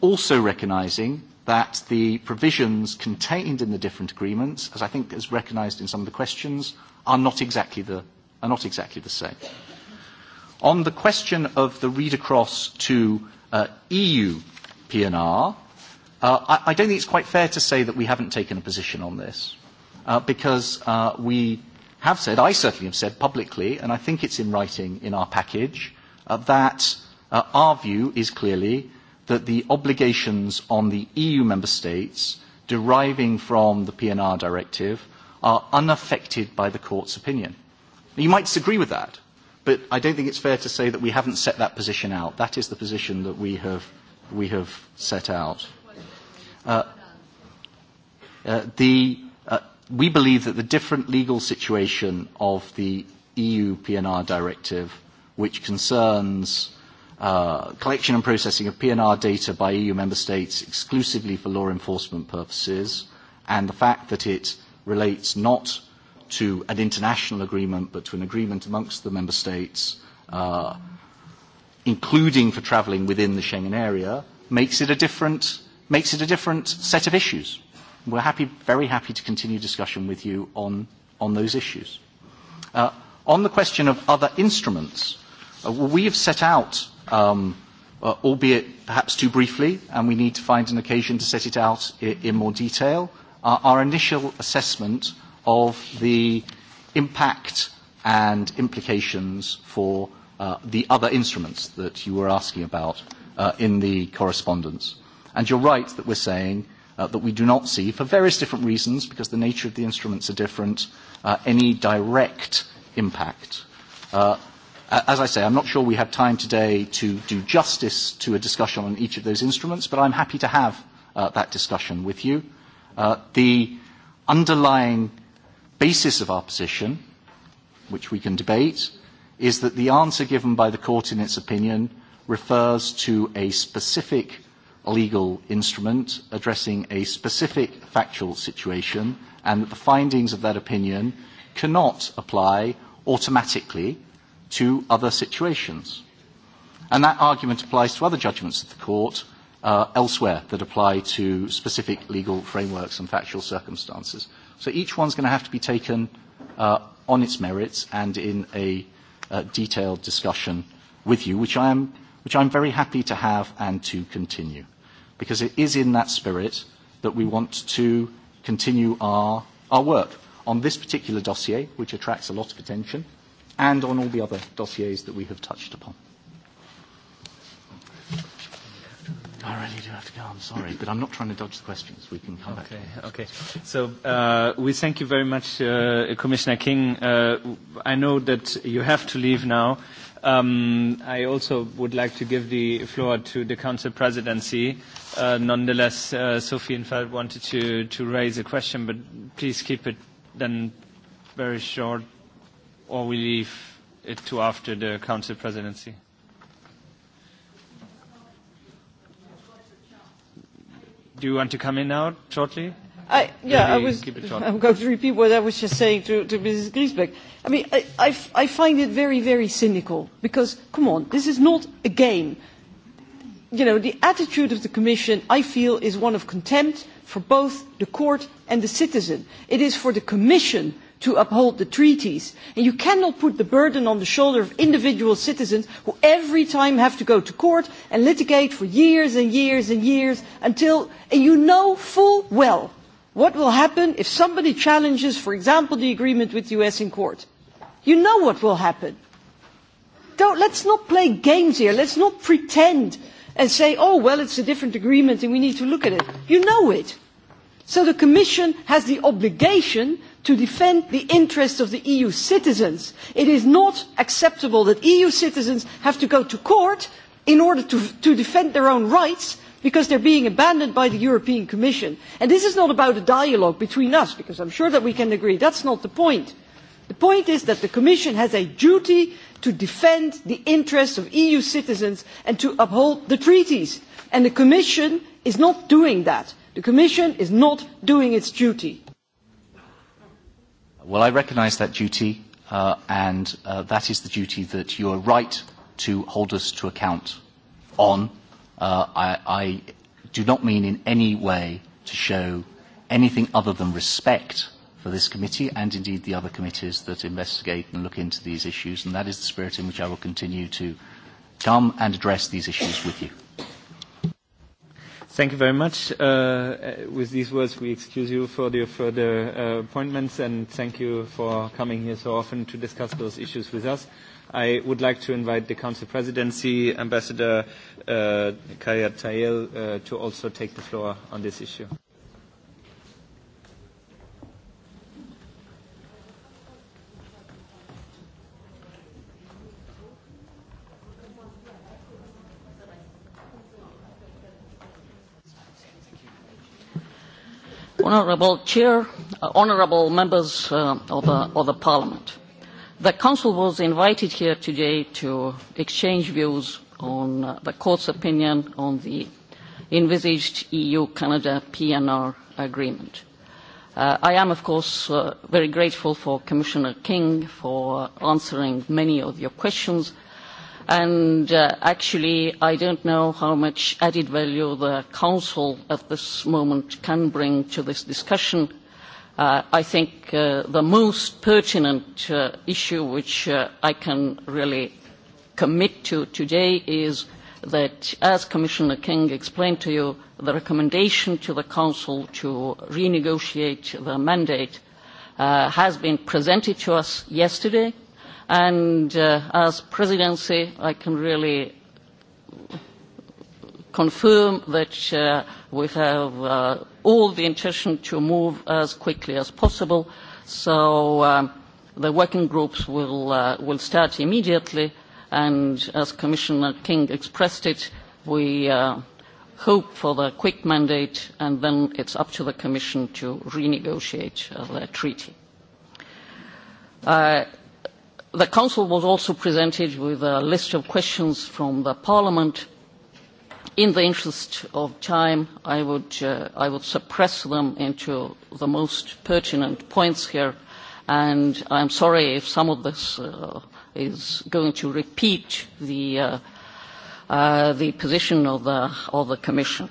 Also recognizing that the provisions contained in the different agreements, as I think is recognised in some of the questions, are not exactly the, are not exactly the same. On the question of the read across to uh, EU PNR, uh, I, I don't think it's quite fair to say that we haven't taken a position on this, uh, because uh, we have said, I certainly have said publicly, and I think it's in writing in our package, uh, that uh, our view is clearly that the obligations on the EU member states deriving from the PNR directive are unaffected by the court's opinion. You might disagree with that, but I don't think it's fair to say that we haven't set that position out. That is the position that we have, we have set out. Uh, uh, the, uh, we believe that the different legal situation of the EU PNR directive, which concerns Uh, collection and processing of PNR data by EU member states exclusively for law enforcement purposes, and the fact that it relates not to an international agreement, but to an agreement amongst the member states, uh, including for travelling within the Schengen area, makes it a different makes it a different set of issues. We're happy, very happy to continue discussion with you on on those issues. Uh, on the question of other instruments, uh, well, we have set out um, uh, albeit perhaps too briefly, and we need to find an occasion to set it out in, in more detail, uh, our initial assessment of the impact and implications for uh, the other instruments that you were asking about uh, in the correspondence. And you're right that we're saying uh, that we do not see, for various different reasons, because the nature of the instruments are different, uh, any direct impact. Uh, Uh, as I say, I'm not sure we have time today to do justice to a discussion on each of those instruments, but I'm happy to have uh, that discussion with you. Uh, the underlying basis of our position, which we can debate, is that the answer given by the court in its opinion refers to a specific legal instrument addressing a specific factual situation, and that the findings of that opinion cannot apply automatically to other situations. And that argument applies to other judgments of the court uh, elsewhere that apply to specific legal frameworks and factual circumstances. So each one's going to have to be taken uh, on its merits and in a uh, detailed discussion with you, which I am which I'm very happy to have and to continue, because it is in that spirit that we want to continue our, our work on this particular dossier, which attracts a lot of attention and on all the other dossiers that we have touched upon. I really do have to go. I'm sorry, but I'm not trying to dodge the questions. We can come okay, back. Okay. So uh, we thank you very much, uh, Commissioner King. Uh, I know that you have to leave now. Um, I also would like to give the floor to the Council Presidency. Uh, nonetheless, uh, Sophie Infeld wanted to, to raise a question, but please keep it then very short or we leave it to after the council presidency? Do you want to come in now shortly? I, yeah, I was, I'm [LAUGHS] going to repeat what I was just saying to, to Mrs. Griesbeck. I mean, I, I, I find it very, very cynical because, come on, this is not a game. You know, the attitude of the Commission, I feel, is one of contempt for both the court and the citizen. It is for the Commission to uphold the treaties. And you cannot put the burden on the shoulder of individual citizens who every time have to go to court and litigate for years and years and years until and you know full well what will happen if somebody challenges, for example, the agreement with the US in court. You know what will happen. Don't, let's not play games here. Let's not pretend and say, oh, well, it's a different agreement and we need to look at it. You know it. So the Commission has the obligation to defend the interests of the EU citizens. It is not acceptable that EU citizens have to go to court in order to, to defend their own rights because they're being abandoned by the European Commission. And this is not about a dialogue between us, because I'm sure that we can agree. That's not the point. The point is that the Commission has a duty to defend the interests of EU citizens and to uphold the treaties. And the Commission is not doing that. The Commission is not doing its duty Well, I recognise that duty, uh, and uh, that is the duty that you are right to hold us to account on. Uh, I, I do not mean in any way to show anything other than respect for this committee and indeed the other committees that investigate and look into these issues, and that is the spirit in which I will continue to come and address these issues with you. Thank you very much. Uh, uh, with these words, we excuse you for your further uh, appointments, and thank you for coming here so often to discuss those issues with us. I would like to invite the Council Presidency, Ambassador uh, Kaya Tayel, uh, to also take the floor on this issue. Honourable Chair, uh, honourable members uh, of, uh, of the Parliament. The Council was invited here today to exchange views on uh, the Court's opinion on the envisaged EU-Canada PNR agreement. Uh, I am, of course, uh, very grateful for Commissioner King for answering many of your questions and uh, actually I don't know how much added value the Council at this moment can bring to this discussion. Uh, I think uh, the most pertinent uh, issue which uh, I can really commit to today is that, as Commissioner King explained to you, the recommendation to the Council to renegotiate the mandate uh, has been presented to us yesterday And uh, as presidency, I can really confirm that uh, we have uh, all the intention to move as quickly as possible. So um, the working groups will, uh, will start immediately. And as Commissioner King expressed it, we uh, hope for the quick mandate, and then it's up to the Commission to renegotiate uh, the treaty. Uh, The Council was also presented with a list of questions from the Parliament. In the interest of time, I would, uh, I would suppress them into the most pertinent points here, and I'm sorry if some of this uh, is going to repeat the, uh, uh, the position of the, of the Commission.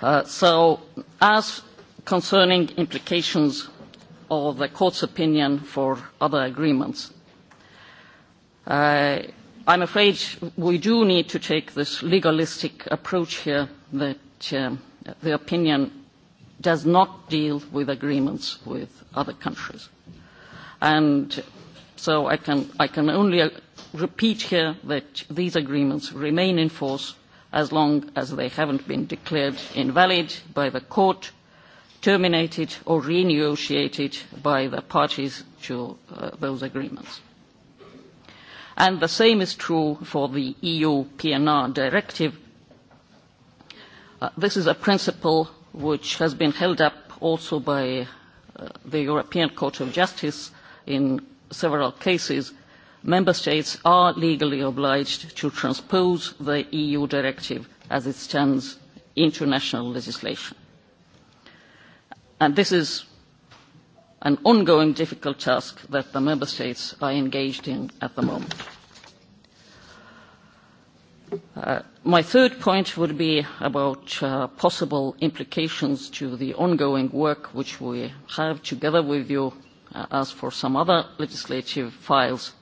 Uh, so, as concerning implications of the court's opinion for other agreements. Uh, I'm afraid we do need to take this legalistic approach here that um, the opinion does not deal with agreements with other countries. And so I can, I can only uh, repeat here that these agreements remain in force as long as they haven't been declared invalid by the court terminated or renegotiated by the parties to uh, those agreements. And the same is true for the EU PNR directive. Uh, this is a principle which has been held up also by uh, the European Court of Justice in several cases. Member states are legally obliged to transpose the EU directive as it stands into national legislation. And this is an ongoing difficult task that the member states are engaged in at the moment. Uh, my third point would be about uh, possible implications to the ongoing work which we have together with you uh, as for some other legislative files.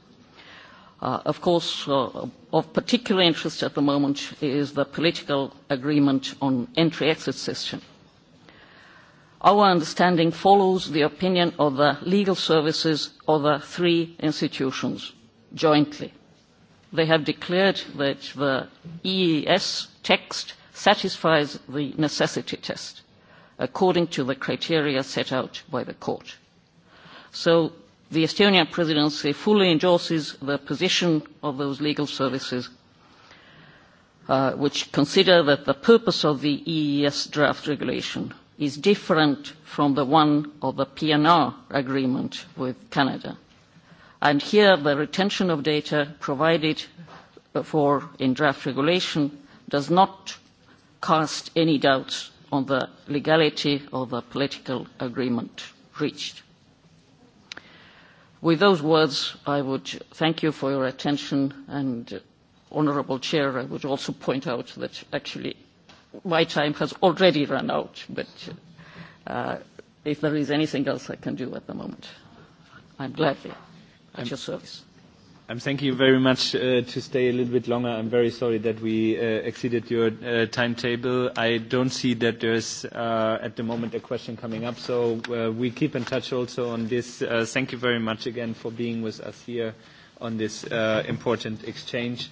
Uh, of course, uh, of particular interest at the moment is the political agreement on entry-exit system. Uh, Our understanding follows the opinion of the legal services of the three institutions jointly. They have declared that the EES text satisfies the necessity test according to the criteria set out by the court. So the Estonian presidency fully endorses the position of those legal services uh, which consider that the purpose of the EES draft regulation is different from the one of the PNR agreement with Canada. And here the retention of data provided for in draft regulation does not cast any doubt on the legality of the political agreement reached. With those words, I would thank you for your attention and, uh, Honourable Chair, I would also point out that actually my time has already run out, but uh, if there is anything else I can do at the moment, I'm gladly at I'm, your service. I'm thanking you very much uh, to stay a little bit longer. I'm very sorry that we uh, exceeded your uh, timetable. I don't see that there's uh, at the moment a question coming up, so uh, we keep in touch also on this. Uh, thank you very much again for being with us here on this uh, important exchange.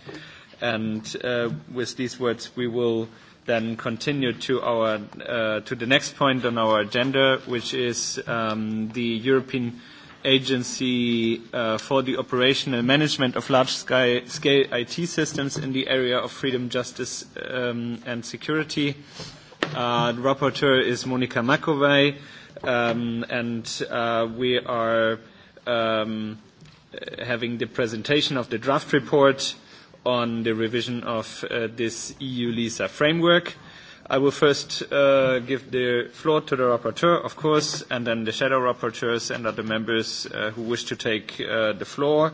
And uh, with these words, we will then continue to our uh, to the next point on our agenda, which is um, the European Agency uh, for the Operational Management of Large-Scale IT Systems in the area of freedom, justice, um, and security. Uh, the rapporteur is Monika Makovej, um, and uh, we are um, having the presentation of the draft report on the revision of uh, this EU LISA framework. I will first uh, give the floor to the rapporteur, of course, and then the shadow rapporteurs and other members uh, who wish to take the floor.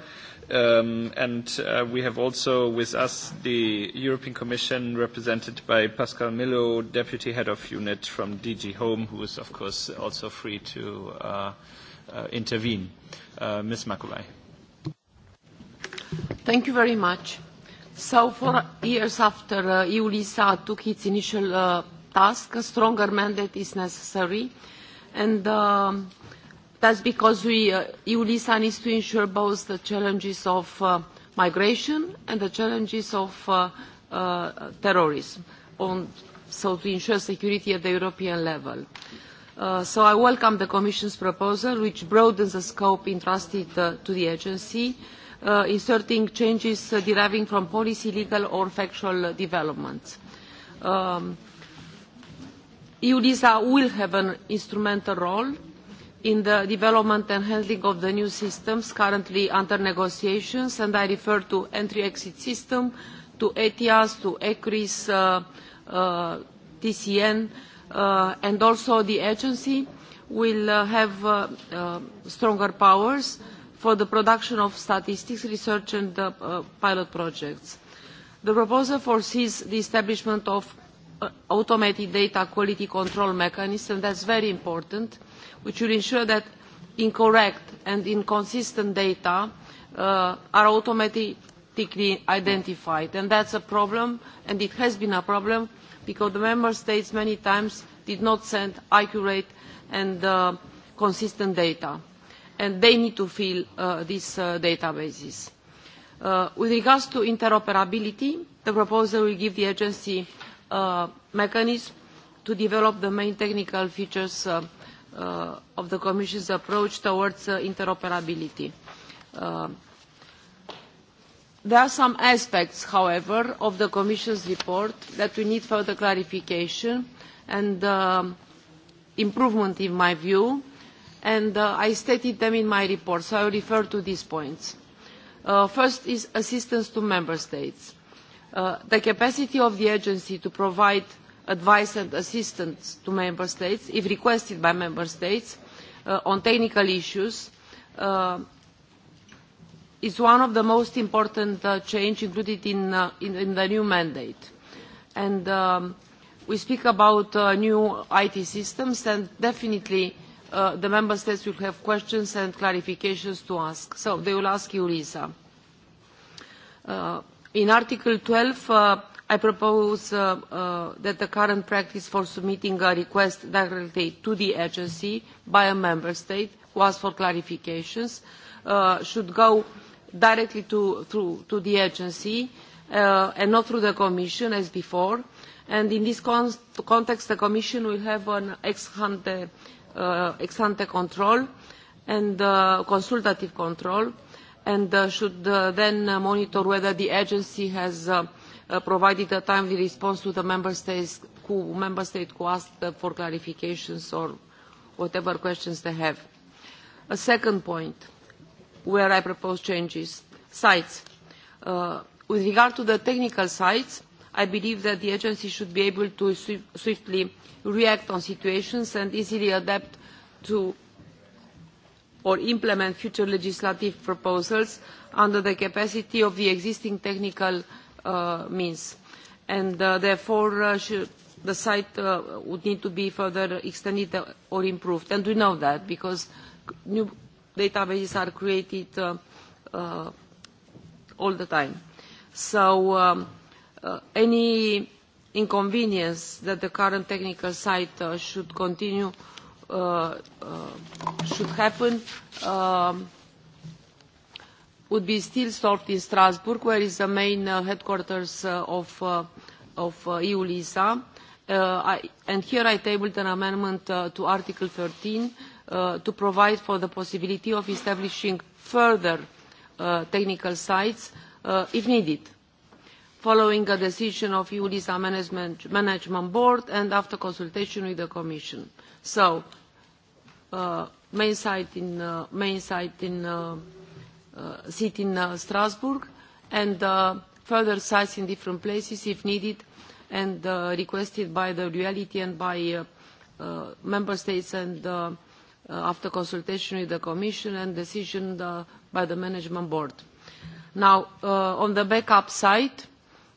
Um, and we have also with us the European Commission represented by Pascal Millo, Deputy Head of Unit from DG Home, who is, of course, also free to intervene. Ms. Macovei. Thank you very much. So four years after EULISA uh, took its initial uh, task, a stronger mandate is necessary. And um, that's because we, EULISA uh, needs to ensure both the challenges of migration and the challenges of terrorism, on, so to ensure security at the European level. so I welcome the Commission's proposal, which broadens the scope entrusted to the agency, Uh, inserting changes uh, deriving from policy, legal or factual developments. Um, EULISA will have an instrumental role in the development and handling of the new systems currently under negotiations, and I refer to entry-exit system, to ETIAS, to ECRIS, uh, uh, TCN, uh, and also the agency will uh, have stronger powers for the production of statistics, research and uh, uh, pilot projects. The proposal foresees the establishment of uh, automated data quality control mechanism, and that's very important, which will ensure that incorrect and inconsistent data uh, are automatically identified. And that's a problem, and it has been a problem, because the member states many times did not send accurate and uh, consistent data and they need to fill uh, these uh, databases. Uh, with regards to interoperability, the proposal will give the agency a uh, mechanism to develop the main technical features uh, uh, of the Commission's approach towards interoperability. There are some aspects, however, of the Commission's report that we need further clarification and um, improvement, in my view, and uh, I stated them in my report, so I refer to these points. Uh, first is assistance to member states. Uh, the capacity of the agency to provide advice and assistance to member states, if requested by member states, on technical issues is one of the most important changes included in, the new mandate. And um, we speak about new IT systems and definitely Uh, the member states will have questions and clarifications to ask. So they will ask you, Lisa. Uh, in Article 12, uh, I propose uh, uh, that the current practice for submitting a request directly to the agency by a member state who asks for clarifications uh, should go directly to, through, to the agency uh, and not through the Commission as before. And in this con context, the Commission will have an ex-ante uh, ex ante control and uh, consultative control and uh, should uh, then monitor whether the agency has uh, uh, provided a timely response to the member states who member state who asked uh, for clarifications or whatever questions they have. A second point where I propose changes, sites. Uh, with regard to the technical sites, i believe that the agency should be able to swiftly react on situations and easily adapt to or implement future legislative proposals under the capacity of the existing technical uh, means. And uh, therefore, uh, should, the site uh, would need to be further extended or improved. And we know that because new databases are created uh, uh, all the time. So. Um, Uh, any inconvenience that the current technical site uh, should continue uh, uh should happen um, would be still solved in Strasbourg, where is the main uh, headquarters of, of e LISA. I, and here I tabled an amendment to Article 13 to provide for the possibility of establishing further technical sites if needed following a decision of EULISA management, Board and after consultation with the Commission. So, uh, main site in, uh, main site in uh, uh, in uh, Strasbourg and uh, further sites in different places if needed and uh, requested by the reality and by uh, uh, member states and uh, uh, after consultation with the Commission and decision uh, by the Management Board. Now, uh, on the backup site,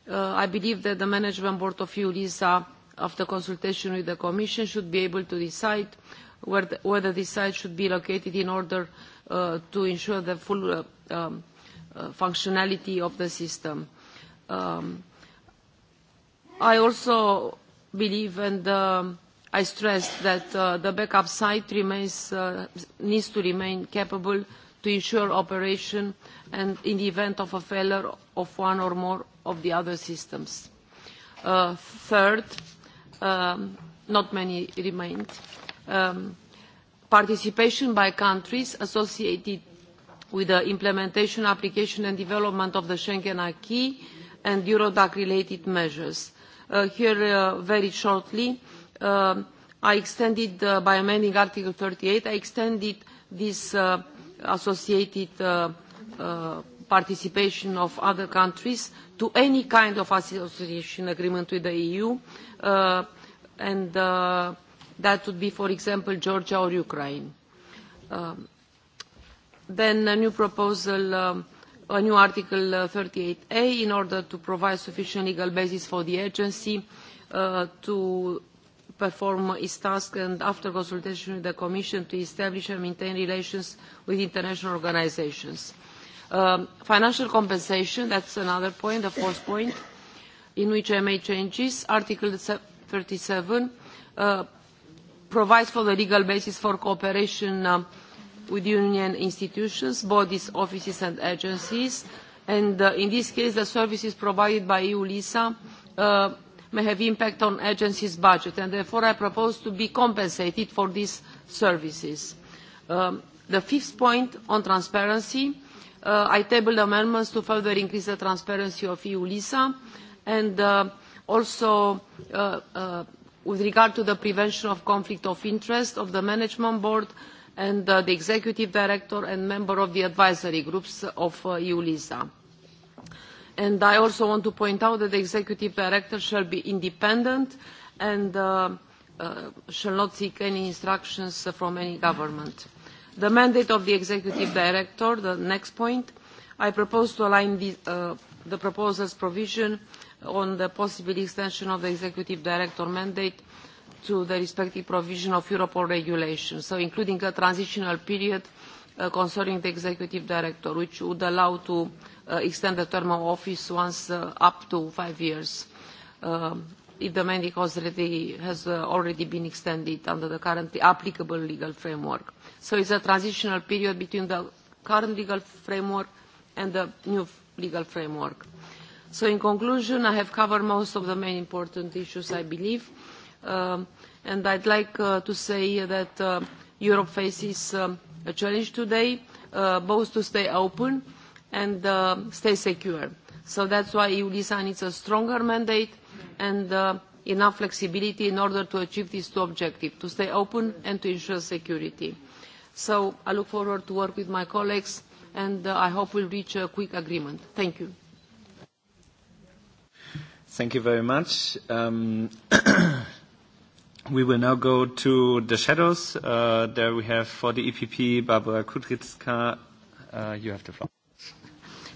Uh, I believe that the Management Board of EULISA, after consultation with the Commission, should be able to decide whether, this the site should be located in order uh, to ensure the full uh, um, functionality of the system. Um, I also believe and um, I stress that uh, the backup site remains, uh, needs to remain capable to ensure operation and in the event of a failure of one or more of the other systems. Uh, third, um, not many remained, um, participation by countries associated with the implementation, application and development of the Schengen acquis and Eurodac related measures. Uh, here, uh, very shortly, um, I extended, uh, by amending Article 38, I extended this uh, associated uh, uh, participation of other countries to any kind of association agreement with the EU, uh, and uh, that would be, for example, Georgia or Ukraine. Um, then a new proposal, um, a new Article 38A, uh, in order to provide sufficient legal basis for the agency uh, to perform its task and after consultation with the Commission to establish and maintain relations with international organisations. Um, financial compensation, that's another point, the fourth point, in which I made changes. Article 37 seven uh, provides for the legal basis for cooperation um, with union institutions, bodies, offices and agencies. And uh, in this case, the services provided by EU-LISA uh, may have impact on agencies' budget and therefore I propose to be compensated for these services. Um, the fifth point on transparency, uh, I tabled amendments to further increase the transparency of EU LISA and uh, also uh, with regard to the prevention of conflict of interest of the management board and the executive director and member of the advisory groups of eu lisa. And I also want to point out that the executive director shall be independent and uh, uh, shall not seek any instructions from any government. The mandate of the executive director, the next point, I propose to align the, uh, the proposal's provision on the possible extension of the executive director mandate to the respective provision of Europol regulation, so including a transitional period uh, concerning the executive director, which would allow to uh, Uh, extend the term of office once uh, up to five years um, if the mandate has already, has uh, already been extended under the currently applicable legal framework. So it's a transitional period between the current legal framework and the new legal framework. So in conclusion, I have covered most of the main important issues, I believe. Um, and I'd like uh, to say that uh, Europe faces um, a challenge today, uh, both to stay open and uh, stay secure. So that's why EULISA needs a stronger mandate and uh, enough flexibility in order to achieve these two objectives, to stay open and to ensure security. So I look forward to work with my colleagues and uh, I hope we'll reach a quick agreement. Thank you. Thank you very much. Um, [COUGHS] we will now go to the shadows. Uh, there we have for the EPP, Barbara Kudrytska. Uh, you have the floor.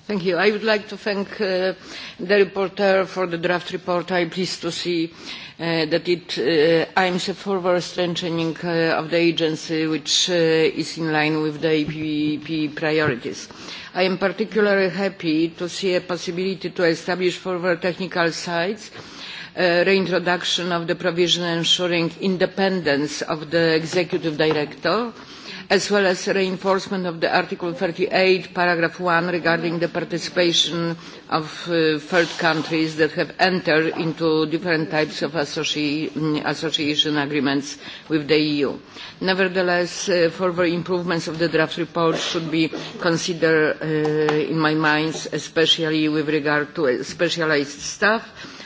Thank you. I would like to thank uh, the reporter for the draft report. I'm pleased to see uh, that it uh, aims a further strengthening uh, of the agency, which uh, is in line with the APP priorities. I am particularly happy to see a possibility to establish further technical sites Uh, reintroduction of the provision ensuring independence of the executive director as well as reinforcement of the Article 38, paragraph 1, regarding the participation of uh, third countries that have entered into different types of associ mm, association agreements with the EU. Nevertheless, uh, further improvements of the draft report should be considered, uh, in my mind, especially with regard to specialized staff,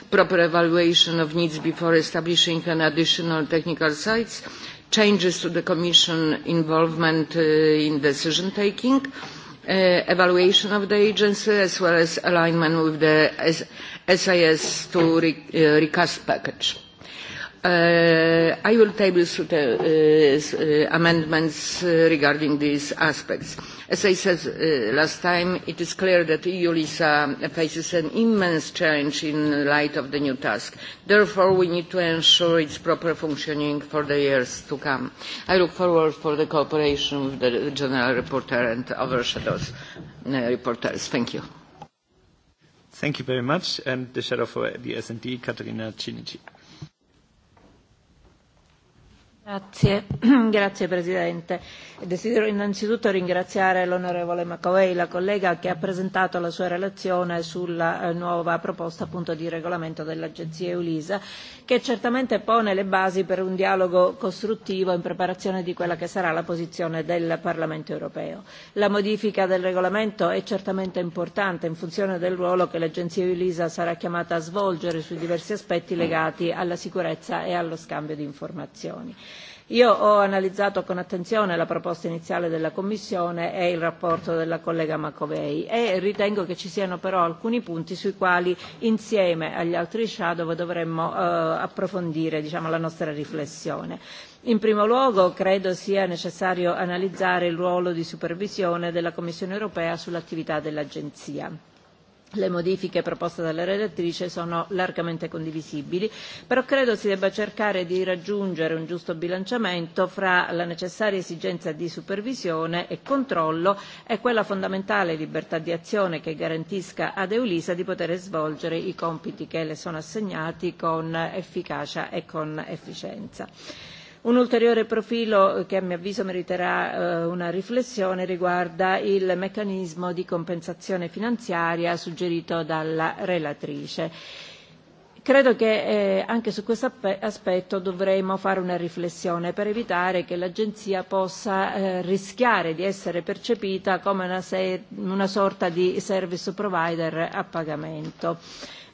proper evaluation of needs before establishing an additional technical sites, changes to the Commission involvement uh, in decision taking, uh, evaluation of the agency, as well as alignment with the sis to re, uh, recast package. Uh, I will table uh, uh, amendments uh, regarding these aspects. As I said uh, last time, it is clear that EU LISA faces an immense challenge in light of the new task. Therefore, we need to ensure its proper functioning for the years to come. I look forward for the cooperation with the General Reporter and other shadow uh, reporters. Thank you. Thank you very much. And the shadow for the S&D, Katarina Cinici. [CLEARS THROAT] presidente onorevoli colleghi Desidero innanzitutto ringraziare l'onorevole macovei la collega che ha presentato la sua relazione sulla eh, nuova proposta appunto di regolamento dell'Agenzia EULISA, che certamente pone le basi per un dialogo costruttivo in preparazione di quella che sarà la posizione del Parlamento europeo. La modifica del regolamento è certamente importante in funzione del ruolo che l'Agenzia EULISA sarà chiamata a svolgere sui diversi aspetti legati alla sicurezza e allo scambio di informazioni. Io ho analizzato con attenzione la proposta iniziale della Commissione e la relazione della collega Macovei e ritengo che ci siano però alcuni punti sui quali insieme agli altri shadow dovremmo eh, approfondire diciamo, la nostra riflessione. In primo luogo credo sia necessario analizzare il ruolo di supervisione della Commissione europea sull'attività dell'Agenzia le modifiche proposte dalla relatrice sono largamente condivisibili, però credo si debba cercare di raggiungere un giusto bilanciamento fra la necessaria esigenza di supervisione e controllo e quella fondamentale libertà di azione che garantisca ad Eulisa di poter svolgere i compiti che le sono assegnati con efficacia e con efficienza. Un ulteriore profilo che a mio avviso meriterà eh, una riflessione riguarda il meccanismo di compensazione finanziaria suggerito dalla relatrice. Credo che eh, anche su questo aspetto dovremmo fare una riflessione per evitare che l'agenzia possa eh, rischiare di essere percepita come una, una sorta di service provider a pagamento.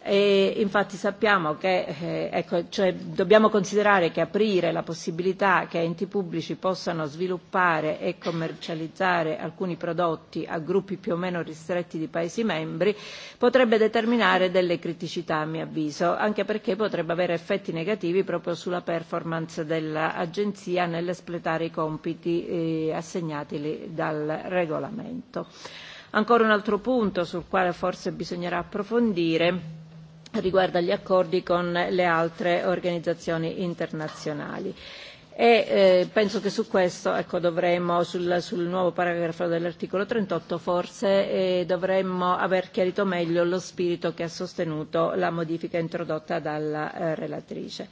E infatti sappiamo che eh, ecco, cioè, dobbiamo considerare che aprire la possibilità che enti pubblici possano sviluppare e commercializzare alcuni prodotti a gruppi più o meno ristretti di Paesi membri potrebbe determinare delle criticità a mio avviso, anche perché potrebbe avere effetti negativi proprio sulla performance dell'Agenzia nell'espletare i compiti eh, assegnati dal regolamento. Ancora un altro punto sul quale forse bisognerà approfondire riguarda gli accordi con le altre organizzazioni internazionali. E, eh, penso che su questo ecco, dovremmo, sul, sul nuovo paragrafo dell'articolo 38, forse eh, dovremmo aver chiarito meglio lo spirito che ha sostenuto la modifica introdotta dalla eh, relatrice.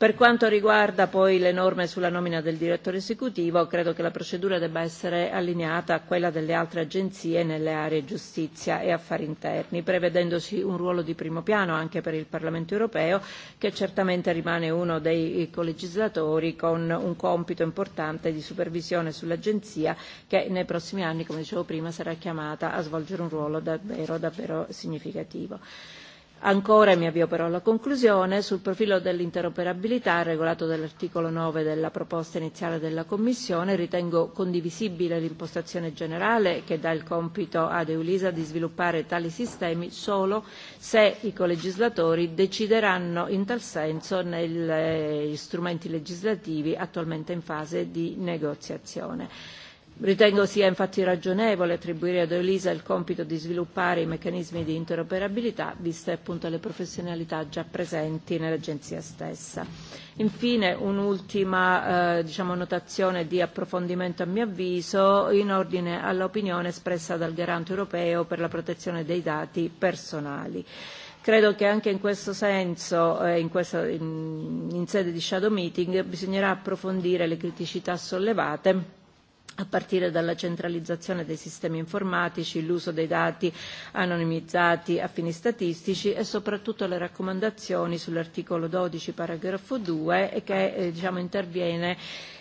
Per quanto riguarda poi le norme sulla nomina del direttore esecutivo, credo che la procedura debba essere allineata a quella delle altre agenzie nelle aree giustizia e affari interni, prevedendosi un ruolo di primo piano anche per il Parlamento europeo, che certamente rimane uno dei colegislatori con un compito importante di supervisione sull'agenzia che nei prossimi anni, come dicevo prima, sarà chiamata a svolgere un ruolo davvero, davvero significativo. Ancora, mi avvio però alla conclusione, sul profilo dell'interoperabilità regolato dall'articolo 9 della proposta iniziale della Commissione, ritengo condivisibile l'impostazione generale che dà il compito ad Eulisa di sviluppare tali sistemi solo se i colegislatori decideranno in tal senso negli eh, strumenti legislativi attualmente in fase di negoziazione Ritengo sia infatti ragionevole attribuire ad EULISA il compito di sviluppare i meccanismi di interoperabilità viste appunto le professionalità già presenti nell'Agenzia stessa. Infine un'ultima eh, diciamo, notazione di approfondimento a mio avviso in ordine all'opinione espressa dal Garante europeo per la protezione dei dati personali. Credo che anche in questo senso, eh, in, questa, in, in sede di shadow meeting, bisognerà approfondire le criticità sollevate a partire dalla centralizzazione dei sistemi informatici, l'uso dei dati anonimizzati a fini statistici e soprattutto le raccomandazioni sull'articolo 12 paragrafo 2 che eh, diciamo, interviene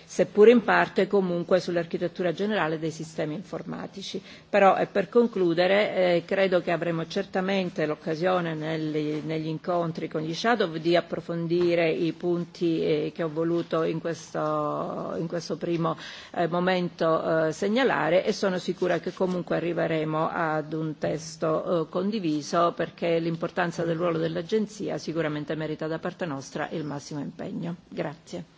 seppure in parte comunque sull'architettura generale dei sistemi informatici. Però e per concludere eh, credo che avremo certamente l'occasione negli, negli incontri con gli shadow di approfondire i punti eh, che ho voluto in questo, in questo primo eh, momento eh, segnalare e sono sicura che comunque arriveremo ad un testo eh, condiviso perché l'importanza del ruolo dell'Agenzia sicuramente merita da parte nostra il massimo impegno. Grazie.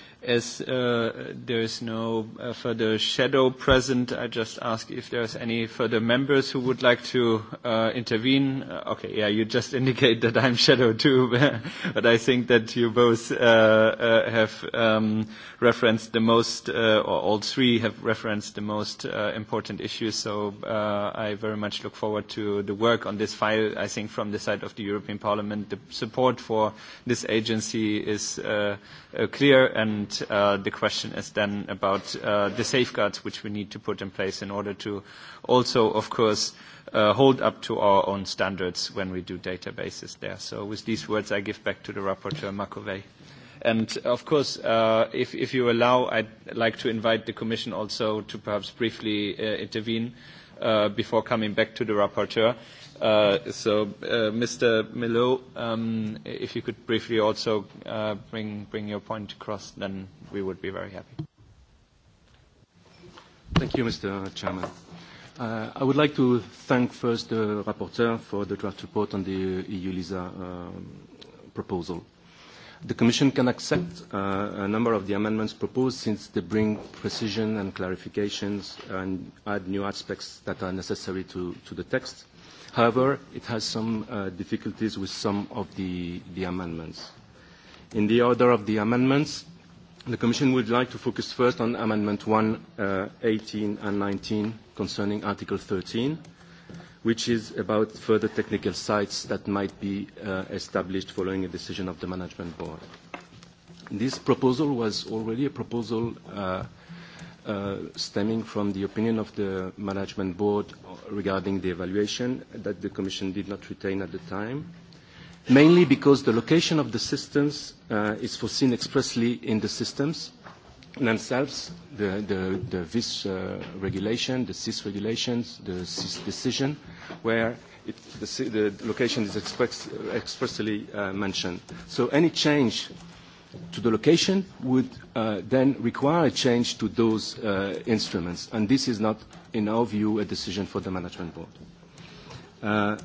As uh, there is no uh, further shadow present, I just ask if there's any further members who would like to uh, intervene. okay, yeah, you just [LAUGHS] indicate that I'm shadow too, [LAUGHS] but I think that you both have um, referenced the most, or all three have referenced the most important issues, so I very much look forward to the work on this file. I think from the side of the European Parliament, the support for this agency is Uh, clear, and uh, the question is then about uh, the safeguards which we need to put in place in order to also, of course, uh, hold up to our own standards when we do databases there. So with these words, I give back to the rapporteur, Makovey. And of course, uh, if, if you allow, I'd like to invite the Commission also to perhaps briefly uh, intervene uh, before coming back to the rapporteur. Uh, uh, Mr. Milot, um, if you could briefly also uh, bring, bring your point across, then we would be very happy. Thank you, Mr. Chairman. Uh, I would like to thank first the rapporteur for the draft report on the EU-LISA um, proposal. The Commission can accept uh, a number of the amendments proposed since they bring precision and clarifications and add new aspects that are necessary to, to the text. However, it has some uh, difficulties with some of the, the amendments. In the order of the amendments, the Commission would like to focus first on Amendment 1, uh, 18 and 19 concerning Article 13, which is about further technical sites that might be uh, established following a decision of the Management Board. This proposal was already a proposal uh, Uh, stemming from the opinion of the management board regarding the evaluation that the Commission did not retain at the time, mainly because the location of the systems uh, is foreseen expressly in the systems themselves, the, the, VIS uh, regulation, the CIS regulations, the SIS decision, where the, location is expressly mentioned. So any change to the location would uh, then require a change to those uh, instruments. And this is not, in our view, a decision for the management board. Uh,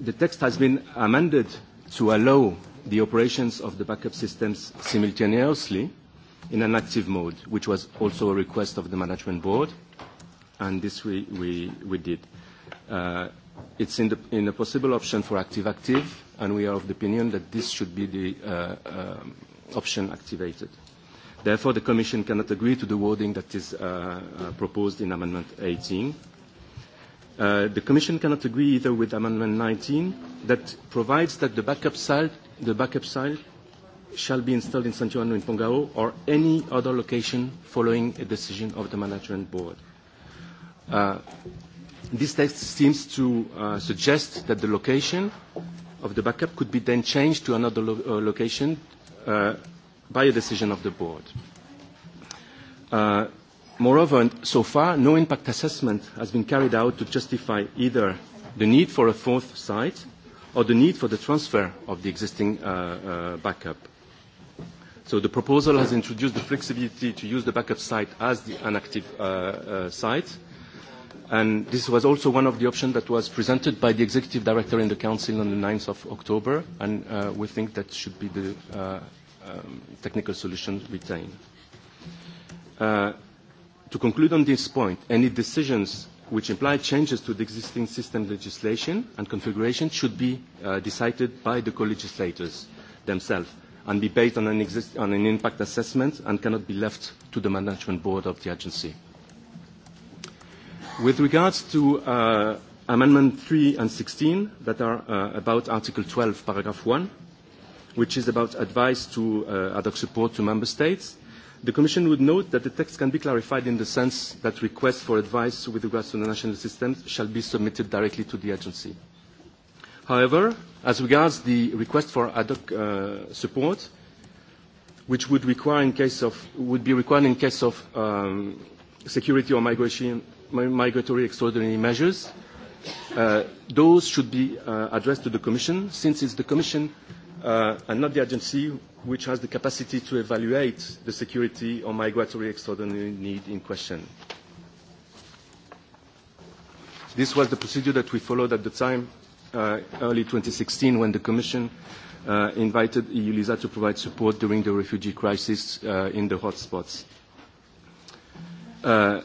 the text has been amended to allow the operations of the backup systems simultaneously in an active mode, which was also a request of the management board, and this we, we, we did. Uh, it's in, the, in a possible option for active-active, and we are of the opinion that this should be the uh, um, option activated. Therefore, the Commission cannot agree to the wording that is uh, uh proposed in Amendment 18. Uh, the Commission cannot agree either with Amendment 19 that provides that the backup site, the backup site shall be installed in Santiago in Pongao or any other location following a decision of the Management Board. Uh, this text seems to uh, suggest that the location of the backup could be then changed to another lo uh, location uh, by a decision of the board. Uh, moreover, so far, no impact assessment has been carried out to justify either the need for a fourth site or the need for the transfer of the existing uh, uh, backup. So the proposal has introduced the flexibility to use the backup site as the inactive uh, uh, site, And this was also one of the options that was presented by the executive director in the council on the 9th of October, and uh, we think that should be the uh, um, technical solution retained. Uh, to conclude on this point, any decisions which imply changes to the existing system legislation and configuration should be uh, decided by the co-legislators themselves and be based on an, exist- on an impact assessment and cannot be left to the management board of the agency. With regards to uh, Amendment 3 and 16 that are uh, about Article 12, Paragraph 1, which is about advice to uh, ad hoc support to Member States, the Commission would note that the text can be clarified in the sense that requests for advice with regards to the national systems shall be submitted directly to the agency. However, as regards the request for ad hoc uh, support, which would, require in case of, would be required in case of um, security or migration migratory extraordinary measures, uh, those should be uh, addressed to the Commission, since it's the Commission uh, and not the agency which has the capacity to evaluate the security or migratory extraordinary need in question. This was the procedure that we followed at the time, uh, early 2016, when the Commission uh, invited EULISA to provide support during the refugee crisis uh, in the hotspots. Uh,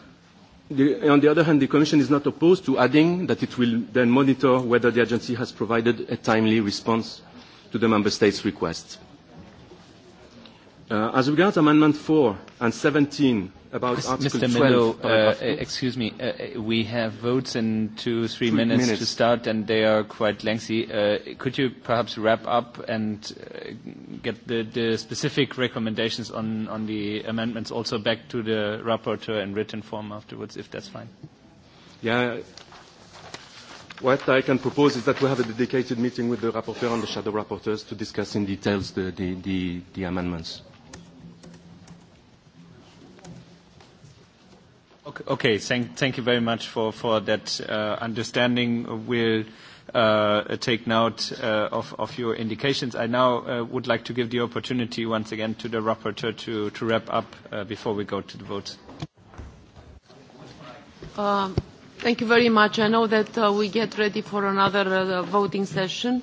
The, on the other hand, the Commission is not opposed to adding that it will then monitor whether the agency has provided a timely response to the Member States' request. Uh, as regards Amendment 4 and 17 about Mr. Article Mr. 12. Milo, uh, excuse me, uh, uh, we have votes in two, three, three minutes, minutes to start, and they are quite lengthy. Uh, could you perhaps wrap up and uh, get the, the specific recommendations on, on the amendments also back to the rapporteur in written form afterwards, if that's fine? Yeah. What I can propose is that we have a dedicated meeting with the rapporteur and the shadow rapporteurs to discuss in details the, the, the, the amendments. Okay, thank, you very much for, that uh, understanding. We'll uh, take note uh, of, your indications. I now would like to give the opportunity once again to the rapporteur to, wrap up before we go to the vote. Um, thank you very much. I know that we get ready for another voting session.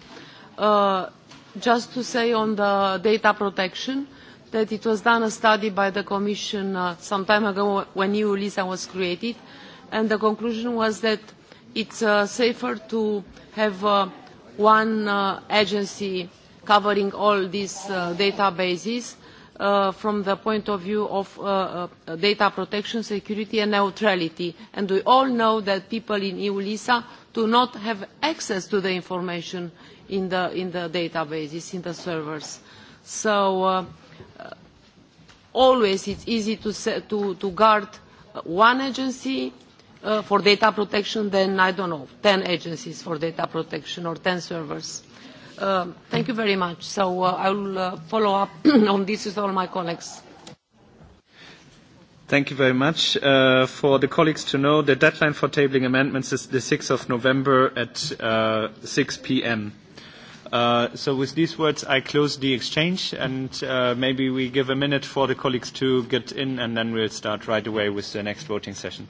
Just to say on the data protection, that it was done a study by the Commission uh, some time ago when EU LISA was created, and the conclusion was that it's uh, safer to have uh, one uh, agency covering all these uh, databases uh, from the point of view of uh, uh, data protection, security and neutrality. And we all know that people in EULISA do not have access to the information in the, in the databases, in the servers. So uh, always it's easy to, to, to guard one agency uh, for data protection then I don't know, ten agencies for data protection or ten servers. Um, thank you very much. So uh, I will uh, follow up [CLEARS THROAT] on this with all my colleagues. Thank you very much. Uh, for the colleagues to know, the deadline for tabling amendments is the 6th of November at uh, 6 p.m. Uh, so with these words, I close the exchange, and uh, maybe we give a minute for the colleagues to get in, and then we'll start right away with the next voting session.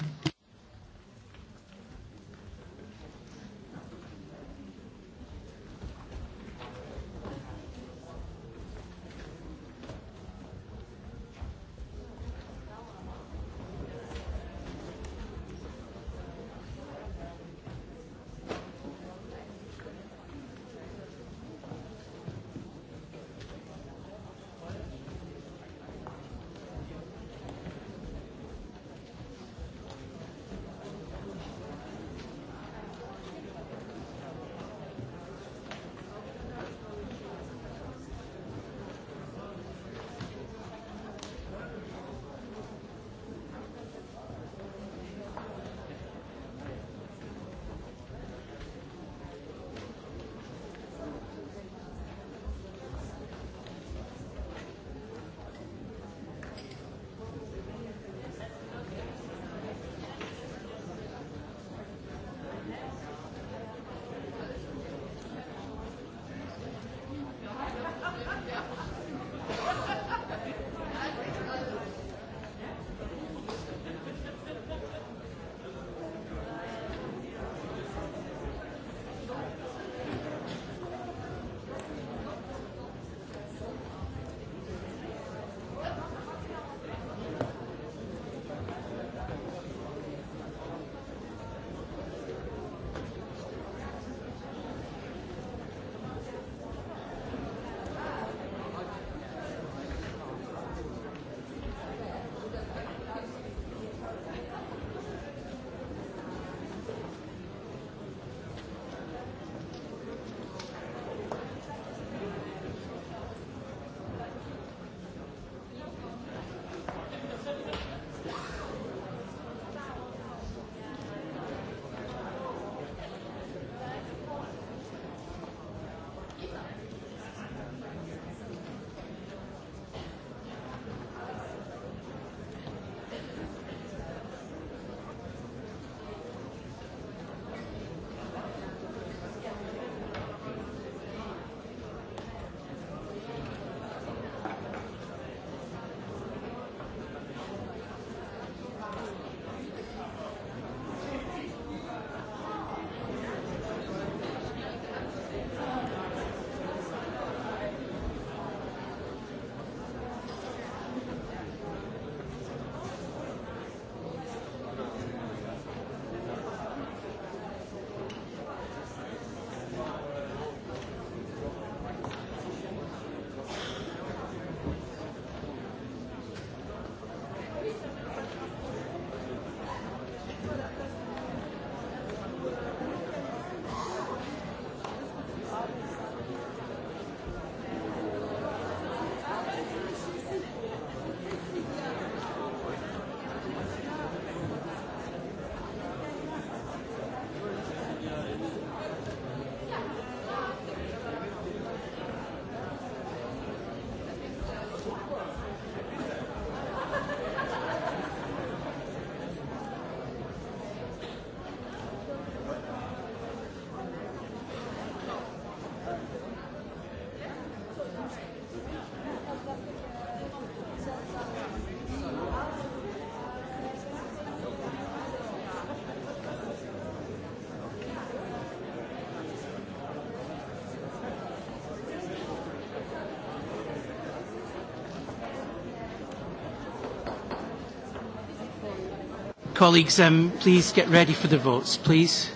Colleagues, um, please get ready for the votes, please.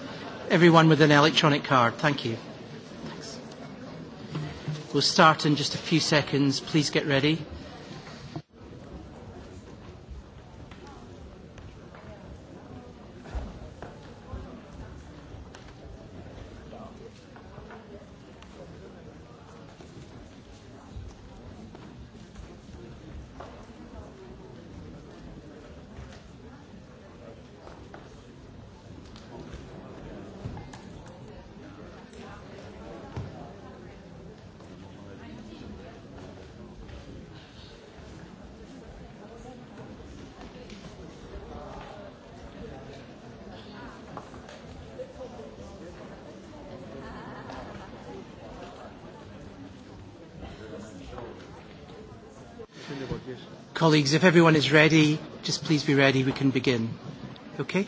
Everyone with an electronic card. Thank you. Thanks. We'll start in just a few seconds. Please get ready. Colleagues, if everyone is ready, just please be ready. We can begin. Okay?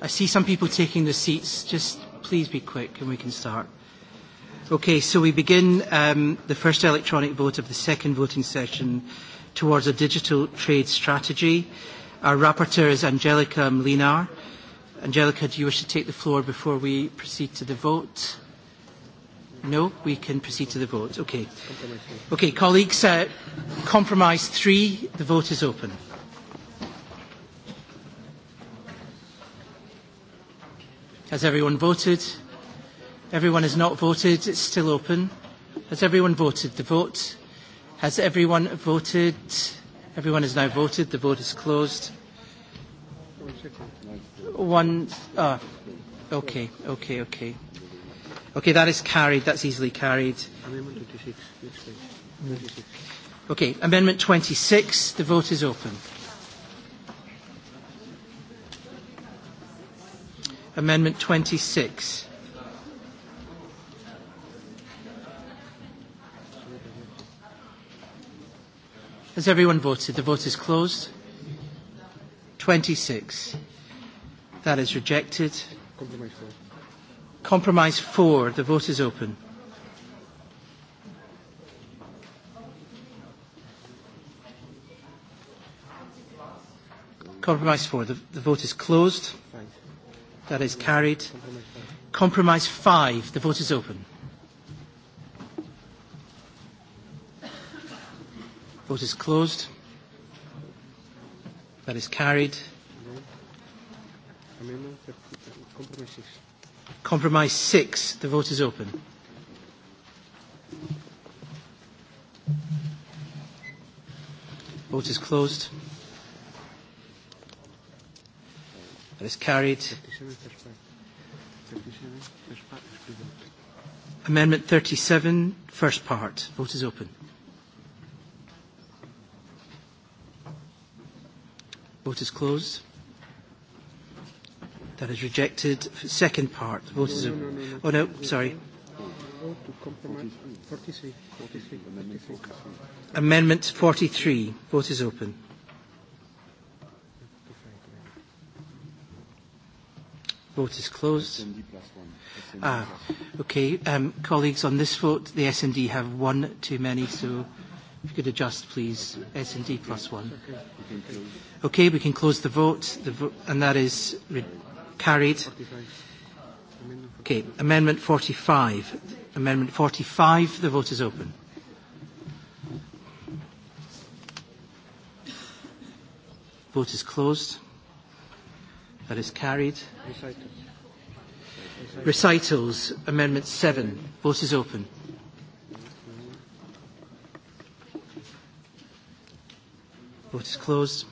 I see some people taking their seats. Just please be quick and we can start. Okay, so we begin um, the first electronic vote of the second voting session towards a digital trade strategy. Our rapporteur is Angelica Mlinar. Angelica, do you wish to take the floor before we proceed to the vote? No, we can proceed to the vote. Okay. Okay, colleagues, uh, compromise three, the vote is open. Has everyone voted? Everyone has not voted. It's still open. Has everyone voted? The vote. Has everyone voted? Everyone has now voted. The vote is closed. One. Ah, okay, okay, okay. Okay, that is carried. That's easily carried. Amendment 26. Okay, Amendment 26. The vote is open. Amendment 26. Has everyone voted? The vote is closed. 26. That is rejected. Compromise Compromise 4. The vote is open. Compromise 4. The, the vote is closed. That is carried. Compromise 5. The vote is open. Vote is closed. That is carried. Amendment compromise Compromise 6. The vote is open. Vote is closed. That is carried. Amendment 37, first part. Vote is open. Vote is closed. That is rejected. Second part. Vote is. No, no, no, oh no, sorry. Amendment 43. Vote is open. Vote is closed. Ah, okay. Um, colleagues, on this vote, the S&D have one too many, so if you could adjust, please. S&D plus one. Okay, we can close the vote, the vo- and that is... Re- Carried. Okay, Amendment 45. Amendment 45, the vote is open. Vote is closed. That is carried. Recitals. Amendment 7. Vote is open. Vote is closed.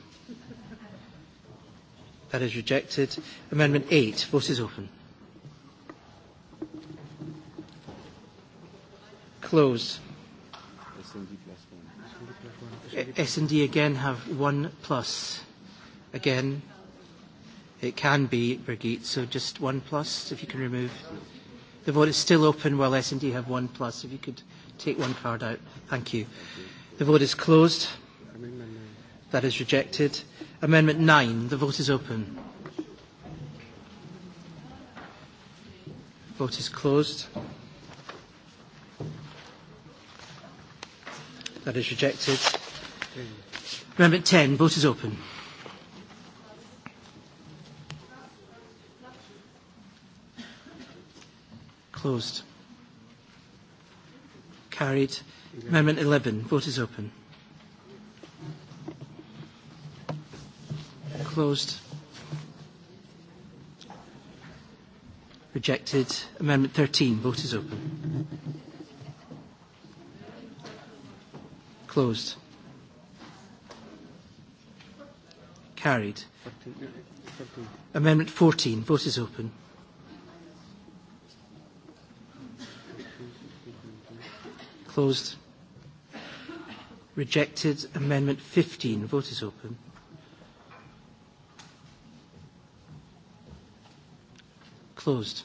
That is rejected. Amendment 8. Vote is open. Closed. S&D again have one plus. Again, it can be, Brigitte, so just one plus if you can remove. The vote is still open while S&D have one plus. If you could take one card out. Thank you. The vote is closed. That is rejected. Amendment 9. The vote is open. Vote is closed. That is rejected. Amendment 10. Vote is open. Closed. Carried. Amendment 11. Vote is open. Closed. Rejected. Amendment 13. Vote is open. Closed. Carried. 14. Amendment 14. Vote is open. Closed. Rejected. Amendment 15. Vote is open. Closed.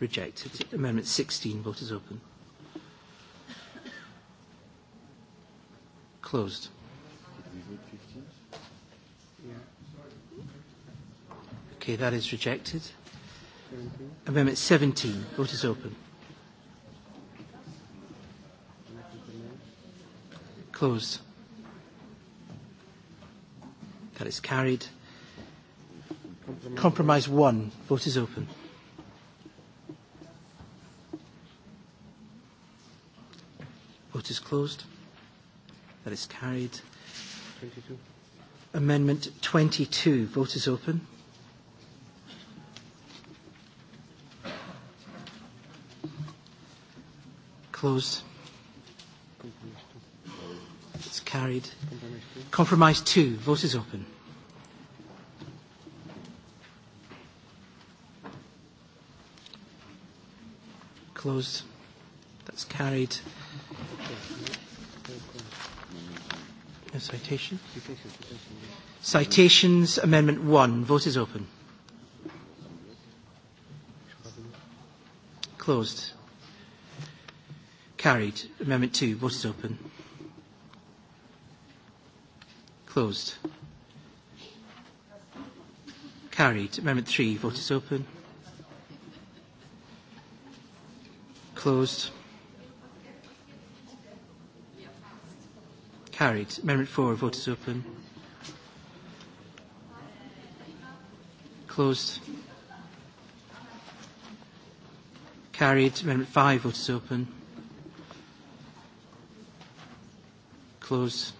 Rejected. Amendment 16. Vote is open. Closed. Okay, that is rejected. 17. Amendment 17. Vote is open. Closed. That is carried. Compromise, Compromise one. Vote is open. Vote is closed. That is carried. 22. Amendment 22. Vote is open. Closed. It's carried. Compromise two. Vote is open. closed. That's carried. A citation. Citations, Amendment 1. Vote is open. Closed. Carried. Amendment 2. Vote is open. Closed. Carried. Amendment 3. Vote is open. closed. Carried. Amendment 4, vote is open. Closed. Carried. Amendment 5, vote is open. Closed.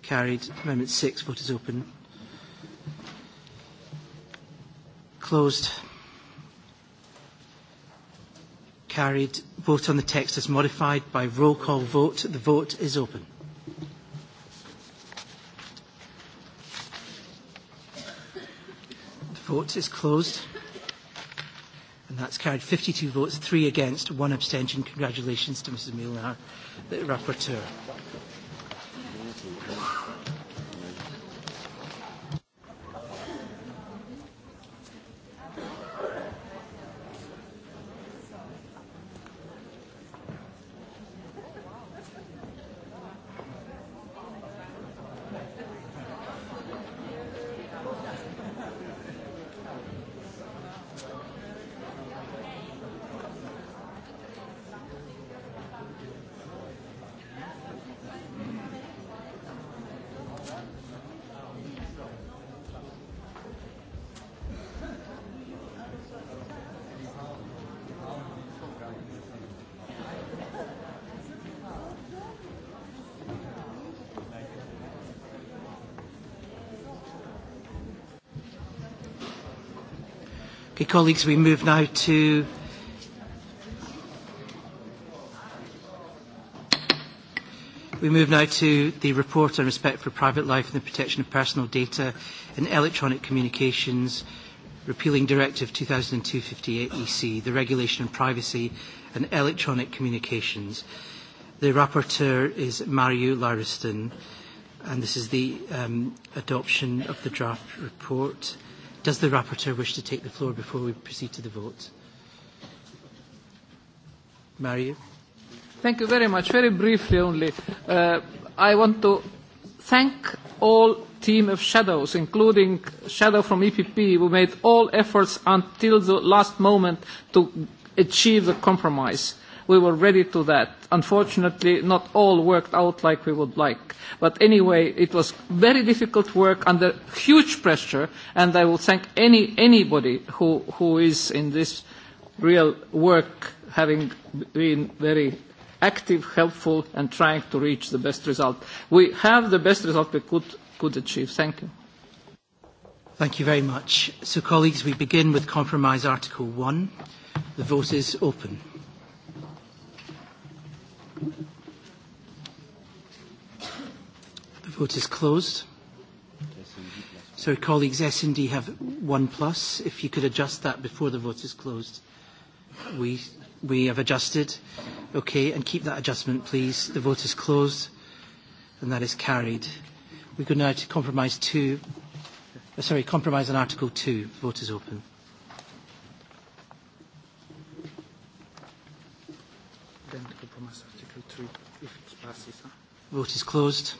Carried. Amendment 6, vote is open. Closed. carried. Vote on the text as modified by roll call vote. The vote is open. The vote is closed. And that's carried 52 votes, three against, one abstention. Congratulations to Mrs. Milner, the rapporteur. colleagues, we move now to We move now to the report on respect for private life and the protection of personal data in electronic communications, repealing Directive 2002/58/EC, e the regulation on privacy and electronic communications. The rapporteur is mario Lauriston, and this is the um, adoption of the draft report. Does the rapporteur wish to take the floor before we proceed to the vote? Mario? Thank you very much. Very briefly only, uh, I want to thank all team of shadows, including shadow from EPP, who made all efforts until the last moment to achieve the compromise we were ready to that. Unfortunately, not all worked out like we would like. But anyway, it was very difficult work under huge pressure, and I will thank any, anybody who, who is in this real work having been very active, helpful, and trying to reach the best result. We have the best result we could, could achieve. Thank you. Thank you very much. So, colleagues, we begin with Compromise Article 1. The vote is open. vote is closed. So colleagues, S&D have one plus. If you could adjust that before the vote is closed. We, we have adjusted. Okay, and keep that adjustment, please. The vote is closed, and that is carried. We go now to compromise two. Uh, sorry, compromise on Article 2. Vote is open. Vote is closed.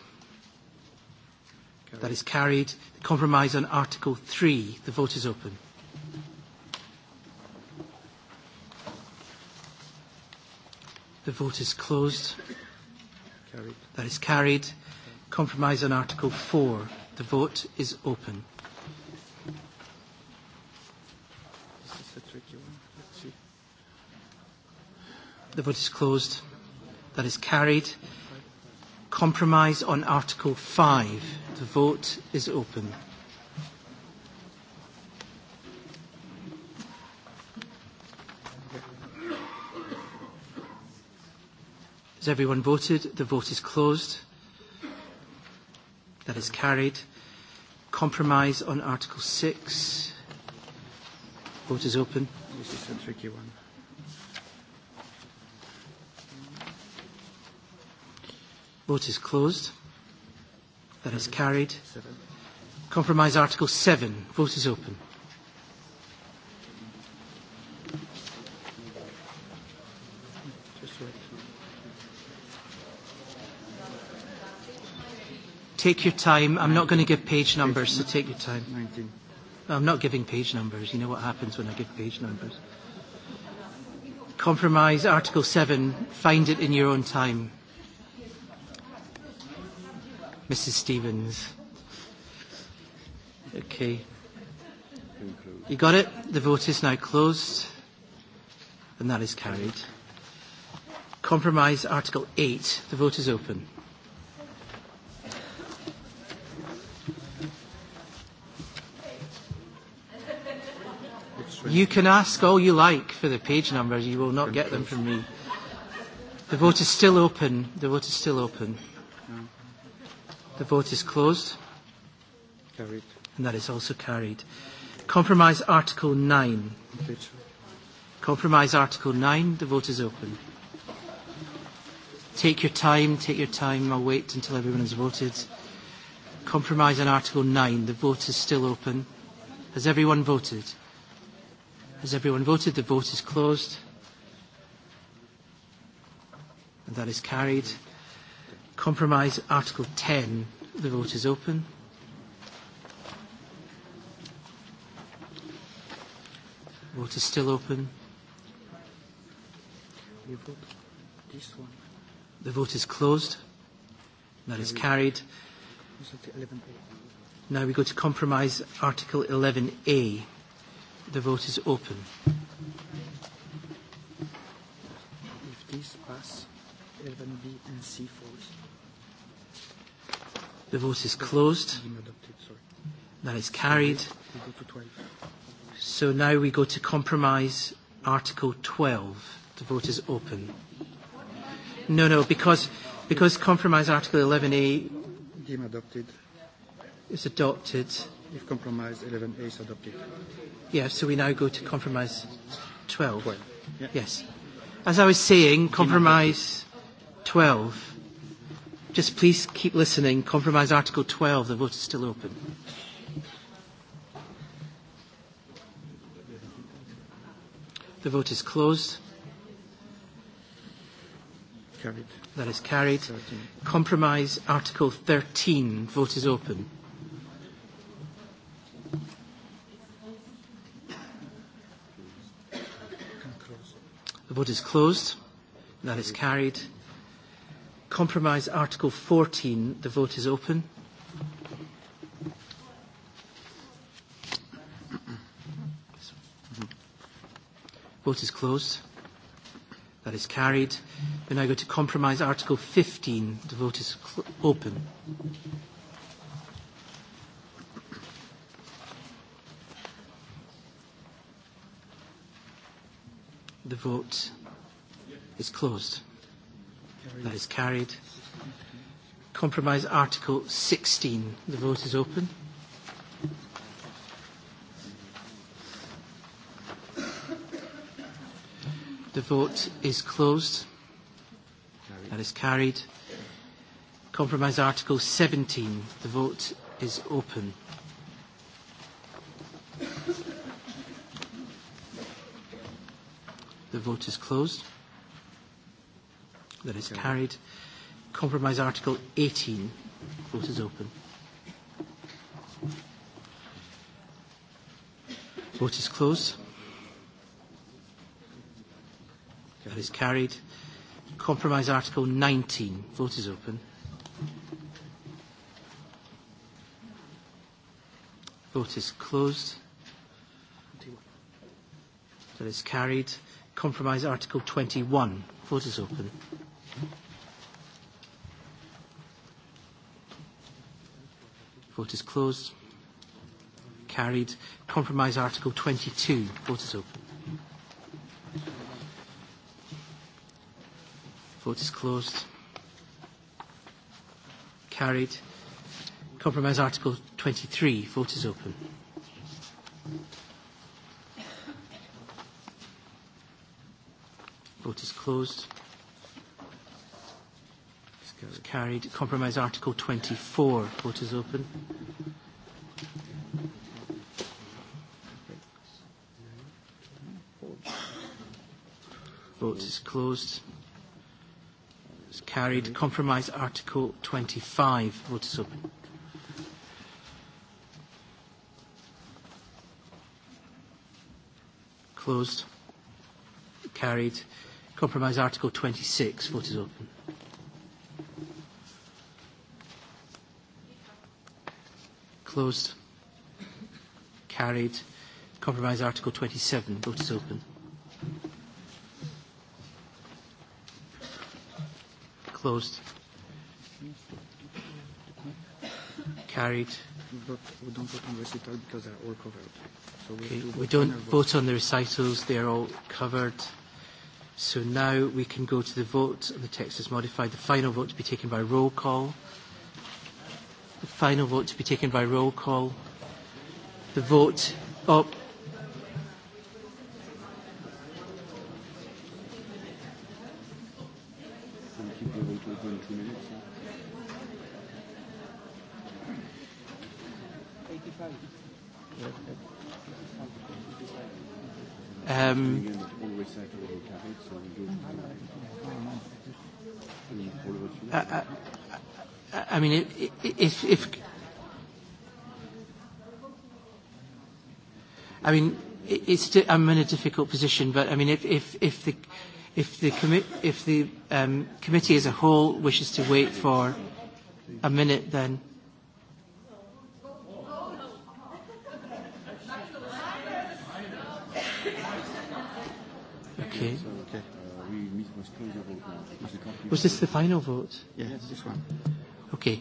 That is carried. The compromise on Article 3. The vote is open. The vote is closed. Carried. That is carried. Compromise on Article 4. The vote is open. This is a tricky one. Let's see. The vote is closed. That is carried compromise on Article 5. The vote is open. Has everyone voted? The vote is closed. That is carried. Compromise on Article 6. Vote is open. This is a tricky one. Vote is closed. That is carried. Compromise Article 7. Vote is open. Take your time. I'm not going to give page numbers, so take your time. 19. I'm not giving page numbers. You know what happens when I give page numbers. Compromise Article 7. Find it in your own time. Mrs. Stevens. Okay. You got it? The vote is now closed. And that is carried. Compromise Article 8. The vote is open. You can ask all you like for the page numbers. You will not get them from me. The vote is still open. The vote is still open. The vote is closed. Carried. And that is also carried. Compromise Article 9. Compromise Article 9. The vote is open. Take your time, take your time. I'll wait until everyone has voted. Compromise on Article 9. The vote is still open. Has everyone voted? Has everyone voted? The vote is closed. And that is carried. Compromise Article 10. The vote is open. Vote is still open. You vote this one. The vote is closed. That is carried. Now we go to compromise Article 11A. The vote is open. If this pass, 11B and C falls. The vote is closed. That is carried. So now we go to compromise Article 12. The vote is open. No, no, because, because compromise Article 11A adopted. is adopted. If compromise 11A is adopted. Yeah, so we now go to compromise 12. 12. Yeah. Yes. As I was saying, compromise 12 Just please keep listening. Compromise Article 12. The vote is still open. The vote is closed. Carried. That is carried. 13. Compromise Article 13. Vote is open. The vote is closed. That is carried. Compromise Article 14. The vote is open. Vote is closed. That is carried. We now go to compromise Article 15. The vote is open. The vote is closed. That is carried. Compromise Article 16. The vote is open. The vote is closed. That is carried. Compromise Article 17. The vote is open. The vote is closed. That is carried. Compromise Article 18. Vote is open. Vote is closed. That is carried. Compromise Article 19. Vote is open. Vote is closed. That is carried. Compromise Article 21. Vote is open. Vote is closed. Carried. Compromise Article 22. Vote is open. Vote is closed. Carried. Compromise Article 23. Vote is open. Vote is closed carried. Compromise Article 24. Vote is open. Vote is closed. It's carried. Compromise Article 25. Vote is open. Closed. Carried. Compromise Article 26. Vote is open. closed. Carried. Compromise Article 27. Vote is open. Closed. Carried. We don't vote on recital because they're all covered. So we, okay. do we don't vote on the recitals. They're all covered. So now we can go to the vote. The text is modified. The final vote to be taken by roll call. Final vote to be taken by roll call. The vote. Oh, I mean, if, if, I mean, it's, I'm in a difficult position, but I mean, if, if, if the, if the, commi if the um, committee as a whole wishes to wait for a minute, then. Okay. Uh, Was this the final vote? Yeah, this one. Okay.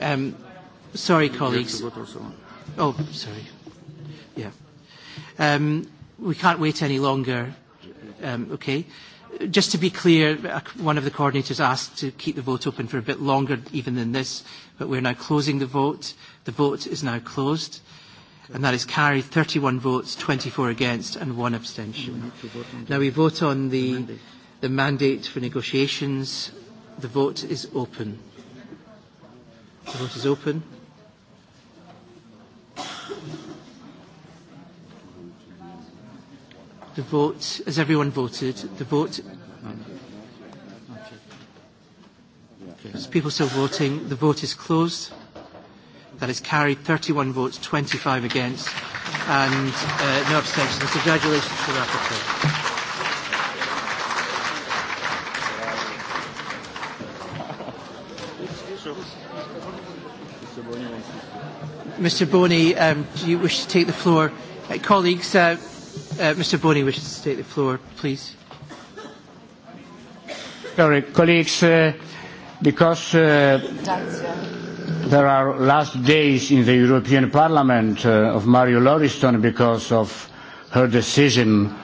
Um, sorry, colleagues. Oh, sorry. Yeah. Um, we can't wait any longer. Um, okay. Just to be clear, uh, one of the coordinators asked to keep the vote open for a bit longer even than this, but we're now closing the vote. The vote is now closed, and that is carried 31 votes, 24 against, and one abstention. Now we vote on the, the mandate for negotiations. The vote is open. The vote is open. The vote, has everyone voted? The vote. There's people still voting. The vote is closed. That is carried 31 votes, 25 against, and uh, no abstentions. Congratulations to the rapporteur. Mr. Boney, um, do you wish to take the floor? Uh, colleagues, uh, uh, Mr. Boney wishes to take the floor, please. Sorry, colleagues, uh, because uh, there are last days in the European Parliament uh, of Mario Lauriston because of her decision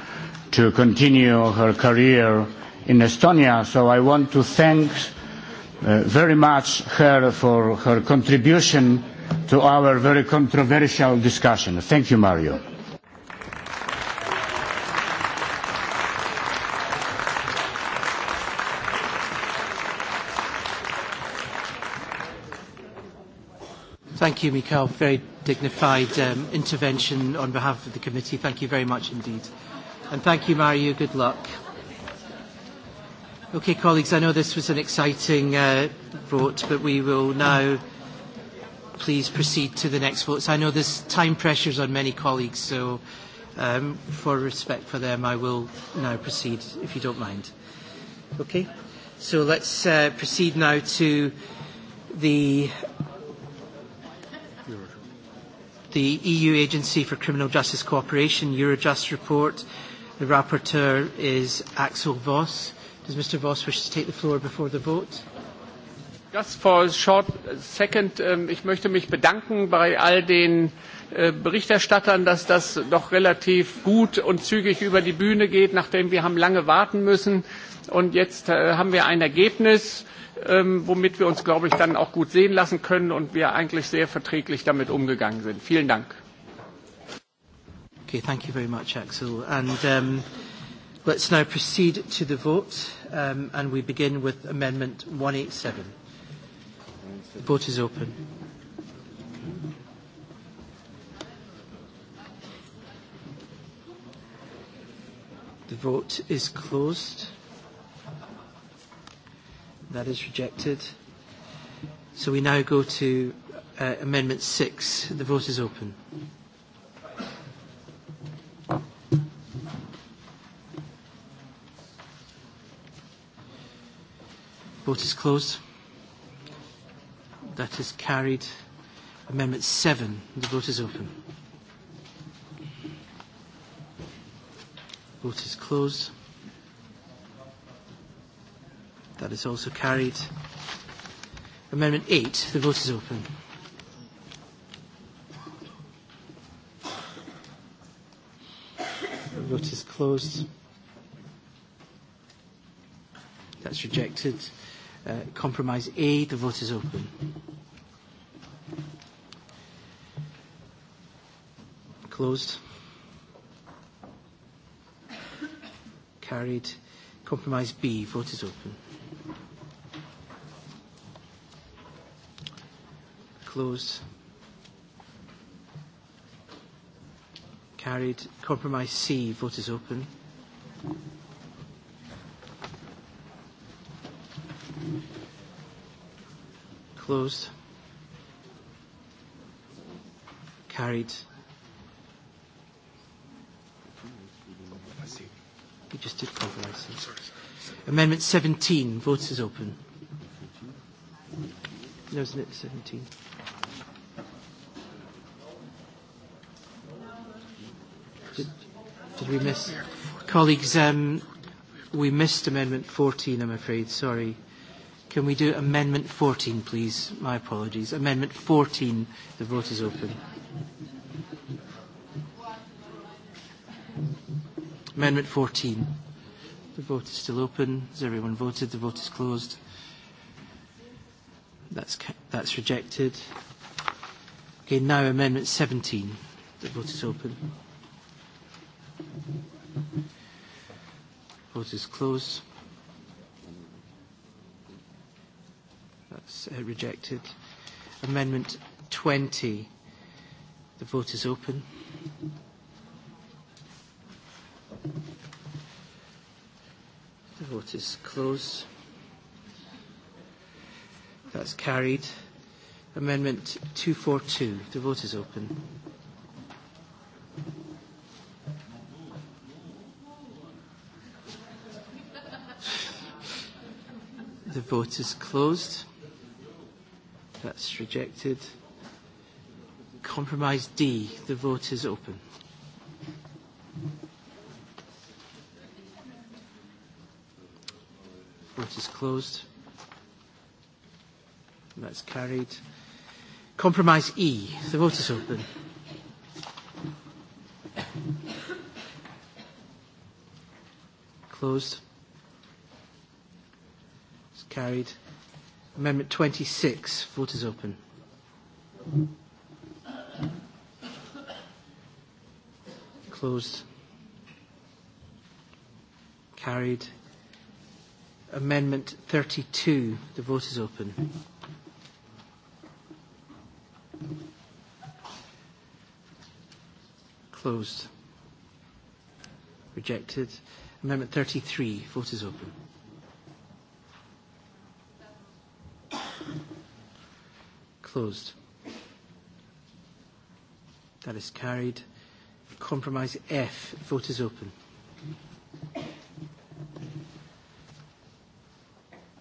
to continue her career in Estonia. So I want to thank uh, very much her for her contribution to our very controversial discussion. Thank you, Mario. Thank you, Mikhail. Very dignified um, intervention on behalf of the committee. Thank you very much indeed. And thank you, Mario. Good luck. Okay, colleagues, I know this was an exciting uh, vote, but we will now please proceed to the next votes. I know there's time pressures on many colleagues, so um, for respect for them, I will now proceed, if you don't mind. Okay? So let's uh, proceed now to the, the EU Agency for Criminal Justice Cooperation, Eurojust report. The rapporteur is Axel Voss. Does Mr. Voss wish to take the floor before the vote? Just for a short second, ähm, ich möchte mich bedanken bei all den äh, Berichterstattern, dass das doch relativ gut und zügig über die Bühne geht, nachdem wir haben lange warten müssen. Und jetzt äh, haben wir ein Ergebnis, ähm, womit wir uns, glaube ich, dann auch gut sehen lassen können und wir eigentlich sehr verträglich damit umgegangen sind. Vielen Dank. Okay, thank you very much, Axel. And um, let's now proceed to the vote, um, and we begin with Amendment 187. The vote is open. The vote is closed. That is rejected. So we now go to uh, Amendment 6. The vote is open. Vote is closed. That is carried. Amendment 7. The vote is open. Vote is closed. That is also carried. Amendment 8. The vote is open. The vote is closed. That's rejected. Uh, compromise A, the vote is open. Closed. Carried. Compromise B, vote is open. Closed. Carried. Compromise C, vote is open. Closed. Carried. We just did compromise. Amendment 17. Vote is open. No, isn't it 17? Did, did we miss? Colleagues, um, we missed Amendment 14, I'm afraid. Sorry. Can we do Amendment 14, please? My apologies. Amendment 14, the vote is open. Amendment 14. The vote is still open. Has everyone voted? The vote is closed. That's, that's rejected. Okay, now Amendment 17. The vote is open. Vote is closed. uh, rejected. Amendment 20. The vote is open. The vote is closed. That's carried. Amendment 242. The vote is open. [LAUGHS] The vote is closed. That's rejected. Compromise D. The vote is open. Vote is closed. That's carried. Compromise E. The vote is open. Closed. It's carried. Amendment 26. Vote is open. Closed. Carried. Amendment 32. The vote is open. Closed. Rejected. Amendment 33. Vote is open. Closed. That is carried. Compromise F. Vote is open.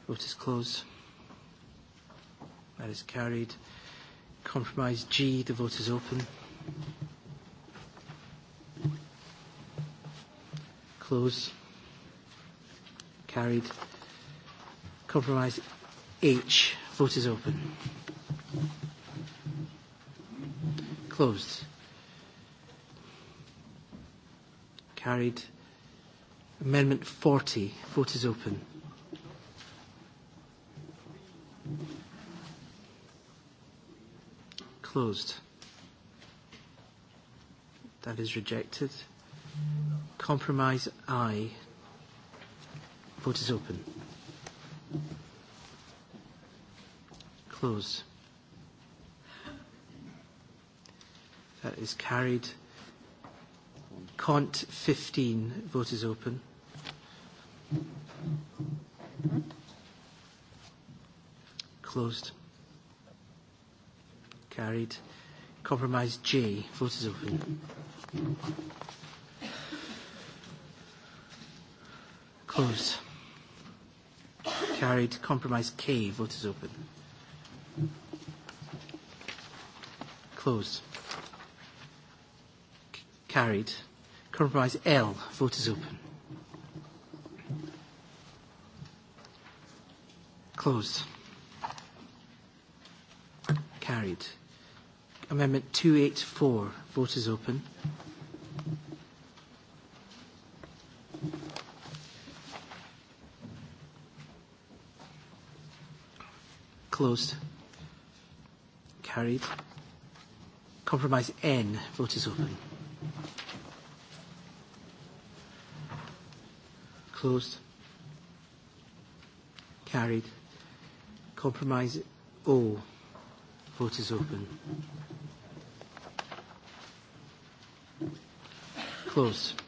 Vote is closed. That is carried. Compromise G. The vote is open. Closed. Carried. Compromise H. Vote is open. Mm-hmm. Closed. Carried. Amendment 40. Vote is open. Closed. That is rejected. Compromise I. Vote is open. Closed. is carried. Cont 15, vote is open. Closed. Carried. Compromise J, vote is open. Closed. Carried. Compromise K, vote is open. Closed. Carried. Compromise L. Vote is open. Closed. Carried. Amendment 284. Vote is open. Closed. Carried. Compromise N. Vote is open. Closed. Carried. Compromise O. Vote is open. Closed.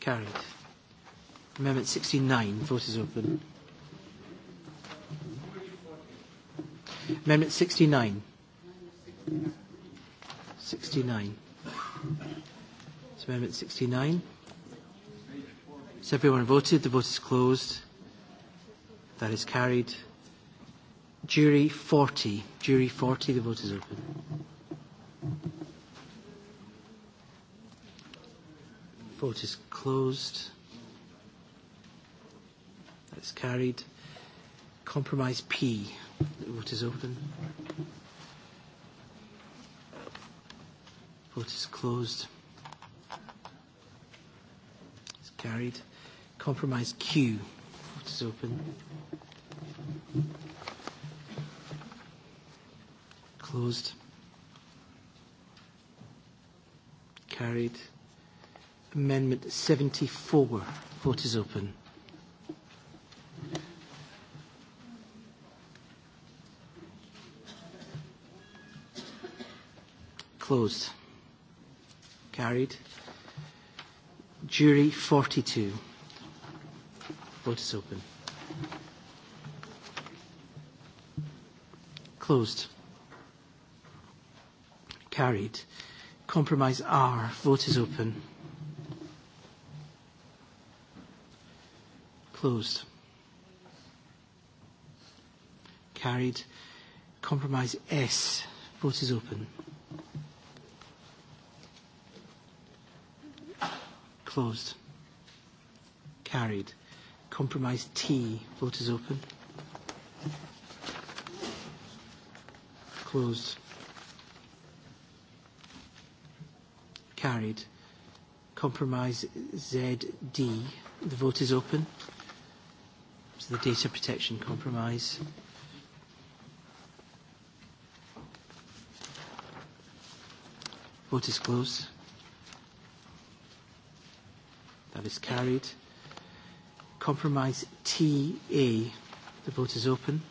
Carried. Amendment 69. Vote is open. Amendment 69. 69. It's Amendment 69. Has everyone voted? The vote is closed. That is carried. Jury 40. Jury 40, the vote is open. Vote is closed. That is carried. Compromise P. The vote is open. Vote is closed. It's carried. Compromise Q. which is open. Closed. Carried. Amendment 74. Vote is open. Closed. Carried. Jury 42. Vote is open. Closed. Carried. Compromise R. Vote is open. Closed. Carried. Compromise S. Vote is open. Closed. Carried. Compromise T. Vote is open. Closed. Carried. Compromise ZD. The vote is open. So the Data Protection Compromise. Vote is closed. That is carried. Compromise TA. E. The vote is open.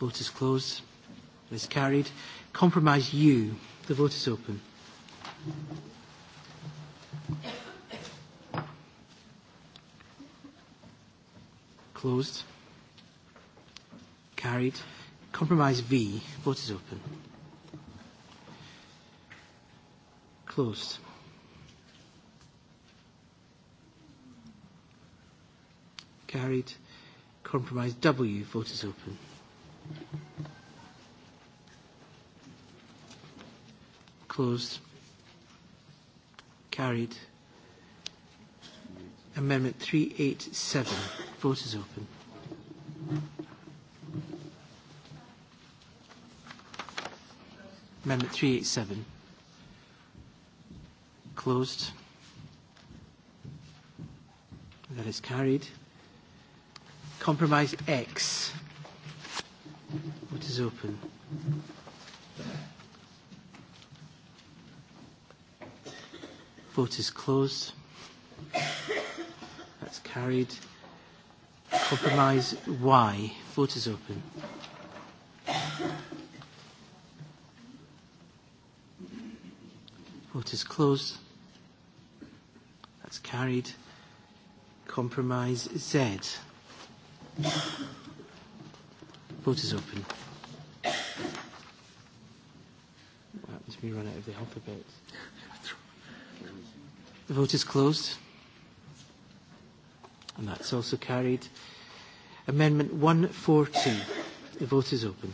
Vote is closed. It is carried. Compromise U. The vote is open. Closed. Carried. Compromise V. Vote is open. closed. Carried. Compromise W. Vote is open. Closed. Carried. Amendment 387. Vote is open. Amendment 387. Closed. That is carried. Compromise X. what is open. Vote is closed. That's carried. Compromise Y. Vote is open. Vote is closed carried. Compromise Z. Vote is open. What happened to me run out of the alphabet? The vote is closed. And that's also carried. Amendment 142. The vote is open.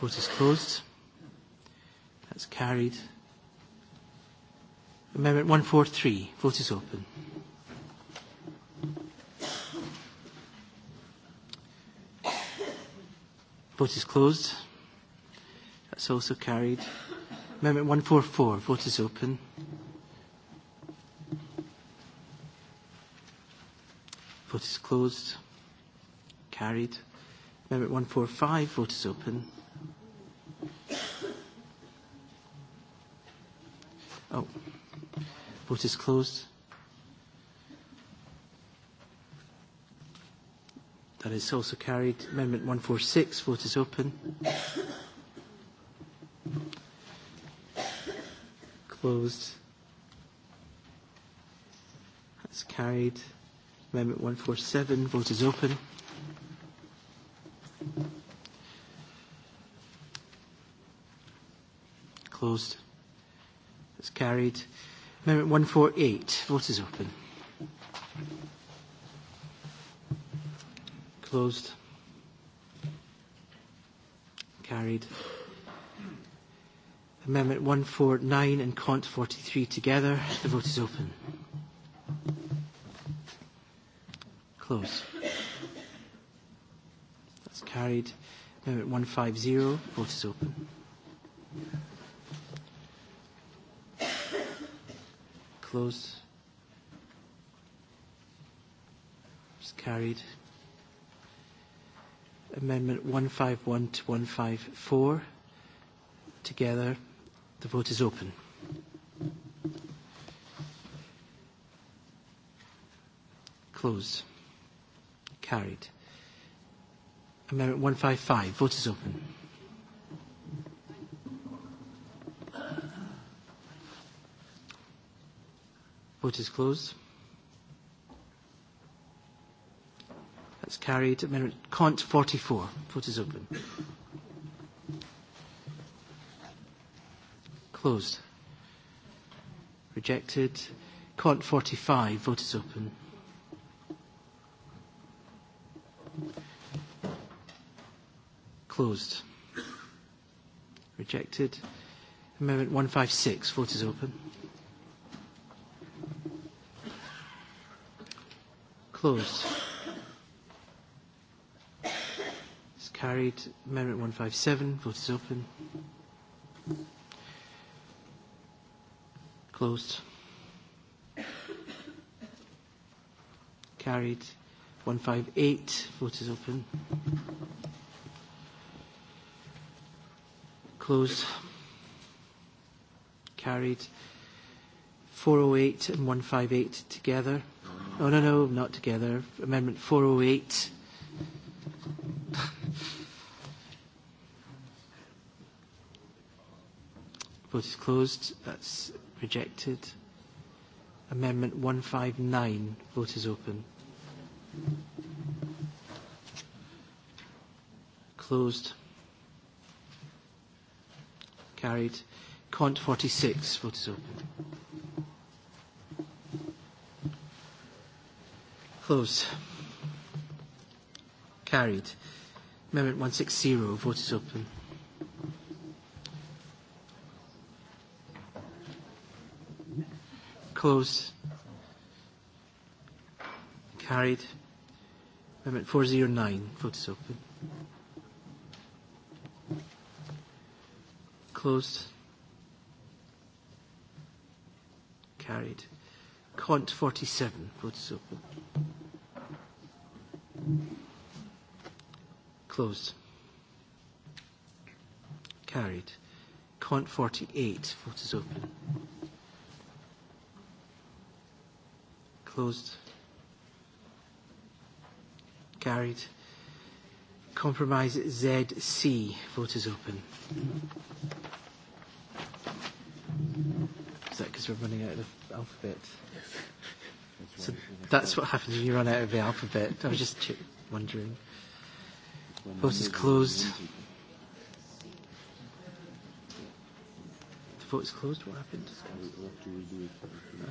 Vote is closed. Carried. Amendment 143. Vote is open. Vote is closed. That's also carried. Amendment 144. Vote is open. Vote is closed. Carried. Amendment 145. Vote is open. Vote is closed. That is also carried. Amendment 146. Vote is open. Closed. That's carried. Amendment 147. Vote is open. Closed. It's carried. Amendment 148. Vote is open. Closed. Carried. Amendment 149 and Cont 43 together. The vote is open. Close. That's carried. Amendment 150. Vote is open. closed. It's carried. Amendment 151 to 154 together. The vote is open. Close. Carried. Amendment 155. Vote is open. Vote is closed. That's carried. Amendment Cont 44. Vote is open. Closed. Rejected. Cont 45. Vote is open. Closed. Rejected. Amendment 156. Vote is open. closed. It's carried. Amendment 157. Vote is open. Closed. Carried. 158. Vote is open. Closed. Carried. 408 and 158 together. Oh, no, no, not together. Amendment 408. Vote is closed. That's rejected. Amendment 159. Vote is open. Closed. Carried. Cont 46. Vote is open. Close. Carried. Amendment 160. Vote is open. Close. Carried. Amendment 409. Vote is open. Closed. Carried. Cont 47. Vote is open. Closed. Carried. Count 48. Vote is open. Closed. Carried. Compromise ZC. Vote is open. Is that because we're running out of alphabet? Yes. so that's what happens when you run out of the alphabet. I was just wondering. Vote is closed. The vote is closed. What happened?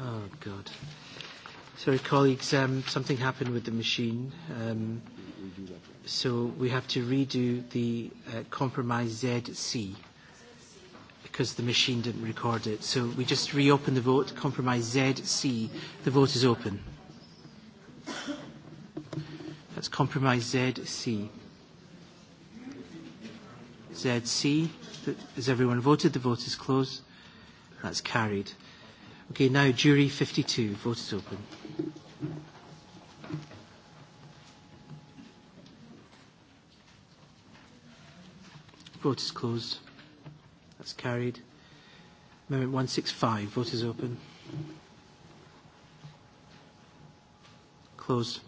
Oh, God. Sorry, colleagues, um, something happened with the machine. Um, so we have to redo the uh, compromise ZC because the machine didn't record it. So we just reopen the vote, compromise ZC. The vote is open. That's compromise ZC. ZC. Has everyone voted? The vote is closed. That's carried. Okay, now jury 52. Vote is open. Vote is closed. That's carried. Amendment 165. Vote is open. Closed.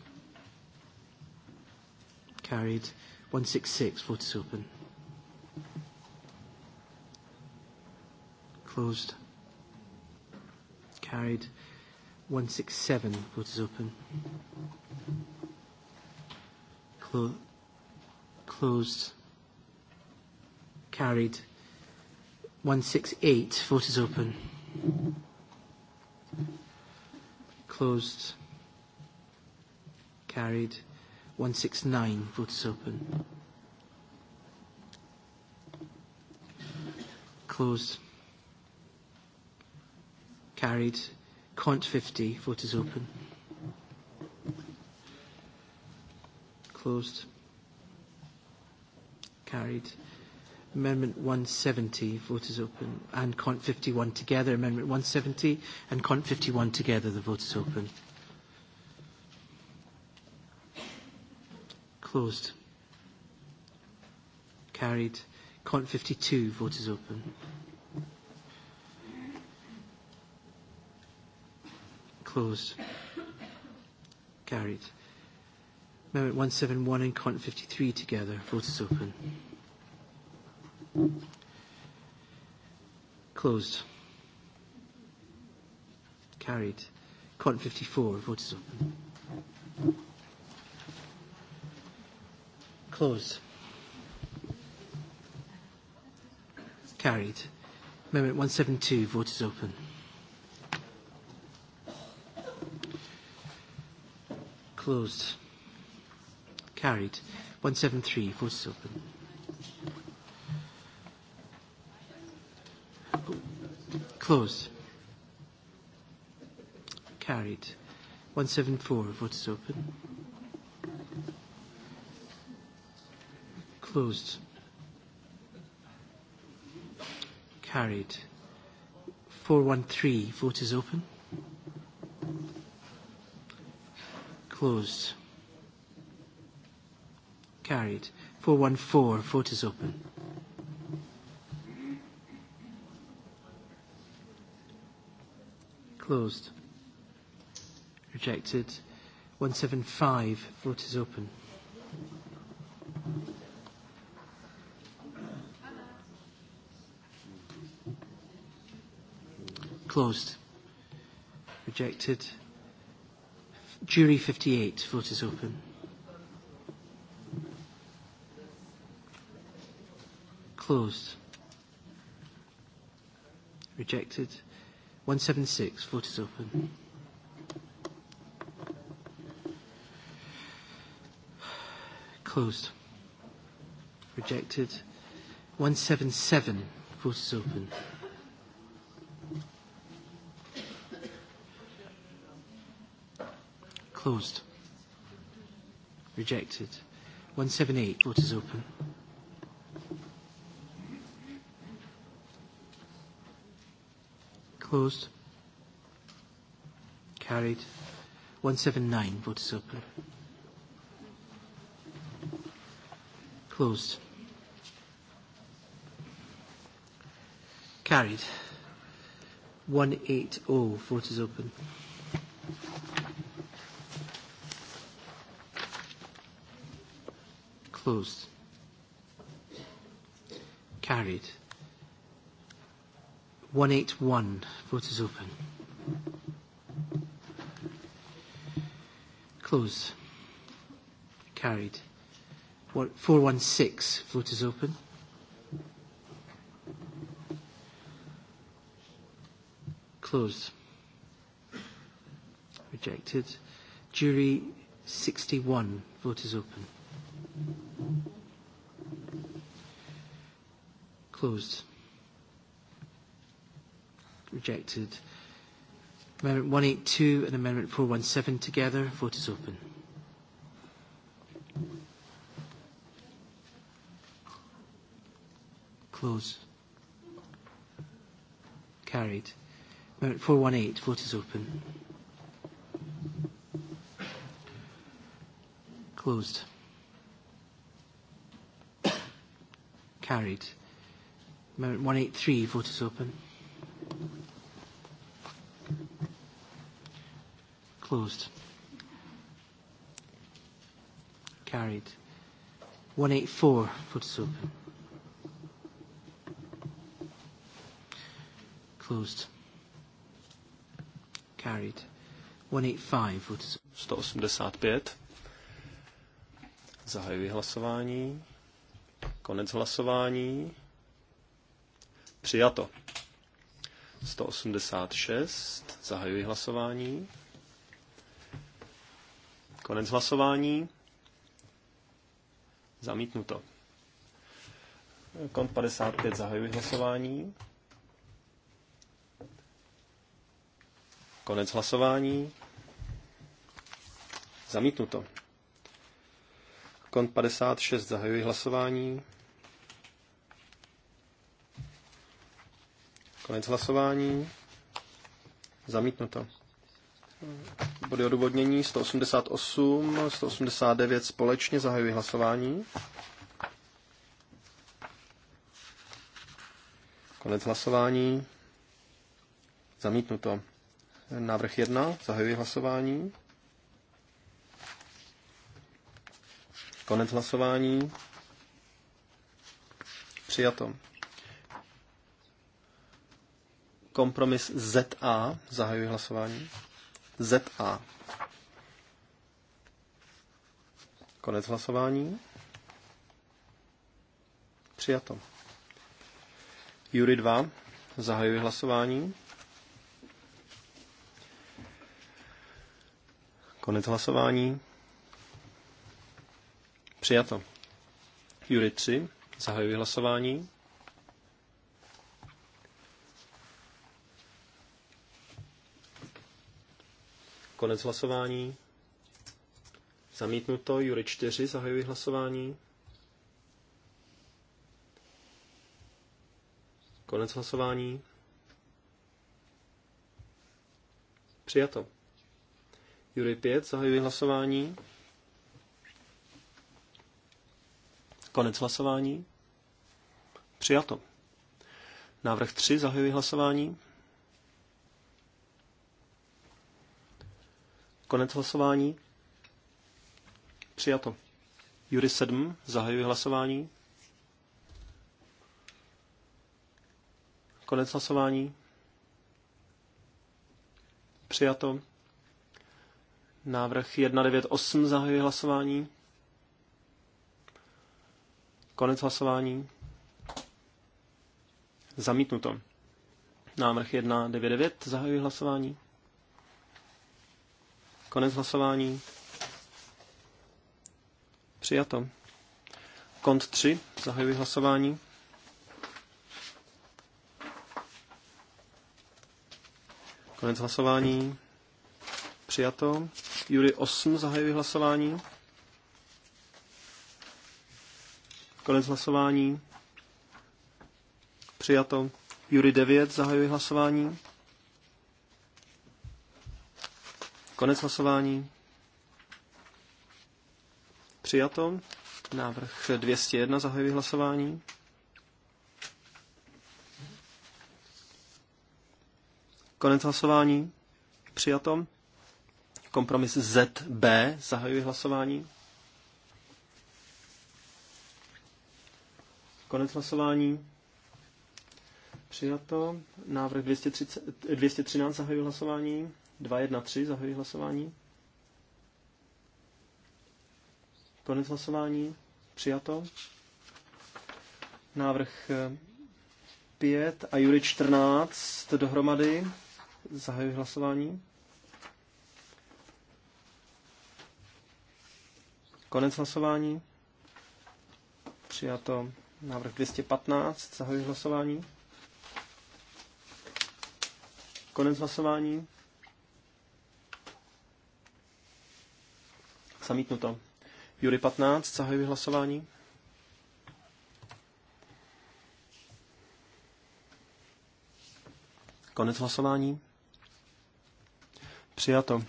Carried. 166. Vote is open. Closed. Carried. 167. Vote is open. Clo- closed. Carried. 168. Vote is open. Closed. Carried. 169. Vote is open. Closed. Carried. Cont 50. Vote is open. Closed. Carried. Amendment 170. Vote is open. And Cont 51 together. Amendment 170 and Cont 51 together. The vote is open. Closed. Carried. Cont 52. Vote is open. Closed. Carried. Amendment 171 and Con 53 together. Vote is open. Closed. Carried. Con 54. Vote is open. Closed. Carried. Amendment 172. Vote is open. Closed. Carried. 173. votes open. Closed. Carried. 174. votes open. Closed. Carried. 413. Vote is open. Closed. Carried. 414. Vote is open. Closed. Rejected. 175. Vote is open. Closed. Rejected. Jury 58, vote is open. Closed. Rejected. 176, vote is open. Closed. Rejected. 177, vote is open. closed. Rejected. 178. Vote is open. Closed. Carried. 179. Vote is open. Closed. Carried. 180. Vote is open. closed. Carried. 181. Vote is open. Closed. Carried. 416. Vote is open. Closed. Rejected. Jury 61. Vote is open. closed. Rejected. Amendment 182 and Amendment 417 together. Vote is open. Close. Carried. Amendment 418. Vote is open. Closed. Carried. [COUGHS] Amendment 183, vote is open. Closed. Carried. 184, vote is open. Closed. Carried. 185, vote is 185. Zahajuji hlasování. Konec hlasování. Přijato. 186. Zahajuji hlasování. Konec hlasování. Zamítnuto. Kont 55. Zahajuji hlasování. Konec hlasování. Zamítnuto. Kont 56. Zahajuji hlasování. Konec hlasování. Zamítnuto. Body odůvodnění 188, 189 společně zahajují hlasování. Konec hlasování. Zamítnuto. Návrh 1. Zahajuji hlasování. Konec hlasování. Přijato. Kompromis ZA. Zahajuji hlasování. ZA. Konec hlasování. Přijato. Jury 2. Zahajuji hlasování. Konec hlasování. Přijato. Jury 3. Zahajuji hlasování. Konec hlasování. Zamítnuto. Jury 4. Zahajuji hlasování. Konec hlasování. Přijato. Jury 5. Zahajuji hlasování. Konec hlasování. Přijato. Návrh 3. Zahajuji hlasování. Konec hlasování. Přijato. Jury 7. Zahajuji hlasování. Konec hlasování. Přijato. Návrh 198 Zahajuji hlasování. Konec hlasování. Zamítnuto. Návrh 199 Zahajuji hlasování. Konec hlasování. Přijato. Kont 3. Zahajuji hlasování. Konec hlasování. Přijato. Jury 8. Zahajuji hlasování. Konec hlasování. Přijato. Jury 9. Zahajuji hlasování. Konec hlasování. Přijato. Návrh 201 zahajuji hlasování. Konec hlasování. Přijato. Kompromis ZB zahajuji hlasování. Konec hlasování. Přijato. Návrh 230, 213 zahajuji hlasování. 2, 1, 3, zahajuji hlasování. Konec hlasování. Přijato. Návrh 5 eh, a Jury 14 dohromady. Zahajuji hlasování. Konec hlasování. Přijato návrh 215. Zahajuji hlasování. Konec hlasování. Zamítnuto. Jury 15, zahajuji hlasování. Konec hlasování. Přijato.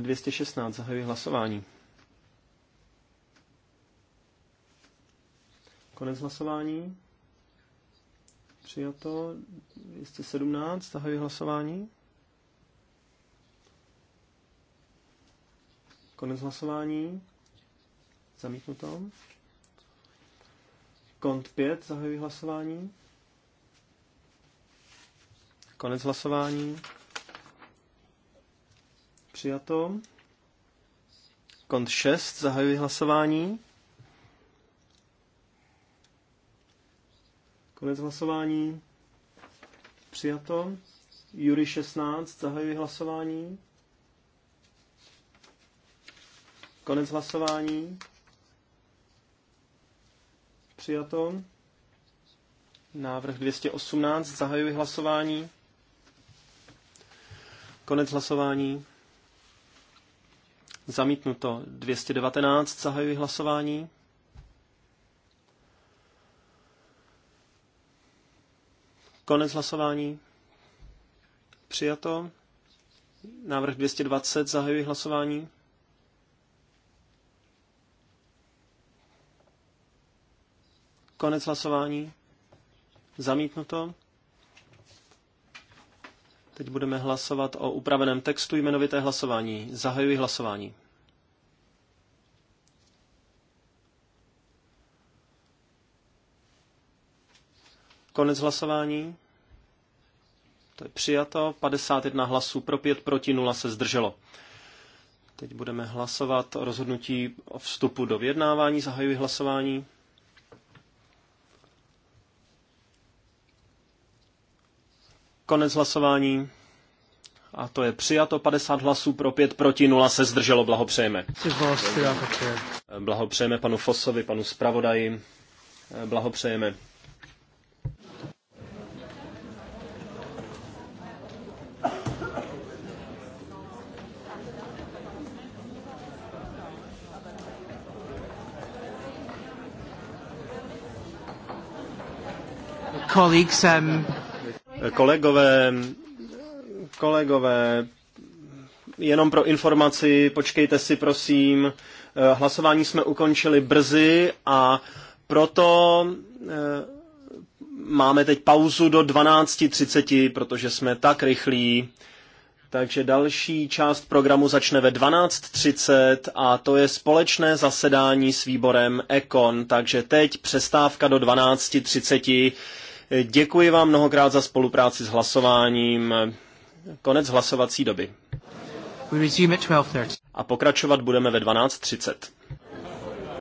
216, zahajuji hlasování. Konec hlasování. Přijato. 217, zahajuji hlasování. Konec hlasování. Zamítnuto. Kont 5, zahajuji hlasování. Konec hlasování. Přijato. Kont 6, zahajuji hlasování. Konec hlasování. Přijato. Jury 16, zahajuji hlasování. Konec hlasování. Přijato. Návrh 218. Zahajuji hlasování. Konec hlasování. Zamítnuto 219. Zahajuji hlasování. Konec hlasování. Přijato. Návrh 220. Zahajuji hlasování. Konec hlasování. Zamítnuto. Teď budeme hlasovat o upraveném textu jmenovité hlasování. Zahajuji hlasování. Konec hlasování. To je přijato. 51 hlasů pro 5, proti 0 se zdrželo. Teď budeme hlasovat o rozhodnutí o vstupu do vyjednávání. Zahajuji hlasování. Konec hlasování. A to je přijato 50 hlasů pro 5 proti 0 se zdrželo. Blahopřejeme. Blahopřejeme panu Fosovi, panu zpravodaji. Blahopřejeme. colleagues, um, Kolegové, kolegové, jenom pro informaci, počkejte si prosím, eh, hlasování jsme ukončili brzy a proto eh, máme teď pauzu do 12.30, protože jsme tak rychlí. Takže další část programu začne ve 12.30 a to je společné zasedání s výborem Econ. Takže teď přestávka do 12.30 Děkuji vám mnohokrát za spolupráci s hlasováním. Konec hlasovací doby. A pokračovat budeme ve 12.30.